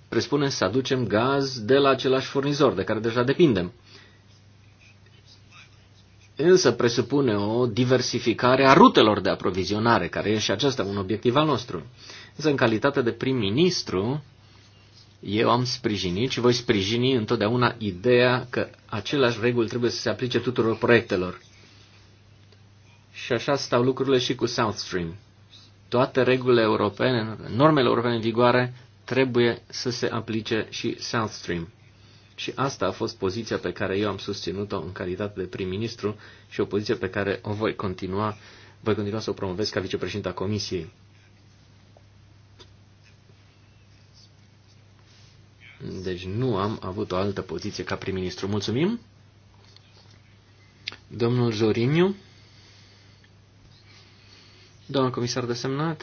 presupune să aducem gaz de la același furnizor de care deja depindem. Însă presupune o diversificare a rutelor de aprovizionare, care e și acesta un obiectiv al nostru. Însă, în calitate de prim-ministru, eu am sprijinit și voi sprijini întotdeauna ideea că aceleași reguli trebuie să se aplice tuturor proiectelor. Și așa stau lucrurile și cu South Stream. Toate regulile europene, normele europene în vigoare, trebuie să se aplice și South Stream. Și asta a fost poziția pe care eu am susținut-o în calitate de prim-ministru și o poziție pe care o voi continua, voi continua să o promovez ca vicepreședinte a Comisiei. Deci nu am avut o altă poziție ca prim-ministru. Mulțumim. Domnul Zoriniu. Domnul comisar de semnat.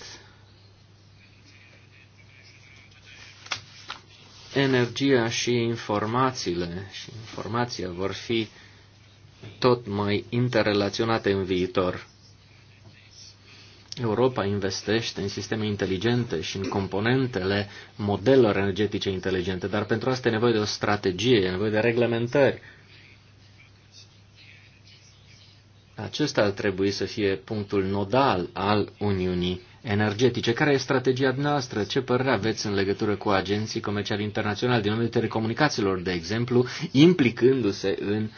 Energia și informațiile și informația vor fi tot mai interrelaționate în viitor. Europa investește în sisteme inteligente și în componentele modelelor energetice inteligente, dar pentru asta e nevoie de o strategie, e nevoie de reglementări. Acesta ar trebui să fie punctul nodal al Uniunii energetice. Care e strategia noastră? Ce părere aveți în legătură cu agenții comerciali internaționali din domeniul telecomunicațiilor, de exemplu, implicându-se în uh,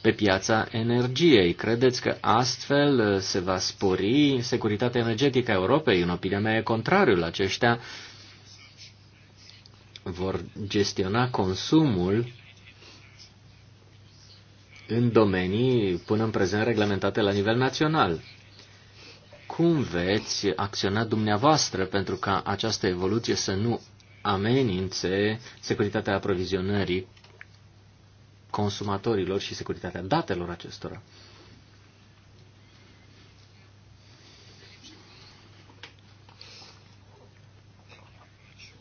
pe piața energiei. Credeți că astfel uh, se va spori securitatea energetică a Europei? În opinia mea e contrariul. Aceștia vor gestiona consumul în domenii până în prezent reglementate la nivel național. Cum veți acționa dumneavoastră pentru ca această evoluție să nu amenințe securitatea aprovizionării consumatorilor și securitatea datelor acestora.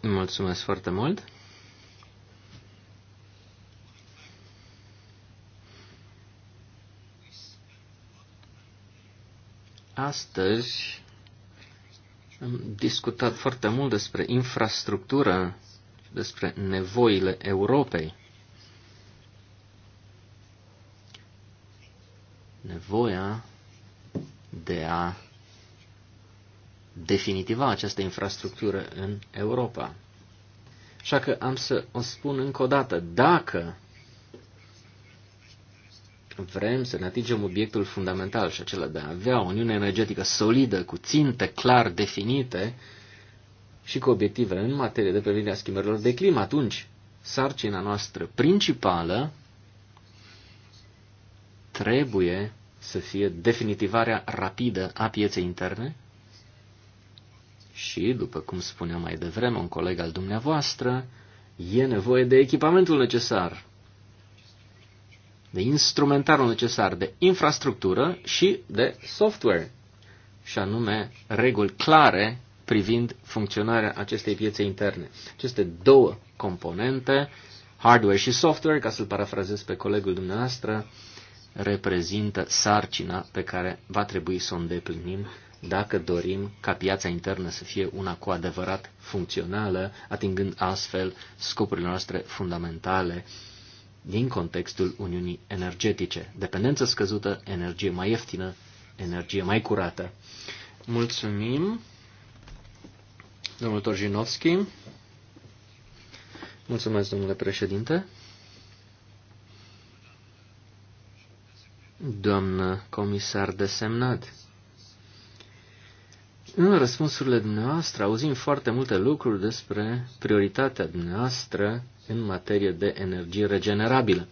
Mulțumesc foarte mult! Astăzi am discutat foarte mult despre infrastructură, despre nevoile Europei. nevoia de a definitiva această infrastructură în Europa. Așa că am să o spun încă o dată, dacă vrem să ne atingem obiectul fundamental și acela de a avea o uniune energetică solidă, cu ținte clar definite și cu obiective în materie de prevenire a schimbărilor de climă, atunci sarcina noastră principală trebuie să fie definitivarea rapidă a pieței interne și, după cum spunea mai devreme un coleg al dumneavoastră, e nevoie de echipamentul necesar, de instrumentarul necesar, de infrastructură și de software, și anume reguli clare privind funcționarea acestei piețe interne. Aceste două componente, hardware și software, ca să-l parafrazez pe colegul dumneavoastră, reprezintă sarcina pe care va trebui să o îndeplinim dacă dorim ca piața internă să fie una cu adevărat funcțională, atingând astfel scopurile noastre fundamentale din contextul Uniunii Energetice. Dependență scăzută, energie mai ieftină, energie mai curată. Mulțumim, domnul Torjinovski. Mulțumesc, domnule președinte. doamnă comisar desemnat. În răspunsurile dumneavoastră auzim foarte multe lucruri despre prioritatea dumneavoastră în materie de energie regenerabilă.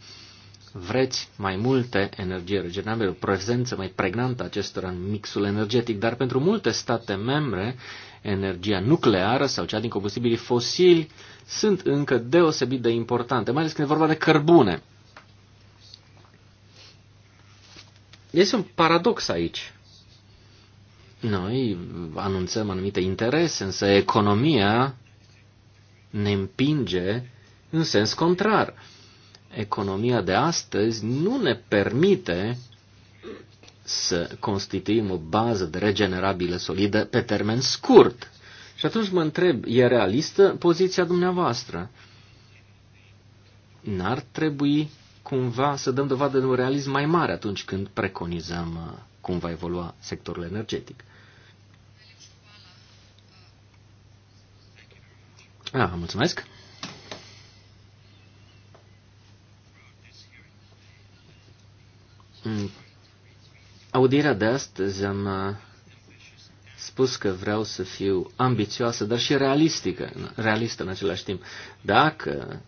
Vreți mai multe energie regenerabilă, o prezență mai pregnantă acestora în mixul energetic, dar pentru multe state membre, energia nucleară sau cea din combustibilii fosili sunt încă deosebit de importante, mai ales când e vorba de cărbune. Este un paradox aici. Noi anunțăm anumite interese, însă economia ne împinge în sens contrar. Economia de astăzi nu ne permite să constituim o bază de regenerabilă solidă pe termen scurt. Și atunci mă întreb, e realistă poziția dumneavoastră? N-ar trebui cumva să dăm dovadă de un realism mai mare atunci când preconizăm uh, cum va evolua sectorul energetic. Ah, mulțumesc! În mm. audierea de astăzi am uh, spus că vreau să fiu ambițioasă, dar și realistică, realistă în același timp. Dacă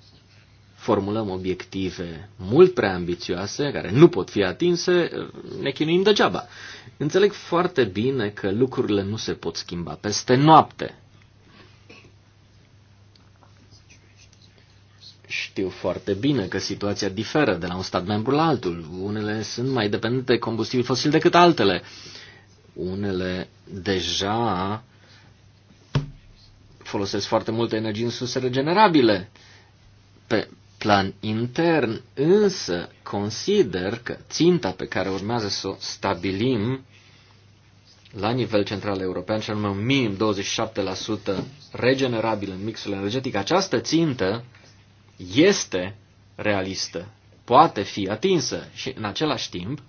formulăm obiective mult prea ambițioase, care nu pot fi atinse, ne chinuim degeaba. Înțeleg foarte bine că lucrurile nu se pot schimba peste noapte. Știu foarte bine că situația diferă de la un stat membru la altul. Unele sunt mai dependente de combustibil fosil decât altele. Unele deja folosesc foarte multă energie în surse regenerabile pe plan intern, însă consider că ținta pe care urmează să o stabilim la nivel central european, și anume un minim 27% regenerabil în mixul energetic, această țintă este realistă, poate fi atinsă și în același timp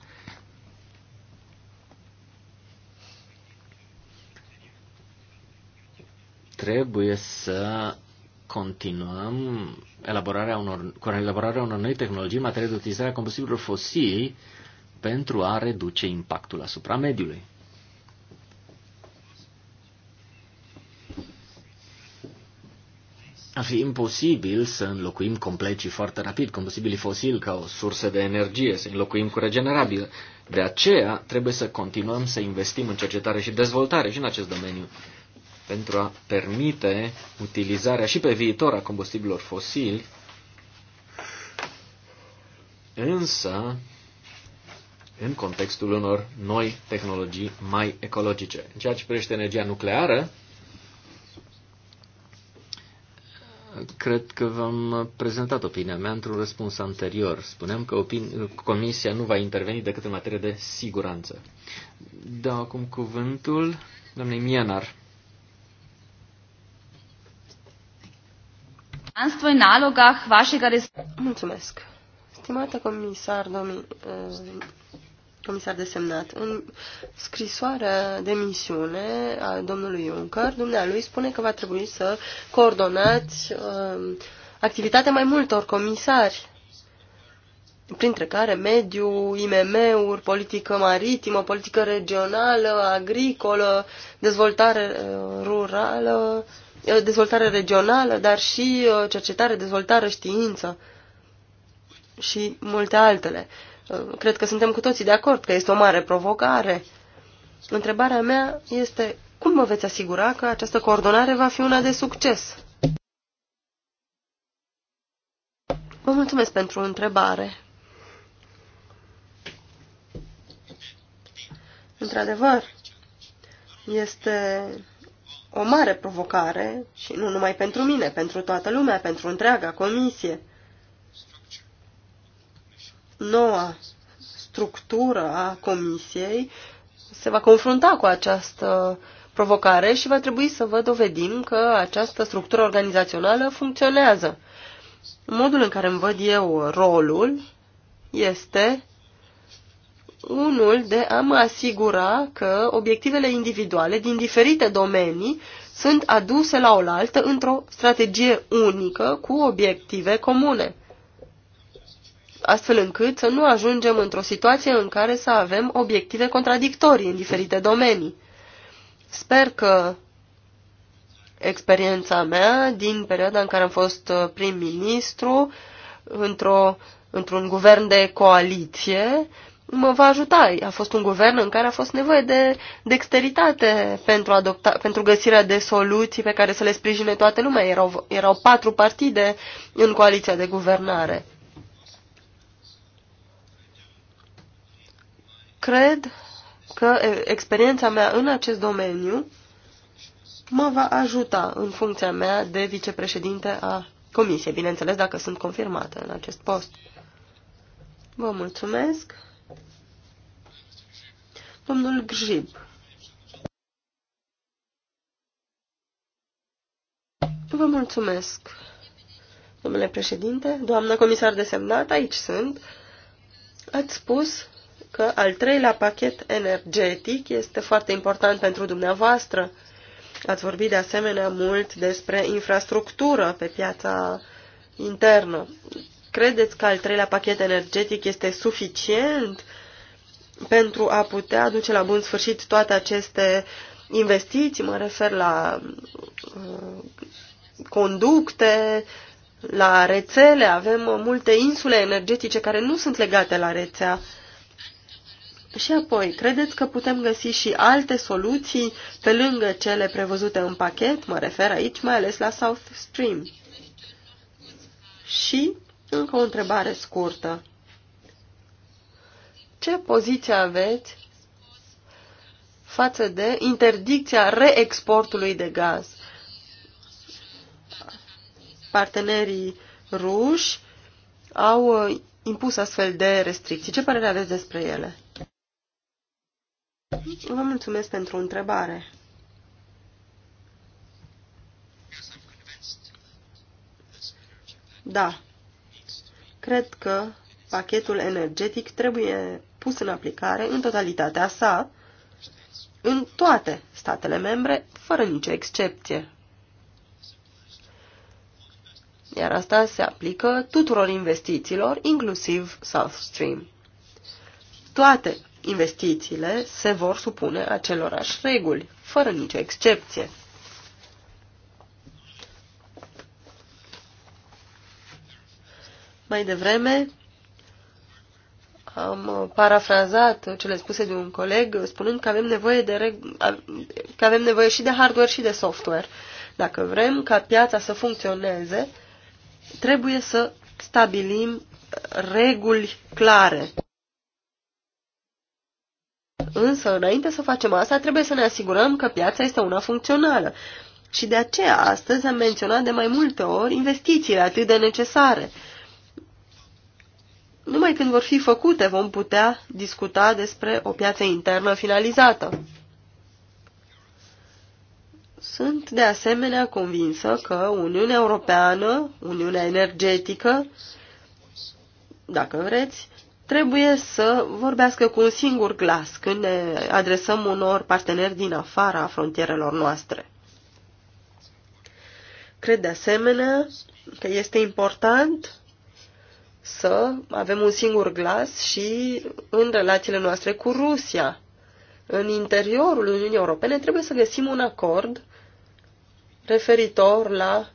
trebuie să continuăm elaborarea unor, cu elaborarea unor noi tehnologii în materie de utilizare a fosili pentru a reduce impactul asupra mediului. Ar fi imposibil să înlocuim complet și foarte rapid combustibilii fosili ca o sursă de energie, să înlocuim cu regenerabile. De aceea trebuie să continuăm să investim în cercetare și dezvoltare și în acest domeniu pentru a permite utilizarea și pe viitor a combustibilor fosili, însă în contextul unor noi tehnologii mai ecologice. În ceea ce privește energia nucleară, cred că v-am prezentat opinia mea într-un răspuns anterior. Spuneam că Comisia nu va interveni decât în materie de siguranță. Dau acum cuvântul doamnei Mianar. Mulțumesc. Stimată comisar, domi, eh, comisar desemnat, în scrisoarea de misiune a domnului Juncker, dumnealui spune că va trebui să coordonați uh, activitatea mai multor comisari, printre care mediu, IMM-uri, politică maritimă, politică regională, agricolă, dezvoltare eh, rurală, uh, dezvoltare regională, dar și cercetare, dezvoltare, știință și multe altele. Cred că suntem cu toții de acord că este o mare provocare. Întrebarea mea este cum mă veți asigura că această coordonare va fi una de succes? Vă mulțumesc pentru întrebare. Într-adevăr, este o mare provocare și nu numai pentru mine, pentru toată lumea, pentru întreaga comisie. Noua structură a comisiei se va confrunta cu această provocare și va trebui să vă dovedim că această structură organizațională funcționează. Modul în care îmi văd eu rolul este unul de a mă asigura că obiectivele individuale din diferite domenii sunt aduse la oaltă într-o strategie unică cu obiective comune, astfel încât să nu ajungem într-o situație în care să avem obiective contradictorii în diferite domenii. Sper că experiența mea din perioada în care am fost uh, prim-ministru într-un într, guvern de coaliție mă va ajuta. A fost un guvern în care a fost nevoie de dexteritate pentru, adopta, pentru găsirea de soluții pe care să le sprijine toată lumea. Erau, erau patru partide în coaliția de guvernare. Cred că experiența mea în acest domeniu mă va ajuta în funcția mea de vicepreședinte a Comisiei, bineînțeles dacă sunt confirmată în acest post. Vă mulțumesc! Domnul Gjib. Vă mulțumesc. Domnule președinte, doamnă comisar desemnat, aici sunt. Ați spus că al treilea pachet energetic este foarte important pentru dumneavoastră. Ați vorbit de asemenea mult despre infrastructură pe piața internă. Credeți că al treilea pachet energetic este suficient pentru a putea duce la bun sfârșit toate aceste investiții, mă refer la uh, conducte, la rețele, avem multe insule energetice care nu sunt legate la rețea. Și apoi, credeți că putem găsi și alte soluții pe lângă cele prevăzute în pachet? Mă refer aici mai ales la South Stream. Și încă o întrebare scurtă ce poziție aveți față de interdicția reexportului de gaz? Partenerii ruși au uh, impus astfel de restricții. Ce părere aveți despre ele? Vă mulțumesc pentru întrebare. Da. Cred că pachetul energetic trebuie pus în aplicare în totalitatea sa în toate statele membre, fără nicio excepție. Iar asta se aplică tuturor investițiilor, inclusiv South Stream. Toate investițiile se vor supune acelorași reguli, fără nicio excepție. Mai devreme am parafrazat cele spuse de un coleg spunând că avem nevoie, de că avem nevoie și de hardware și de software. Dacă vrem ca piața să funcționeze, trebuie să stabilim reguli clare. Însă, înainte să facem asta, trebuie să ne asigurăm că piața este una funcțională. Și de aceea, astăzi am menționat de mai multe ori investițiile atât de necesare – numai când vor fi făcute vom putea discuta despre o piață internă finalizată. Sunt de asemenea convinsă că Uniunea Europeană, Uniunea Energetică, dacă vreți, trebuie să vorbească cu un singur glas când ne adresăm unor parteneri din afara frontierelor noastre. Cred de asemenea că este important să avem un singur glas și în relațiile noastre cu Rusia. În interiorul Uniunii Europene trebuie să găsim un acord referitor la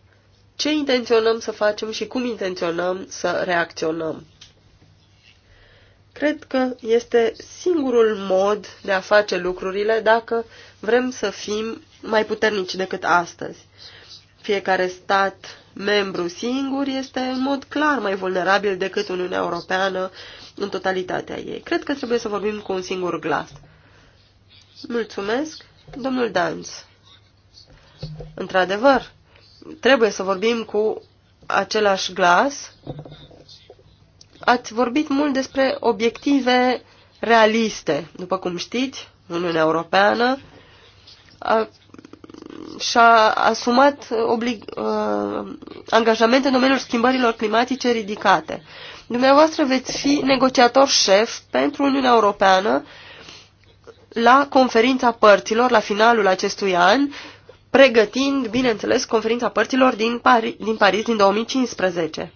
ce intenționăm să facem și cum intenționăm să reacționăm. Cred că este singurul mod de a face lucrurile dacă vrem să fim mai puternici decât astăzi. Fiecare stat membru singur este în mod clar mai vulnerabil decât Uniunea Europeană în totalitatea ei. Cred că trebuie să vorbim cu un singur glas. Mulțumesc, domnul Danț. Într-adevăr, trebuie să vorbim cu același glas. Ați vorbit mult despre obiective realiste. După cum știți, Uniunea Europeană a și-a asumat oblig, uh, angajamente în domeniul schimbărilor climatice ridicate. Dumneavoastră veți fi negociator șef pentru Uniunea Europeană la conferința părților la finalul acestui an, pregătind, bineînțeles, conferința părților din, Pari din Paris din 2015.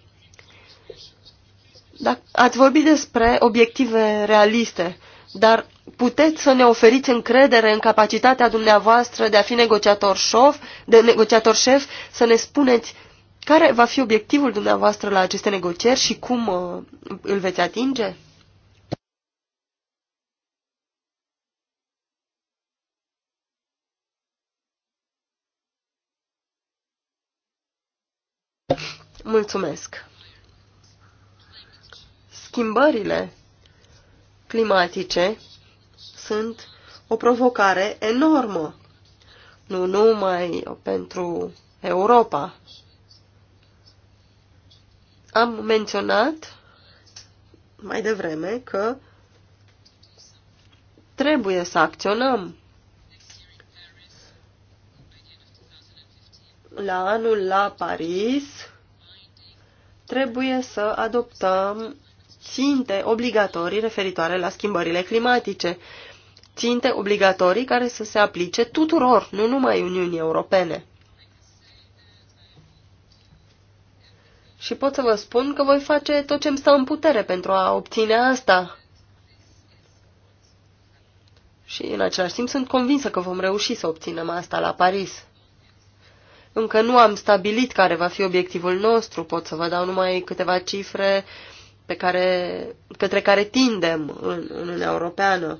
Dacă ați vorbit despre obiective realiste, dar puteți să ne oferiți încredere în capacitatea dumneavoastră de a fi negociator șof, de negociator șef să ne spuneți care va fi obiectivul dumneavoastră la aceste negocieri și cum uh, îl veți atinge? Mulțumesc. Schimbările climatice sunt o provocare enormă, nu numai pentru Europa. Am menționat mai devreme că trebuie să acționăm. La anul la Paris trebuie să adoptăm ținte obligatorii referitoare la schimbările climatice ținte obligatorii care să se aplice tuturor, nu numai Uniunii Europene. Și pot să vă spun că voi face tot ce-mi stă în putere pentru a obține asta. Și în același timp sunt convinsă că vom reuși să obținem asta la Paris. Încă nu am stabilit care va fi obiectivul nostru, pot să vă dau numai câteva cifre pe care, către care tindem în, în Uniunea Europeană.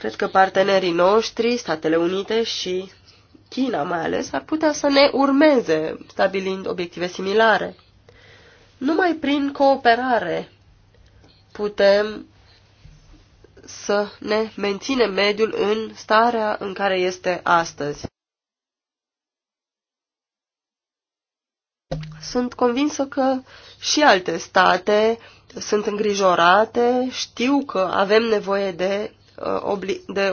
Cred că partenerii noștri, Statele Unite și China mai ales, ar putea să ne urmeze stabilind obiective similare. Numai prin cooperare putem să ne menținem mediul în starea în care este astăzi. Sunt convinsă că și alte state sunt îngrijorate, știu că avem nevoie de de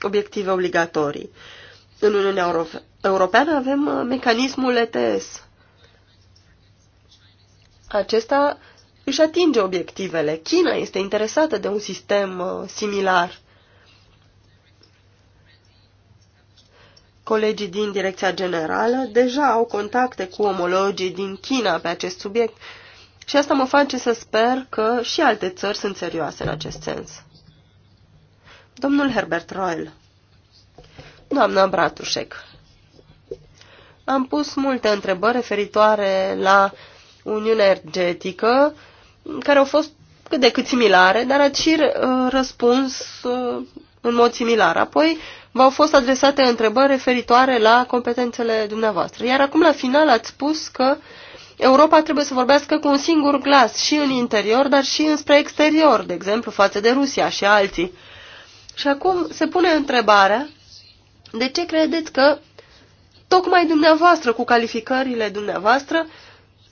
obiective obligatorii. În Uniunea Europeană avem uh, mecanismul ETS. Acesta își atinge obiectivele. China este interesată de un sistem uh, similar. Colegii din Direcția Generală deja au contacte cu omologii din China pe acest subiect și asta mă face să sper că și alte țări sunt serioase în acest sens. Domnul Herbert Royal. Doamna Bratușec. Am pus multe întrebări referitoare la Uniunea Energetică, care au fost cât de cât similare, dar ați și uh, răspuns uh, în mod similar. Apoi v-au fost adresate întrebări referitoare la competențele dumneavoastră. Iar acum, la final, ați spus că Europa trebuie să vorbească cu un singur glas și în interior, dar și înspre exterior, de exemplu, față de Rusia și alții. Și acum se pune întrebarea, de ce credeți că tocmai dumneavoastră, cu calificările dumneavoastră,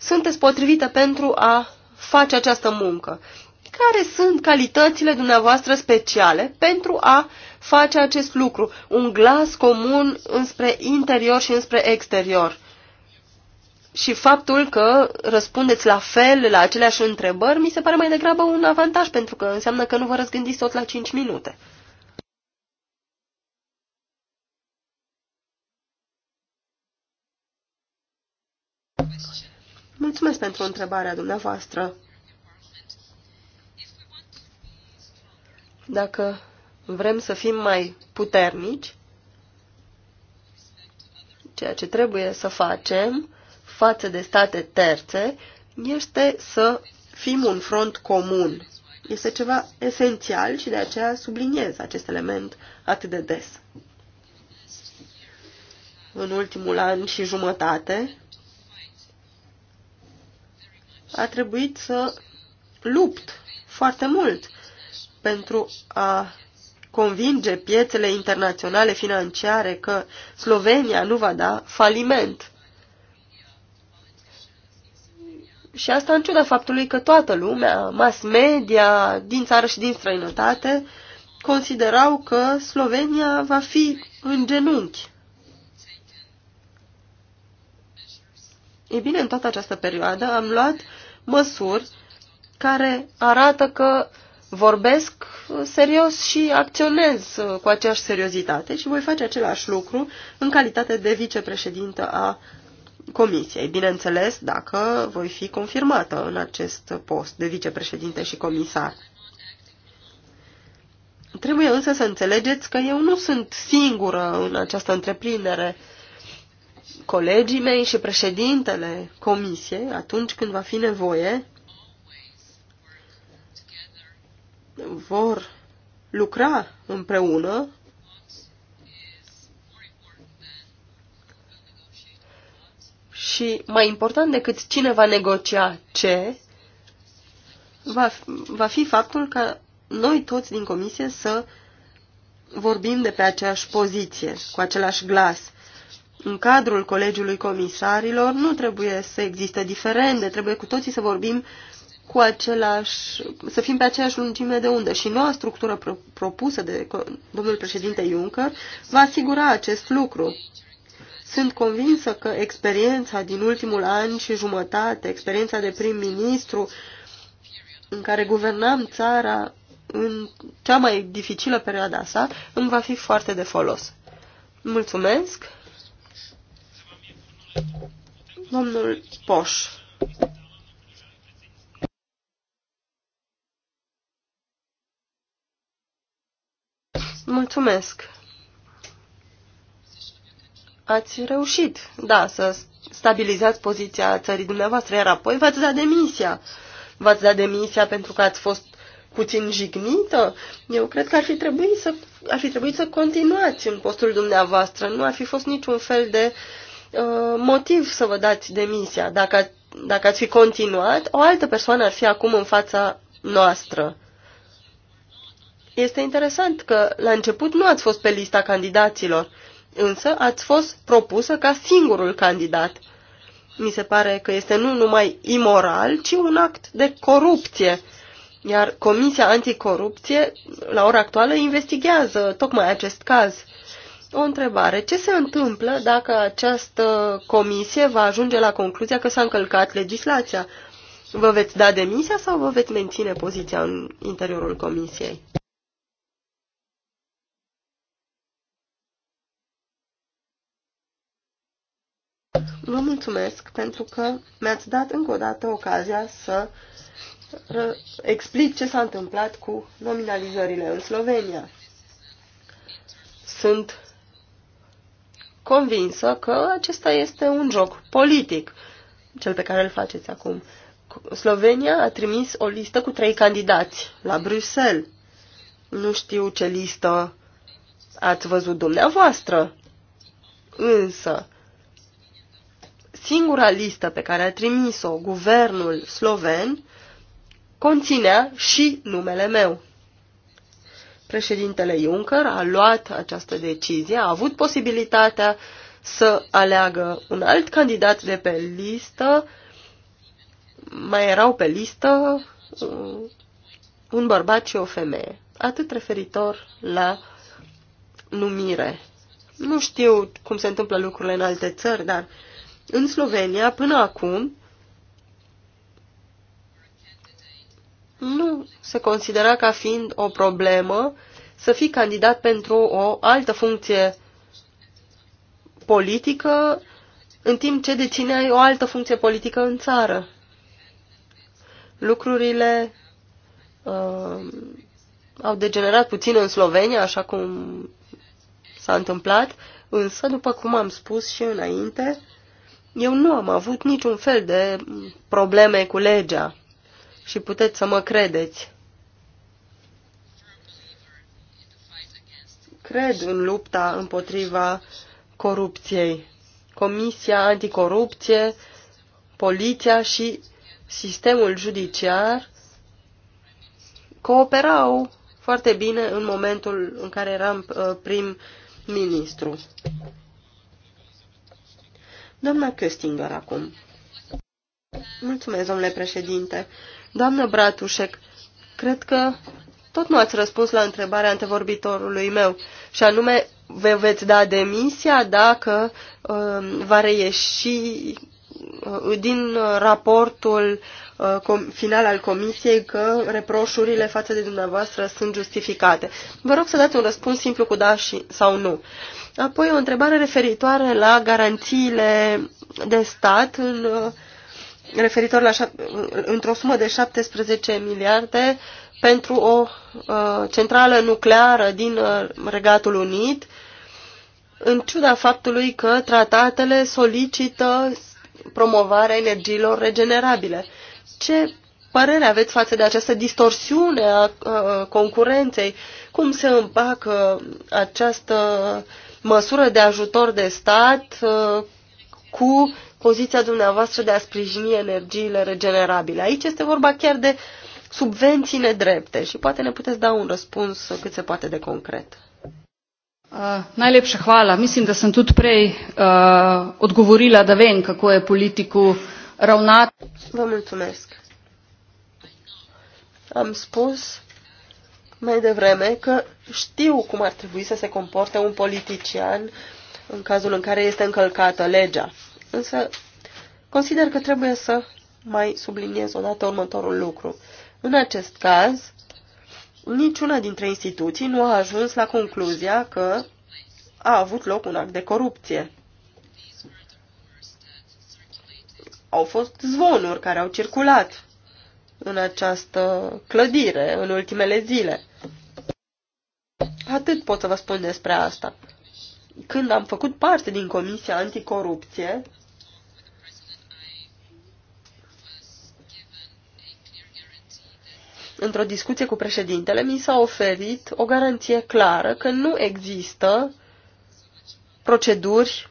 sunteți potrivită pentru a face această muncă? Care sunt calitățile dumneavoastră speciale pentru a face acest lucru? Un glas comun înspre interior și înspre exterior. Și faptul că răspundeți la fel la aceleași întrebări mi se pare mai degrabă un avantaj, pentru că înseamnă că nu vă răzgândiți tot la 5 minute. Mulțumesc pentru întrebarea dumneavoastră. Dacă vrem să fim mai puternici, ceea ce trebuie să facem față de state terțe este să fim un front comun. Este ceva esențial și de aceea subliniez acest element atât de des. În ultimul an și jumătate a trebuit să lupt foarte mult pentru a convinge piețele internaționale financiare că Slovenia nu va da faliment. Și asta în ciuda faptului că toată lumea, mass media, din țară și din străinătate, considerau că Slovenia va fi în genunchi. Ei bine, în toată această perioadă am luat măsuri care arată că vorbesc serios și acționez cu aceeași seriozitate și voi face același lucru în calitate de vicepreședintă a Comisiei, bineînțeles dacă voi fi confirmată în acest post de vicepreședinte și comisar. Trebuie însă să înțelegeți că eu nu sunt singură în această întreprindere colegii mei și președintele comisiei, atunci când va fi nevoie, vor lucra împreună și mai important decât cine va negocia ce, va, va fi faptul că noi toți din comisie să vorbim de pe aceeași poziție, cu același glas în cadrul Colegiului Comisarilor nu trebuie să existe diferende, trebuie cu toții să vorbim cu același, să fim pe aceeași lungime de undă. Și noua structură pro, propusă de domnul președinte Juncker va asigura acest lucru. Sunt convinsă că experiența din ultimul an și jumătate, experiența de prim-ministru, în care guvernam țara în cea mai dificilă perioada sa, îmi va fi foarte de folos. Mulțumesc! Domnul Poș. Mulțumesc. Ați reușit, da, să stabilizați poziția țării dumneavoastră, iar apoi v-ați dat demisia. V-ați dat demisia pentru că ați fost puțin jignită? Eu cred că ar fi trebuit să, ar fi trebuit să continuați în postul dumneavoastră. Nu ar fi fost niciun fel de uh, Uh, motiv să vă dați demisia. Dacă, dacă ați fi continuat, o altă persoană ar fi acum în fața noastră. Este interesant că la început nu ați fost pe lista candidaților, însă ați fost propusă ca singurul candidat. Mi se pare că este nu numai imoral, ci un act de corupție. Iar Comisia Anticorupție, la ora actuală, investigează tocmai acest caz o întrebare. Ce se întâmplă dacă această comisie va ajunge la concluzia că s-a încălcat legislația? Vă veți da demisia sau vă veți menține poziția în interiorul comisiei? Vă mulțumesc pentru că mi-ați dat încă o dată ocazia să explic ce s-a întâmplat cu nominalizările în Slovenia. Sunt convinsă că acesta este un joc politic, cel pe care îl faceți acum. Slovenia a trimis o listă cu trei candidați la Bruxelles. Nu știu ce listă ați văzut dumneavoastră, însă singura listă pe care a trimis-o guvernul sloven conținea și numele meu. Președintele Juncker a luat această decizie, a avut posibilitatea să aleagă un alt candidat de pe listă. Mai erau pe listă uh, un bărbat și o femeie. Atât referitor la numire. Nu știu cum se întâmplă lucrurile în alte țări, dar în Slovenia, până acum, nu se considera ca fiind o problemă să fii candidat pentru o altă funcție politică în timp ce dețineai o altă funcție politică în țară. Lucrurile uh, au degenerat puțin în Slovenia, așa cum s-a întâmplat, însă, după cum am spus și înainte, eu nu am avut niciun fel de probleme cu legea și puteți să mă credeți. Cred în lupta împotriva corupției. Comisia anticorupție, poliția și sistemul judiciar cooperau foarte bine în momentul în care eram uh, prim-ministru. Doamna Köstinger acum. Mulțumesc, domnule președinte. Doamnă Bratușec, cred că tot nu ați răspuns la întrebarea antevorbitorului meu, și anume, vă veți da demisia dacă uh, va reieși uh, din raportul uh, final al comisiei că reproșurile față de dumneavoastră sunt justificate. Vă rog să dați un răspuns simplu cu da și, sau nu. Apoi o întrebare referitoare la garanțiile de stat în uh, referitor la într-o sumă de 17 miliarde pentru o uh, centrală nucleară din uh, Regatul Unit, în ciuda faptului că tratatele solicită promovarea energiilor regenerabile. Ce părere aveți față de această distorsiune a uh, concurenței? Cum se împacă această măsură de ajutor de stat uh, cu poziția dumneavoastră de a sprijini energiile regenerabile. Aici este vorba chiar de subvenții nedrepte și poate ne puteți da un răspuns cât se poate de concret. Uh, najlepša hvala. Mislim, da sem tudi prej uh, odgovorila, da vem, kako je politiku ravnati. Vă mulțumesc. Am spus mai devreme că știu cum ar trebui să se comporte un politician în cazul în care este încălcată legea. Însă, consider că trebuie să mai subliniez odată următorul lucru. În acest caz, niciuna dintre instituții nu a ajuns la concluzia că a avut loc un act de corupție. Au fost zvonuri care au circulat în această clădire în ultimele zile. Atât pot să vă spun despre asta. Când am făcut parte din Comisia Anticorupție, într-o discuție cu președintele, mi s-a oferit o garanție clară că nu există proceduri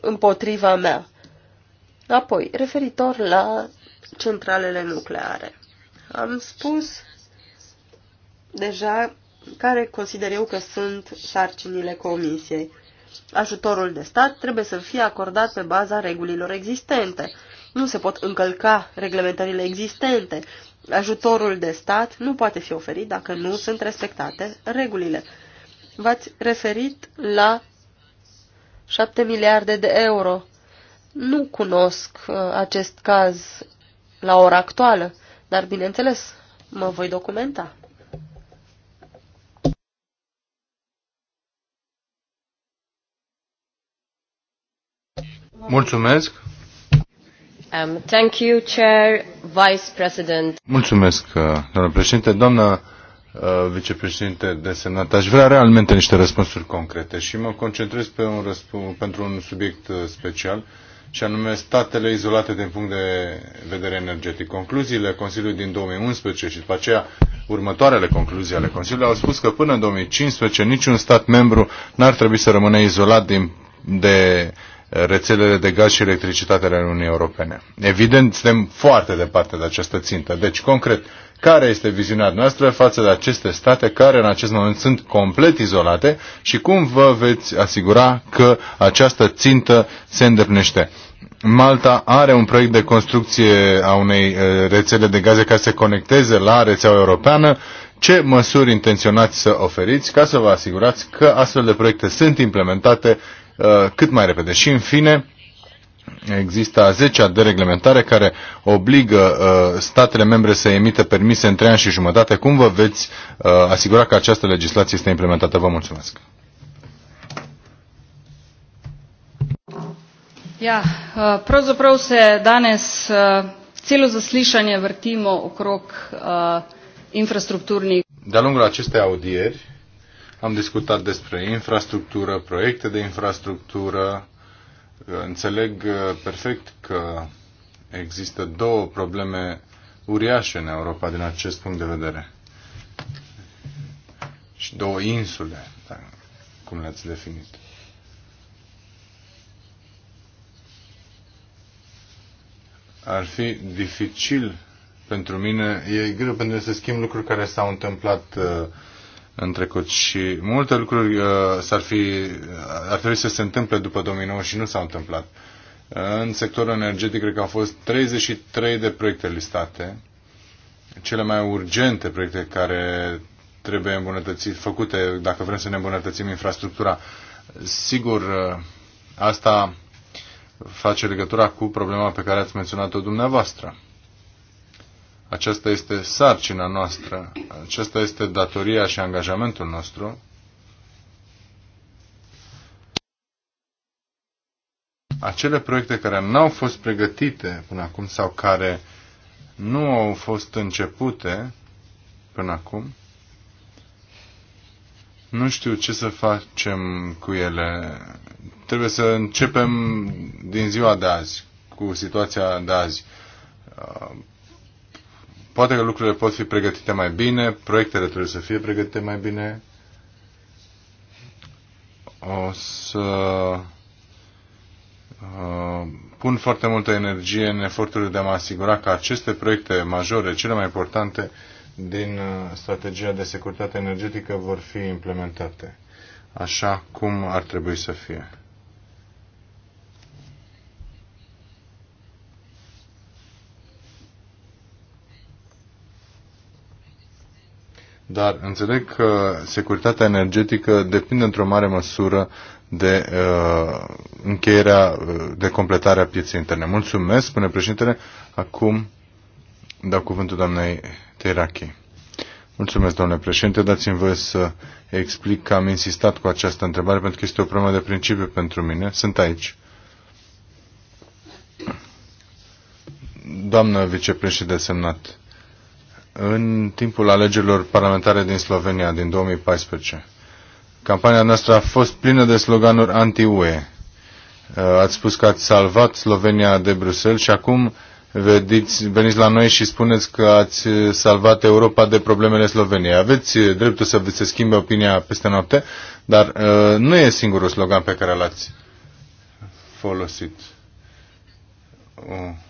împotriva mea. Apoi, referitor la centralele nucleare. Am spus deja care consider eu că sunt sarcinile comisiei. Ajutorul de stat trebuie să fie acordat pe baza regulilor existente. Nu se pot încălca reglementările existente ajutorul de stat nu poate fi oferit dacă nu sunt respectate regulile. V-ați referit la 7 miliarde de euro. Nu cunosc uh, acest caz la ora actuală, dar bineînțeles mă voi documenta. Mulțumesc! Um, thank you, Chair, Vice President. Mulțumesc, uh, doamnă președinte. doamnă uh, vicepreședinte de Senat. Aș vrea realmente niște răspunsuri concrete și mă concentrez pe un răspuns, pentru un subiect uh, special și anume statele izolate din punct de vedere energetic. Concluziile Consiliului din 2011 și după aceea următoarele concluzii ale Consiliului au spus că până în 2015 niciun stat membru n-ar trebui să rămână izolat din, de rețelele de gaz și electricitate ale Uniunii Europene. Evident, suntem foarte departe de această țintă. Deci, concret, care este viziunea noastră față de aceste state care în acest moment sunt complet izolate și cum vă veți asigura că această țintă se îndeplinește? Malta are un proiect de construcție a unei eh, rețele de gaze care se conecteze la rețeaua europeană. Ce măsuri intenționați să oferiți ca să vă asigurați că astfel de proiecte sunt implementate Uh, cât mai repede. Și în fine, Există a 10 de reglementare care obligă uh, statele membre să emită permise între ani și jumătate. Cum vă veți uh, asigura că această legislație este implementată? Vă mulțumesc. Ja, uh, pravzaprav se danes uh, celo zaslišanje vrtimo okrog infrastrukturnih. Da lungul acestei audieri, am discutat despre infrastructură, proiecte de infrastructură. Înțeleg uh, perfect că există două probleme uriașe în Europa din acest punct de vedere. Și două insule, cum le-ați definit. Ar fi dificil pentru mine, e greu pentru mine să schimb lucruri care s-au întâmplat uh, în trecut și multe lucruri uh, s-ar fi, uh, ar trebui să se întâmple după 2009 și nu s-au întâmplat. Uh, în sectorul energetic cred că au fost 33 de proiecte listate, cele mai urgente proiecte care trebuie îmbunătățit, făcute dacă vrem să ne îmbunătățim infrastructura. Sigur, uh, asta face legătura cu problema pe care ați menționat-o dumneavoastră. Aceasta este sarcina noastră, aceasta este datoria și angajamentul nostru. Acele proiecte care n-au fost pregătite până acum sau care nu au fost începute până acum, nu știu ce să facem cu ele. Trebuie să începem din ziua de azi, cu situația de azi Poate că lucrurile pot fi pregătite mai bine, proiectele trebuie să fie pregătite mai bine. O să uh, pun foarte multă energie în eforturile de a mă asigura că aceste proiecte majore, cele mai importante din uh, strategia de securitate energetică, vor fi implementate așa cum ar trebui să fie. dar înțeleg că securitatea energetică depinde într-o mare măsură de uh, încheierea, uh, de completarea pieței interne. Mulțumesc, spune președintele. Acum dau cuvântul doamnei Terachi. Mulțumesc, domnule președinte. Dați-mi voie să explic că am insistat cu această întrebare pentru că este o problemă de principiu pentru mine. Sunt aici. Doamnă vicepreședinte semnat, în timpul alegerilor parlamentare din Slovenia din 2014. Campania noastră a fost plină de sloganuri anti-UE. Uh, ați spus că ați salvat Slovenia de Bruxelles și acum vediți, veniți la noi și spuneți că ați salvat Europa de problemele Sloveniei. Aveți dreptul să vi se schimbe opinia peste noapte, dar uh, nu e singurul slogan pe care l-ați folosit. Uh.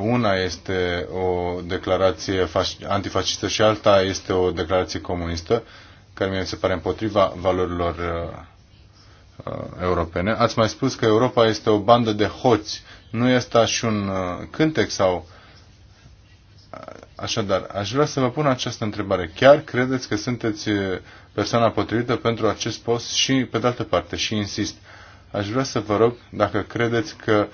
Una este o declarație antifascistă și alta este o declarație comunistă, care mi se pare împotriva valorilor uh, uh, europene. Ați mai spus că Europa este o bandă de hoți. Nu este așa un uh, cântec sau... Uh, așadar, aș vrea să vă pun această întrebare. Chiar credeți că sunteți uh, persoana potrivită pentru acest post și, pe de altă parte, și insist, aș vrea să vă rog dacă credeți că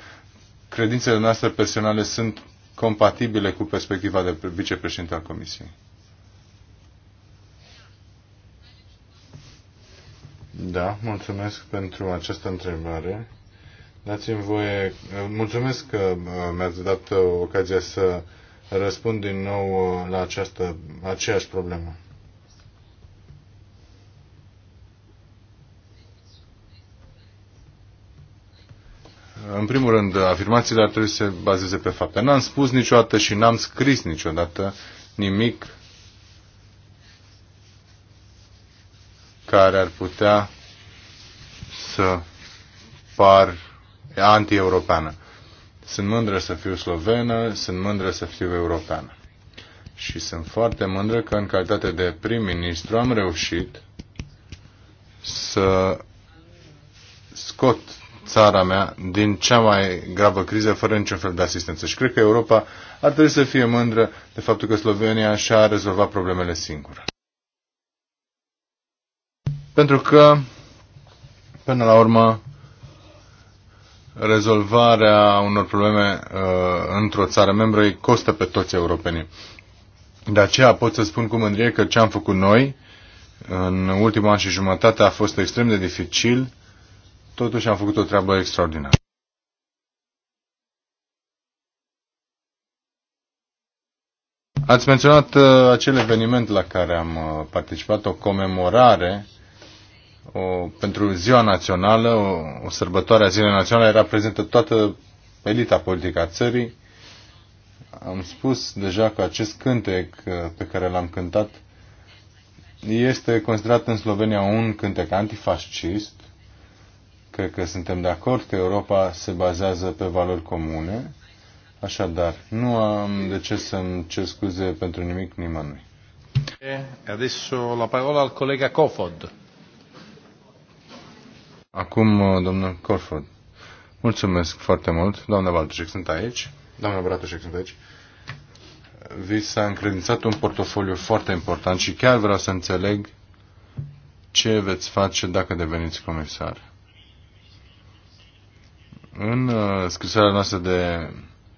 credințele noastre personale sunt compatibile cu perspectiva de vicepreședinte al Comisiei. Da, mulțumesc pentru această întrebare. Dați-mi voie, mulțumesc că uh, mi-ați dat uh, ocazia să răspund din nou uh, la această, aceeași problemă. În primul rând, afirmațiile ar trebui să se bazeze pe fapte. N-am spus niciodată și n-am scris niciodată nimic care ar putea să par anti-europeană. Sunt mândră să fiu slovenă, sunt mândră să fiu europeană. Și sunt foarte mândră că în calitate de prim-ministru am reușit să scot țara mea din cea mai gravă criză fără niciun fel de asistență. Și cred că Europa ar trebui să fie mândră de faptul că Slovenia și-a rezolvat problemele singură. Pentru că, până la urmă, rezolvarea unor probleme uh, într-o țară membră îi costă pe toți europenii. De aceea pot să spun cu mândrie că ce am făcut noi în ultimul an și jumătate a fost extrem de dificil totuși am făcut o treabă extraordinară. Ați menționat uh, acel eveniment la care am uh, participat, o comemorare o, pentru Ziua Națională, o, o sărbătoare a Zilei Naționale, era prezentă toată elita politică a țării. Am spus deja că acest cântec uh, pe care l-am cântat este considerat în Slovenia un cântec antifascist Cred că suntem de acord că Europa se bazează pe valori comune. Așadar, nu am de ce să-mi cer scuze pentru nimic nimănui. Adesso la parola al colega Cofod. Acum, uh, domnul Corford. Mulțumesc foarte mult. Doamna Baltușec, sunt aici. Doamna Bratușec, sunt aici. Vi s-a încredințat un portofoliu foarte important și chiar vreau să înțeleg ce veți face dacă deveniți comisar. În uh, scrisoarea noastră de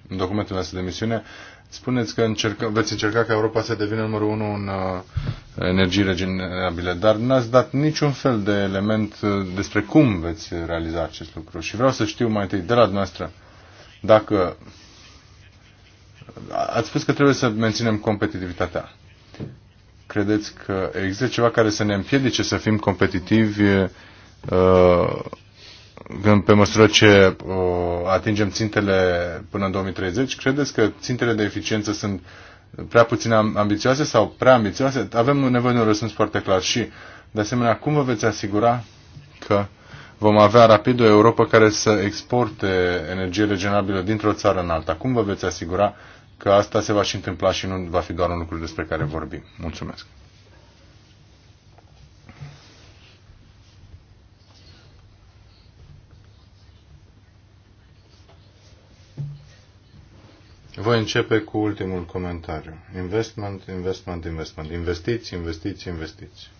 în documentul noastră de misiune, spuneți că încerc, veți încerca ca Europa să devină numărul unu în uh, energii regenerabile, dar n-ați dat niciun fel de element uh, despre cum veți realiza acest lucru. Și vreau să știu mai întâi de la dumneavoastră dacă uh, ați spus că trebuie să menținem competitivitatea. Credeți că există ceva care să ne împiedice să fim competitivi uh, când pe măsură ce uh, atingem țintele până în 2030, credeți că țintele de eficiență sunt prea puțin ambițioase sau prea ambițioase? Avem nevoie de un răspuns foarte clar și, de asemenea, cum vă veți asigura că vom avea rapid o Europa care să exporte energie regenerabilă dintr-o țară în alta? Cum vă veți asigura că asta se va și întâmpla și nu va fi doar un lucru despre care vorbim? Mulțumesc! Voi începe cu ultimul comentariu. Investment, investment, investment. Investiți, investiți, investiți.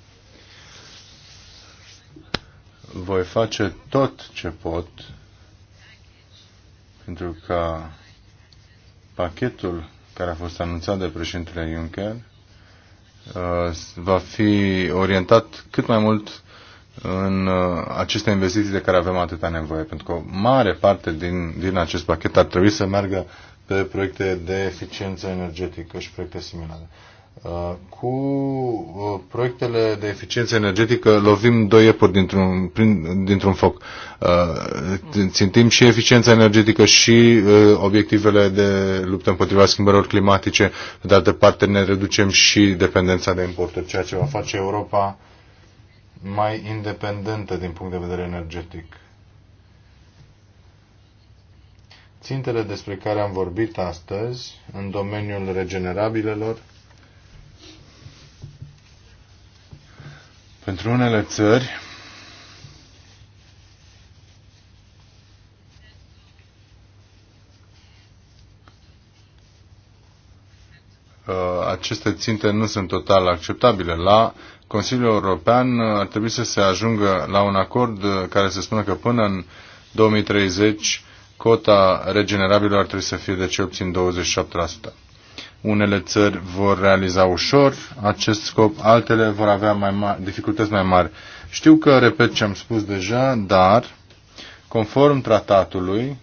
Voi face tot ce pot pentru ca pachetul care a fost anunțat de președintele Juncker uh, va fi orientat cât mai mult în uh, aceste investiții de care avem atâta nevoie, pentru că o mare parte din, din acest pachet ar trebui să meargă pe proiecte de eficiență energetică și proiecte similare. Uh, cu uh, proiectele de eficiență energetică lovim doi iepuri dintr-un, dintr-un foc. Uh, țintim și eficiența energetică și obiectivele de luptă împotriva schimbărilor climatice. Pe de altă parte ne reducem și dependența de importuri, ceea ce va face Europa mai independentă din punct de vedere energetic. Țintele despre care am vorbit astăzi în domeniul regenerabilelor pentru unele țări uh, aceste ținte nu sunt total acceptabile. La Consiliul European uh, ar trebui să se ajungă la un acord uh, care să spună că până în 2030 cota regenerabilă ar trebui să fie de cel puțin 27%. Unele țări vor realiza ușor acest scop, altele vor avea mai mari, dificultăți mai mari. Știu că repet ce am spus deja, dar conform tratatului,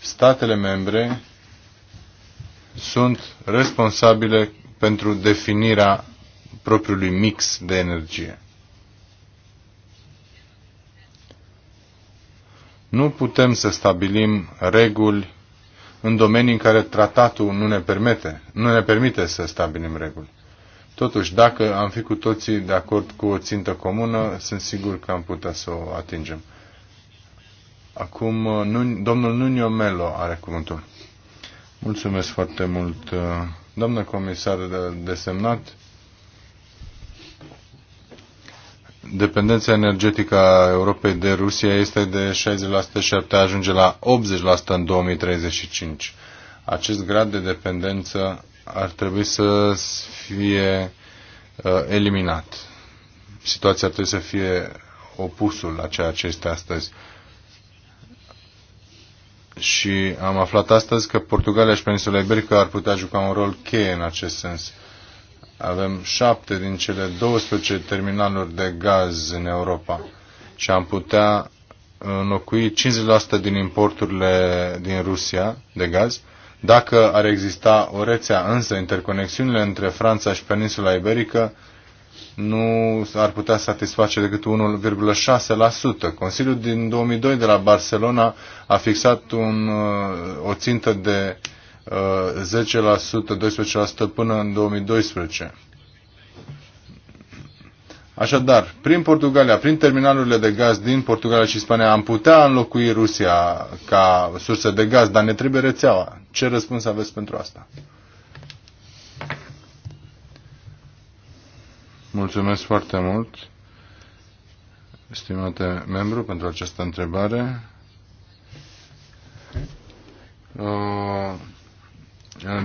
statele membre sunt responsabile pentru definirea propriului mix de energie. Nu putem să stabilim reguli în domenii în care tratatul nu ne permite, nu ne permite să stabilim reguli. Totuși, dacă am fi cu toții de acord cu o țintă comună, sunt sigur că am putea să o atingem. Acum, domnul Nunio Melo are cuvântul. Mulțumesc foarte mult, doamnă comisar desemnat. dependența energetică a Europei de Rusia este de 60% și ar putea ajunge la 80% în 2035. Acest grad de dependență ar trebui să fie uh, eliminat. Situația ar trebui să fie opusul la ceea ce este astăzi. Și am aflat astăzi că Portugalia și peninsula iberică ar putea juca un rol cheie în acest sens avem șapte din cele 12 terminaluri de gaz în Europa și am putea înlocui 50% din importurile din Rusia de gaz dacă ar exista o rețea, însă interconexiunile între Franța și peninsula iberică nu ar putea satisface decât 1,6%. Consiliul din 2002 de la Barcelona a fixat un, o țintă de 10%, 12% până în 2012. Așadar, prin Portugalia, prin terminalurile de gaz din Portugalia și Spania, am putea înlocui Rusia ca sursă de gaz, dar ne trebuie rețeaua. Ce răspuns aveți pentru asta? Mulțumesc foarte mult, stimate membru, pentru această întrebare. Uh...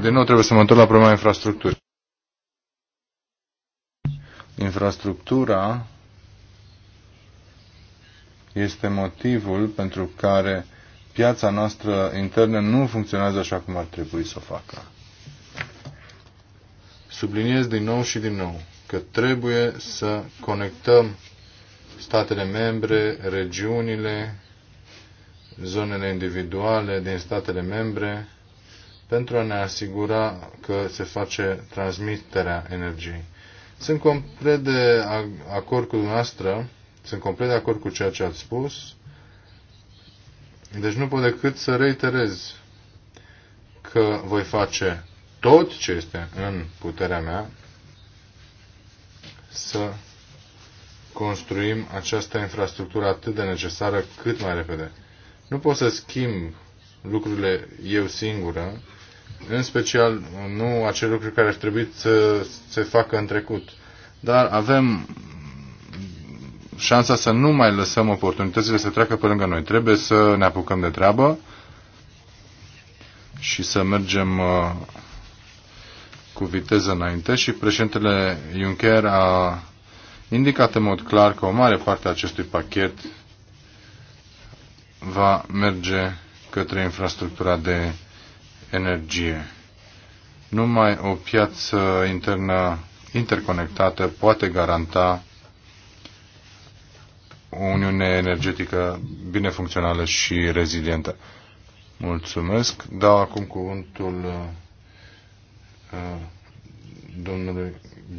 De nou trebuie să mă întorc la problema infrastructurii. Infrastructura este motivul pentru care piața noastră internă nu funcționează așa cum ar trebui să o facă. Subliniez din nou și din nou că trebuie să conectăm statele membre, regiunile, zonele individuale din statele membre pentru a ne asigura că se face transmiterea energiei. Sunt complet de acord cu dumneavoastră, sunt complet de acord cu ceea ce ați spus, deci nu pot decât să reiterez că voi face tot ce este în puterea mea să construim această infrastructură atât de necesară cât mai repede. Nu pot să schimb lucrurile eu singură, în special nu acele lucruri care ar trebui să se facă în trecut. Dar avem șansa să nu mai lăsăm oportunitățile să treacă pe lângă noi. Trebuie să ne apucăm de treabă și să mergem uh, cu viteză înainte și președintele Juncker a indicat în mod clar că o mare parte a acestui pachet va merge către infrastructura de energie. Numai o piață internă interconectată poate garanta o uniune energetică bine funcțională și rezilientă. Mulțumesc. Dau acum cuvântul uh, domnului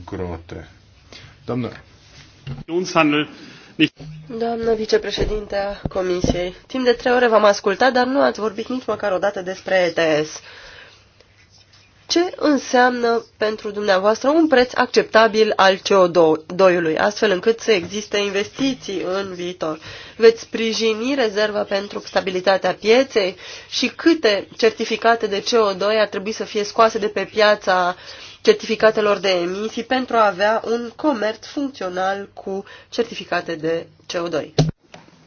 Grote. Domnule. Doamnă vicepreședinte a Comisiei, timp de trei ore v-am ascultat, dar nu ați vorbit nici măcar o dată despre ETS. Ce înseamnă pentru dumneavoastră un preț acceptabil al CO2-ului, astfel încât să existe investiții în viitor? Veți sprijini rezerva pentru stabilitatea pieței și câte certificate de CO2 ar trebui să fie scoase de pe piața uh, certificatelor de emisii pentru a avea un comerț funcțional cu certificate de CO2.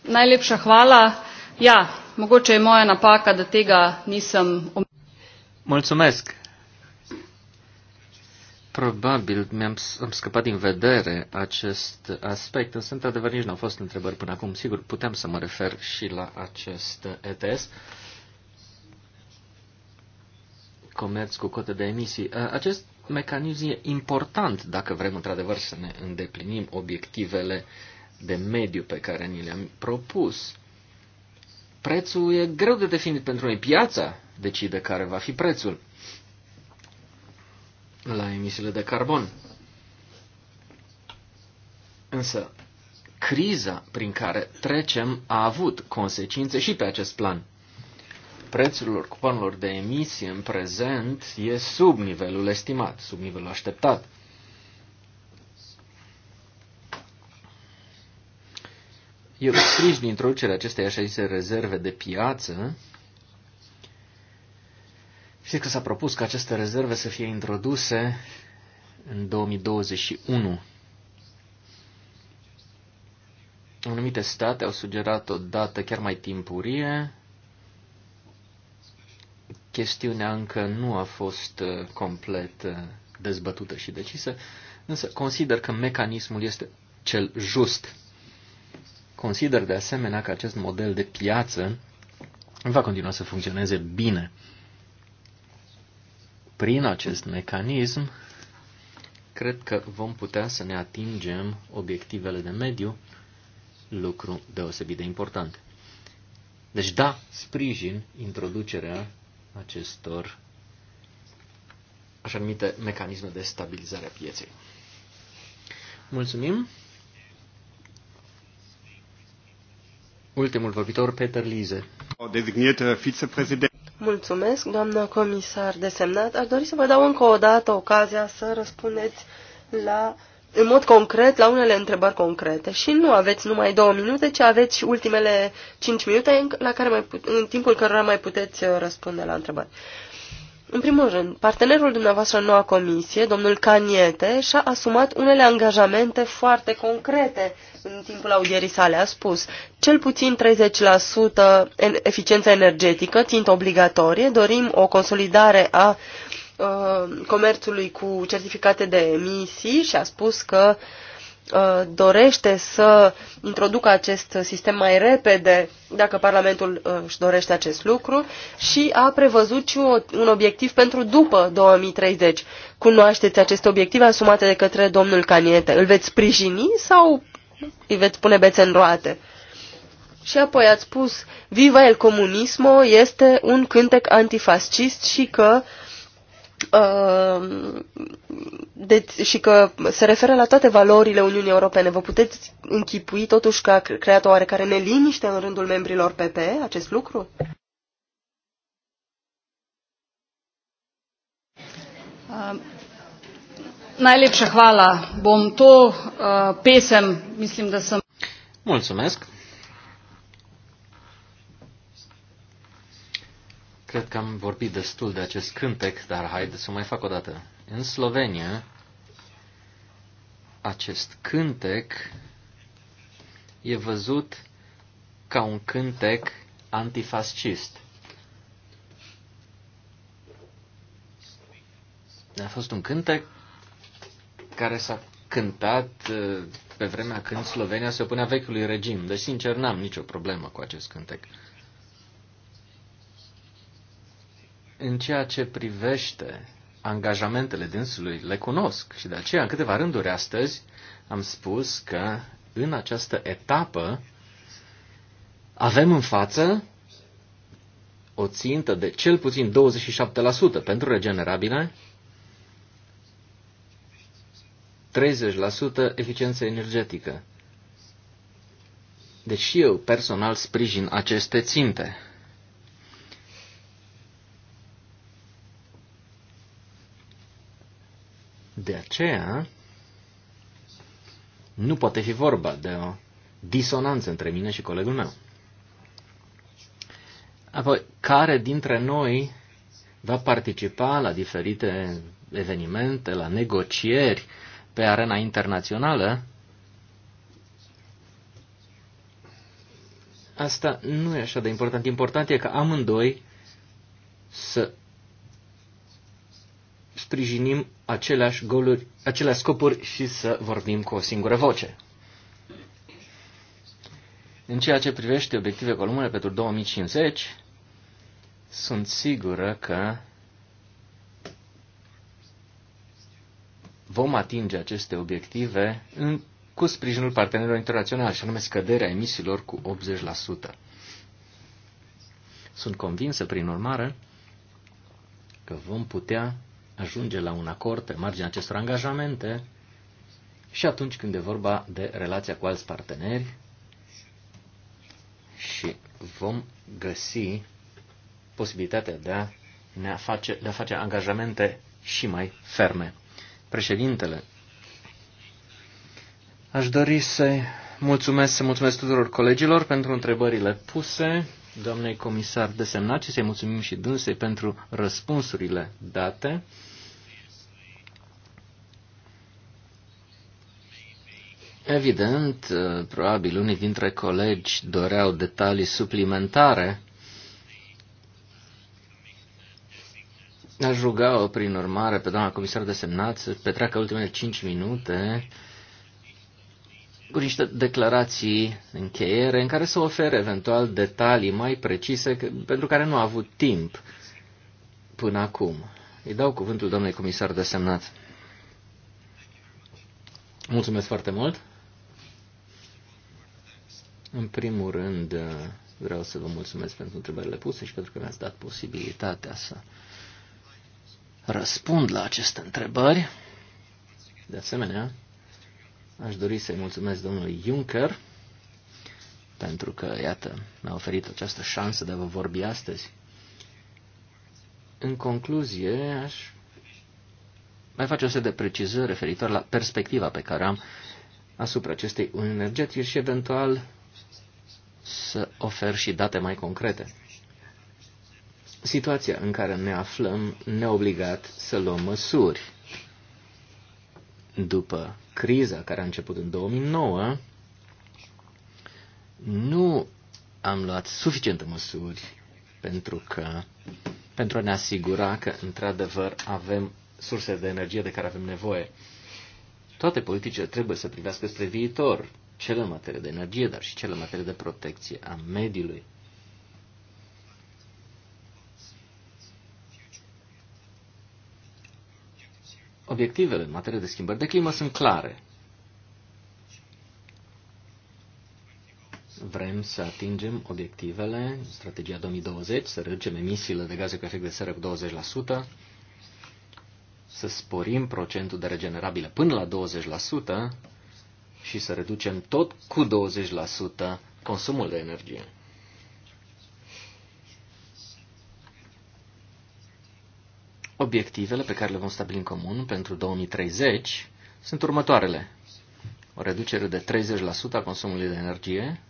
Najlepša hvala. Ja, mogoče je moja napaka, da tega nisem Mulțumesc. Probabil mi-am am scăpat din vedere acest aspect, însă într-adevăr nici nu au fost întrebări până acum. Sigur, puteam să mă refer și la acest ETS comerț cu cote de emisii. Acest mecanism important dacă vrem într-adevăr să ne îndeplinim obiectivele de mediu pe care ni le-am propus. Prețul e greu de definit pentru noi. Piața decide care va fi prețul la emisiile de carbon. Însă, criza prin care trecem a avut consecințe și pe acest plan prețurilor cuponurilor de emisie în prezent e sub nivelul estimat, sub nivelul așteptat. Eu sprijin introducerea acestei așa zise rezerve de piață. Știți că s-a propus ca aceste rezerve să fie introduse în 2021. Anumite state au sugerat o dată chiar mai timpurie, chestiunea încă nu a fost uh, complet uh, dezbătută și decisă, însă consider că mecanismul este cel just. Consider de asemenea că acest model de piață va continua să funcționeze bine. Prin acest mecanism, cred că vom putea să ne atingem obiectivele de mediu, lucru deosebit de important. Deci da, sprijin introducerea acestor așa numite mecanisme de stabilizare a pieței. Mulțumim! Ultimul vorbitor, Peter Lize. Uh, Mulțumesc, doamnă comisar desemnat. Aș dori să vă dau încă o dată ocazia să răspundeți la în mod concret la unele întrebări concrete. Și nu aveți numai două minute, ci aveți și ultimele cinci minute la care mai put- în timpul cărora mai puteți uh, răspunde la întrebări. În primul rând, partenerul dumneavoastră în noua comisie, domnul Caniete, și-a asumat unele angajamente foarte concrete în timpul audierii sale. A spus cel puțin 30% eficiență energetică, țintă obligatorie, dorim o consolidare a uh, Uh, comerțului cu certificate de emisii și a spus că uh, dorește să introducă acest sistem mai repede dacă Parlamentul uh, își dorește acest lucru și a prevăzut și un obiectiv pentru după 2030. Cunoașteți aceste obiective asumate de către domnul Caniete? Îl veți sprijini sau îi veți pune bețe în roate? Și apoi ați spus, viva el comunismo este un cântec antifascist și că uh, Uh, de, deci, și că se referă la toate valorile Uniunii Europene. Vă puteți închipui totuși că a creat o oarecare neliniște în rândul membrilor PP acest lucru? Uh, Najlepša hvala. Bom to uh, pesem, mislim, da sem. Mulțumesc. Cred că am vorbit destul de acest cântec, dar haide să o mai fac o dată. În Slovenia, acest cântec e văzut ca un cântec antifascist. A fost un cântec care s-a cântat uh, pe vremea când Slovenia se opunea vechiului regim. Deci, sincer, n-am nicio problemă cu acest cântec. În ceea ce privește angajamentele dânsului, le cunosc și de aceea, în câteva rânduri astăzi, am spus că în această etapă avem în față o țintă de cel puțin 27% pentru regenerabile, 30% eficiență energetică. Deci și eu personal sprijin aceste ținte. De aceea, nu poate fi vorba de o disonanță între mine și colegul meu. Apoi, care dintre noi va participa la diferite evenimente, la negocieri pe arena internațională? Asta nu e așa de important. Important e că amândoi să sprijinim aceleași goluri, aceleași scopuri și să vorbim cu o singură voce. În ceea ce privește obiective comune pentru 2050, sunt sigură că vom atinge aceste obiective în, cu sprijinul partenerilor internaționali, și anume scăderea emisiilor cu 80%. Sunt convinsă, prin urmare, că vom putea ajunge la un acord pe marginea acestor angajamente și atunci când e vorba de relația cu alți parteneri și vom găsi posibilitatea de a ne face, de a face angajamente și mai ferme. Președintele, aș dori să mulțumesc, să mulțumesc tuturor colegilor pentru întrebările puse, doamnei comisar desemnat și să-i mulțumim și dânsei pentru răspunsurile date. Evident, uh, probabil unii dintre colegi doreau detalii suplimentare. Aș ruga-o, prin urmare, pe doamna comisar de semnat să petreacă ultimele 5 minute cu niște declarații încheiere în care să ofere eventual detalii mai precise pentru care nu a avut timp până acum. Îi dau cuvântul doamnei comisar de semnat. Mulțumesc foarte mult! În primul rând, vreau să vă mulțumesc pentru întrebările puse și pentru că mi-ați dat posibilitatea să răspund la aceste întrebări. De asemenea, aș dori să-i mulțumesc domnului Juncker pentru că, iată, mi-a oferit această șansă de a vă vorbi astăzi. În concluzie, aș mai face o set de precizări referitor la perspectiva pe care am asupra acestei uniuni energetice și, eventual, să ofer și date mai concrete. Situația în care ne aflăm ne obligat să luăm măsuri. După criza care a început în 2009, nu am luat suficiente măsuri pentru, că, pentru a ne asigura că, într-adevăr, avem surse de energie de care avem nevoie. Toate politicile trebuie să privească spre viitor cele în materie de energie, dar și cele în materie de protecție a mediului. Obiectivele în materie de schimbări de climă sunt clare. Vrem să atingem obiectivele, strategia 2020, să reducem emisiile de gaze cu efect de seră cu 20%, să sporim procentul de regenerabile până la 20%, și să reducem tot cu 20% consumul de energie. Obiectivele pe care le vom stabili în comun pentru 2030 sunt următoarele. O reducere de 30% a consumului de energie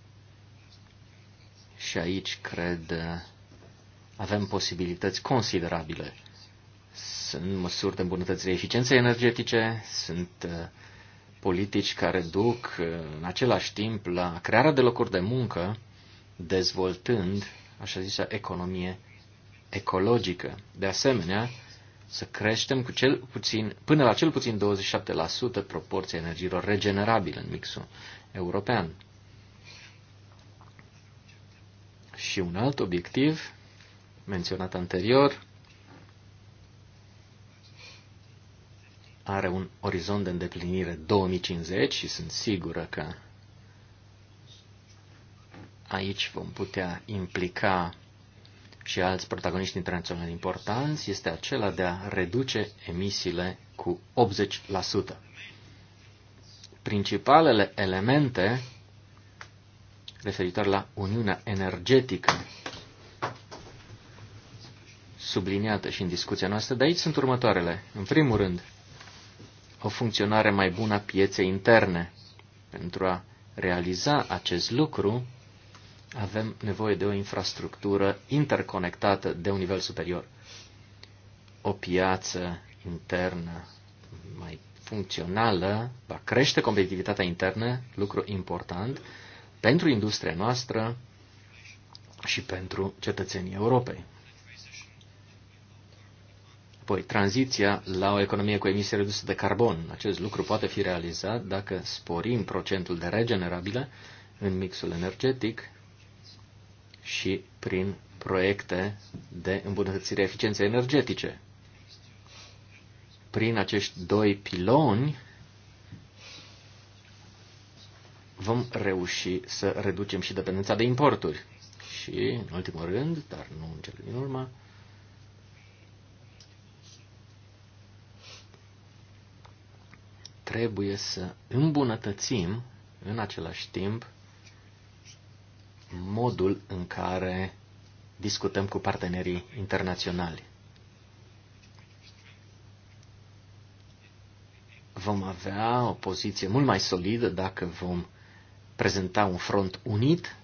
și aici cred avem posibilități considerabile. Sunt măsuri de îmbunătățire eficienței energetice, sunt politici care duc uh, în același timp la crearea de locuri de muncă, dezvoltând așa zisă economie ecologică. De asemenea, să creștem cu cel puțin, până la cel puțin 27% proporția energiilor regenerabile în mixul european. Și un alt obiectiv menționat anterior are un orizont de îndeplinire 2050 și sunt sigură că aici vom putea implica și alți protagoniști internaționali importanți, este acela de a reduce emisiile cu 80%. Principalele elemente referitor la Uniunea Energetică subliniată și în discuția noastră de aici sunt următoarele. În primul rând, o funcționare mai bună a pieței interne. Pentru a realiza acest lucru, avem nevoie de o infrastructură interconectată de un nivel superior. O piață internă mai funcțională va crește competitivitatea internă, lucru important, pentru industria noastră și pentru cetățenii Europei. Apoi, tranziția la o economie cu emisii reduse de carbon. Acest lucru poate fi realizat dacă sporim procentul de regenerabile în mixul energetic și prin proiecte de îmbunătățire a eficienței energetice. Prin acești doi piloni vom reuși să reducem și dependența de importuri. Și, în ultimul rând, dar nu în cel din urmă, trebuie să îmbunătățim în același timp modul în care discutăm cu partenerii internaționali. Vom avea o poziție mult mai solidă dacă vom prezenta un front unit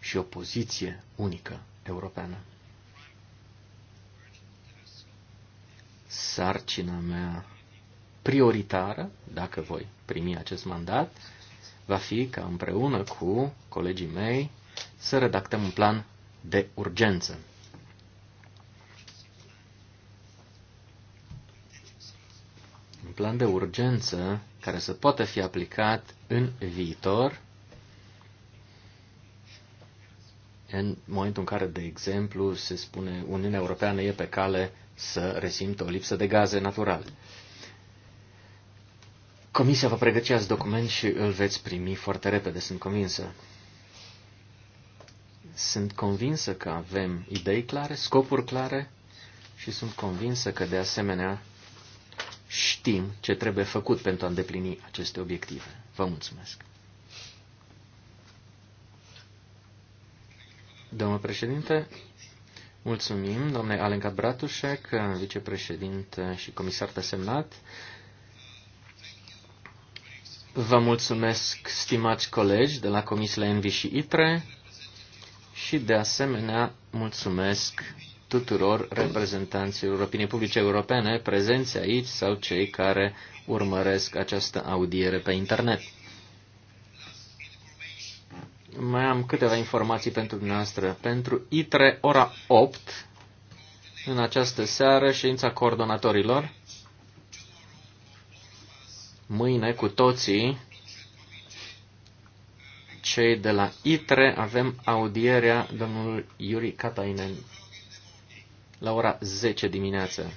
și o poziție unică europeană. sarcina mea prioritară, dacă voi primi acest mandat, va fi ca împreună cu colegii mei să redactăm un plan de urgență. Un plan de urgență care să poată fi aplicat în viitor, în momentul în care, de exemplu, se spune Uniunea Europeană e pe cale să resimtă o lipsă de gaze naturale. Comisia va pregăti acest document și îl veți primi foarte repede, sunt convinsă. Sunt convinsă că avem idei clare, scopuri clare și sunt convinsă că, de asemenea, știm ce trebuie făcut pentru a îndeplini aceste obiective. Vă mulțumesc! Domnul președinte, Mulțumim, domnule Alenca Bratușek, vicepreședinte și comisar desemnat. Vă mulțumesc, stimați colegi de la comisiile Envi și ITRE și, de asemenea, mulțumesc tuturor reprezentanților opiniei publice europene prezenți aici sau cei care urmăresc această audiere pe internet. Mai am câteva informații pentru dumneavoastră. Pentru ITRE, ora 8, în această seară, ședința coordonatorilor. Mâine, cu toții, cei de la ITRE avem audierea domnului Yuri Katainen la ora 10 dimineață.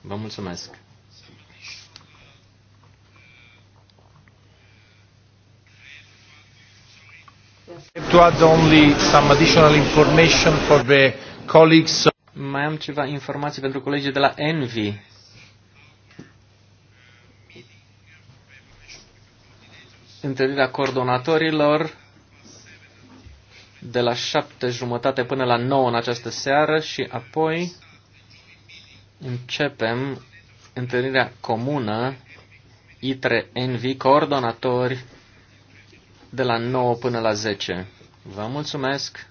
Vă mulțumesc! to add only some additional information for the colleagues. Mai am ceva informații pentru colegii de la Envy. Întâlnirea coordonatorilor de la șapte jumătate până la nouă în această seară și apoi începem întâlnirea comună ITRE-ENVI coordonatori de la 9 până la 10. Vă mulțumesc!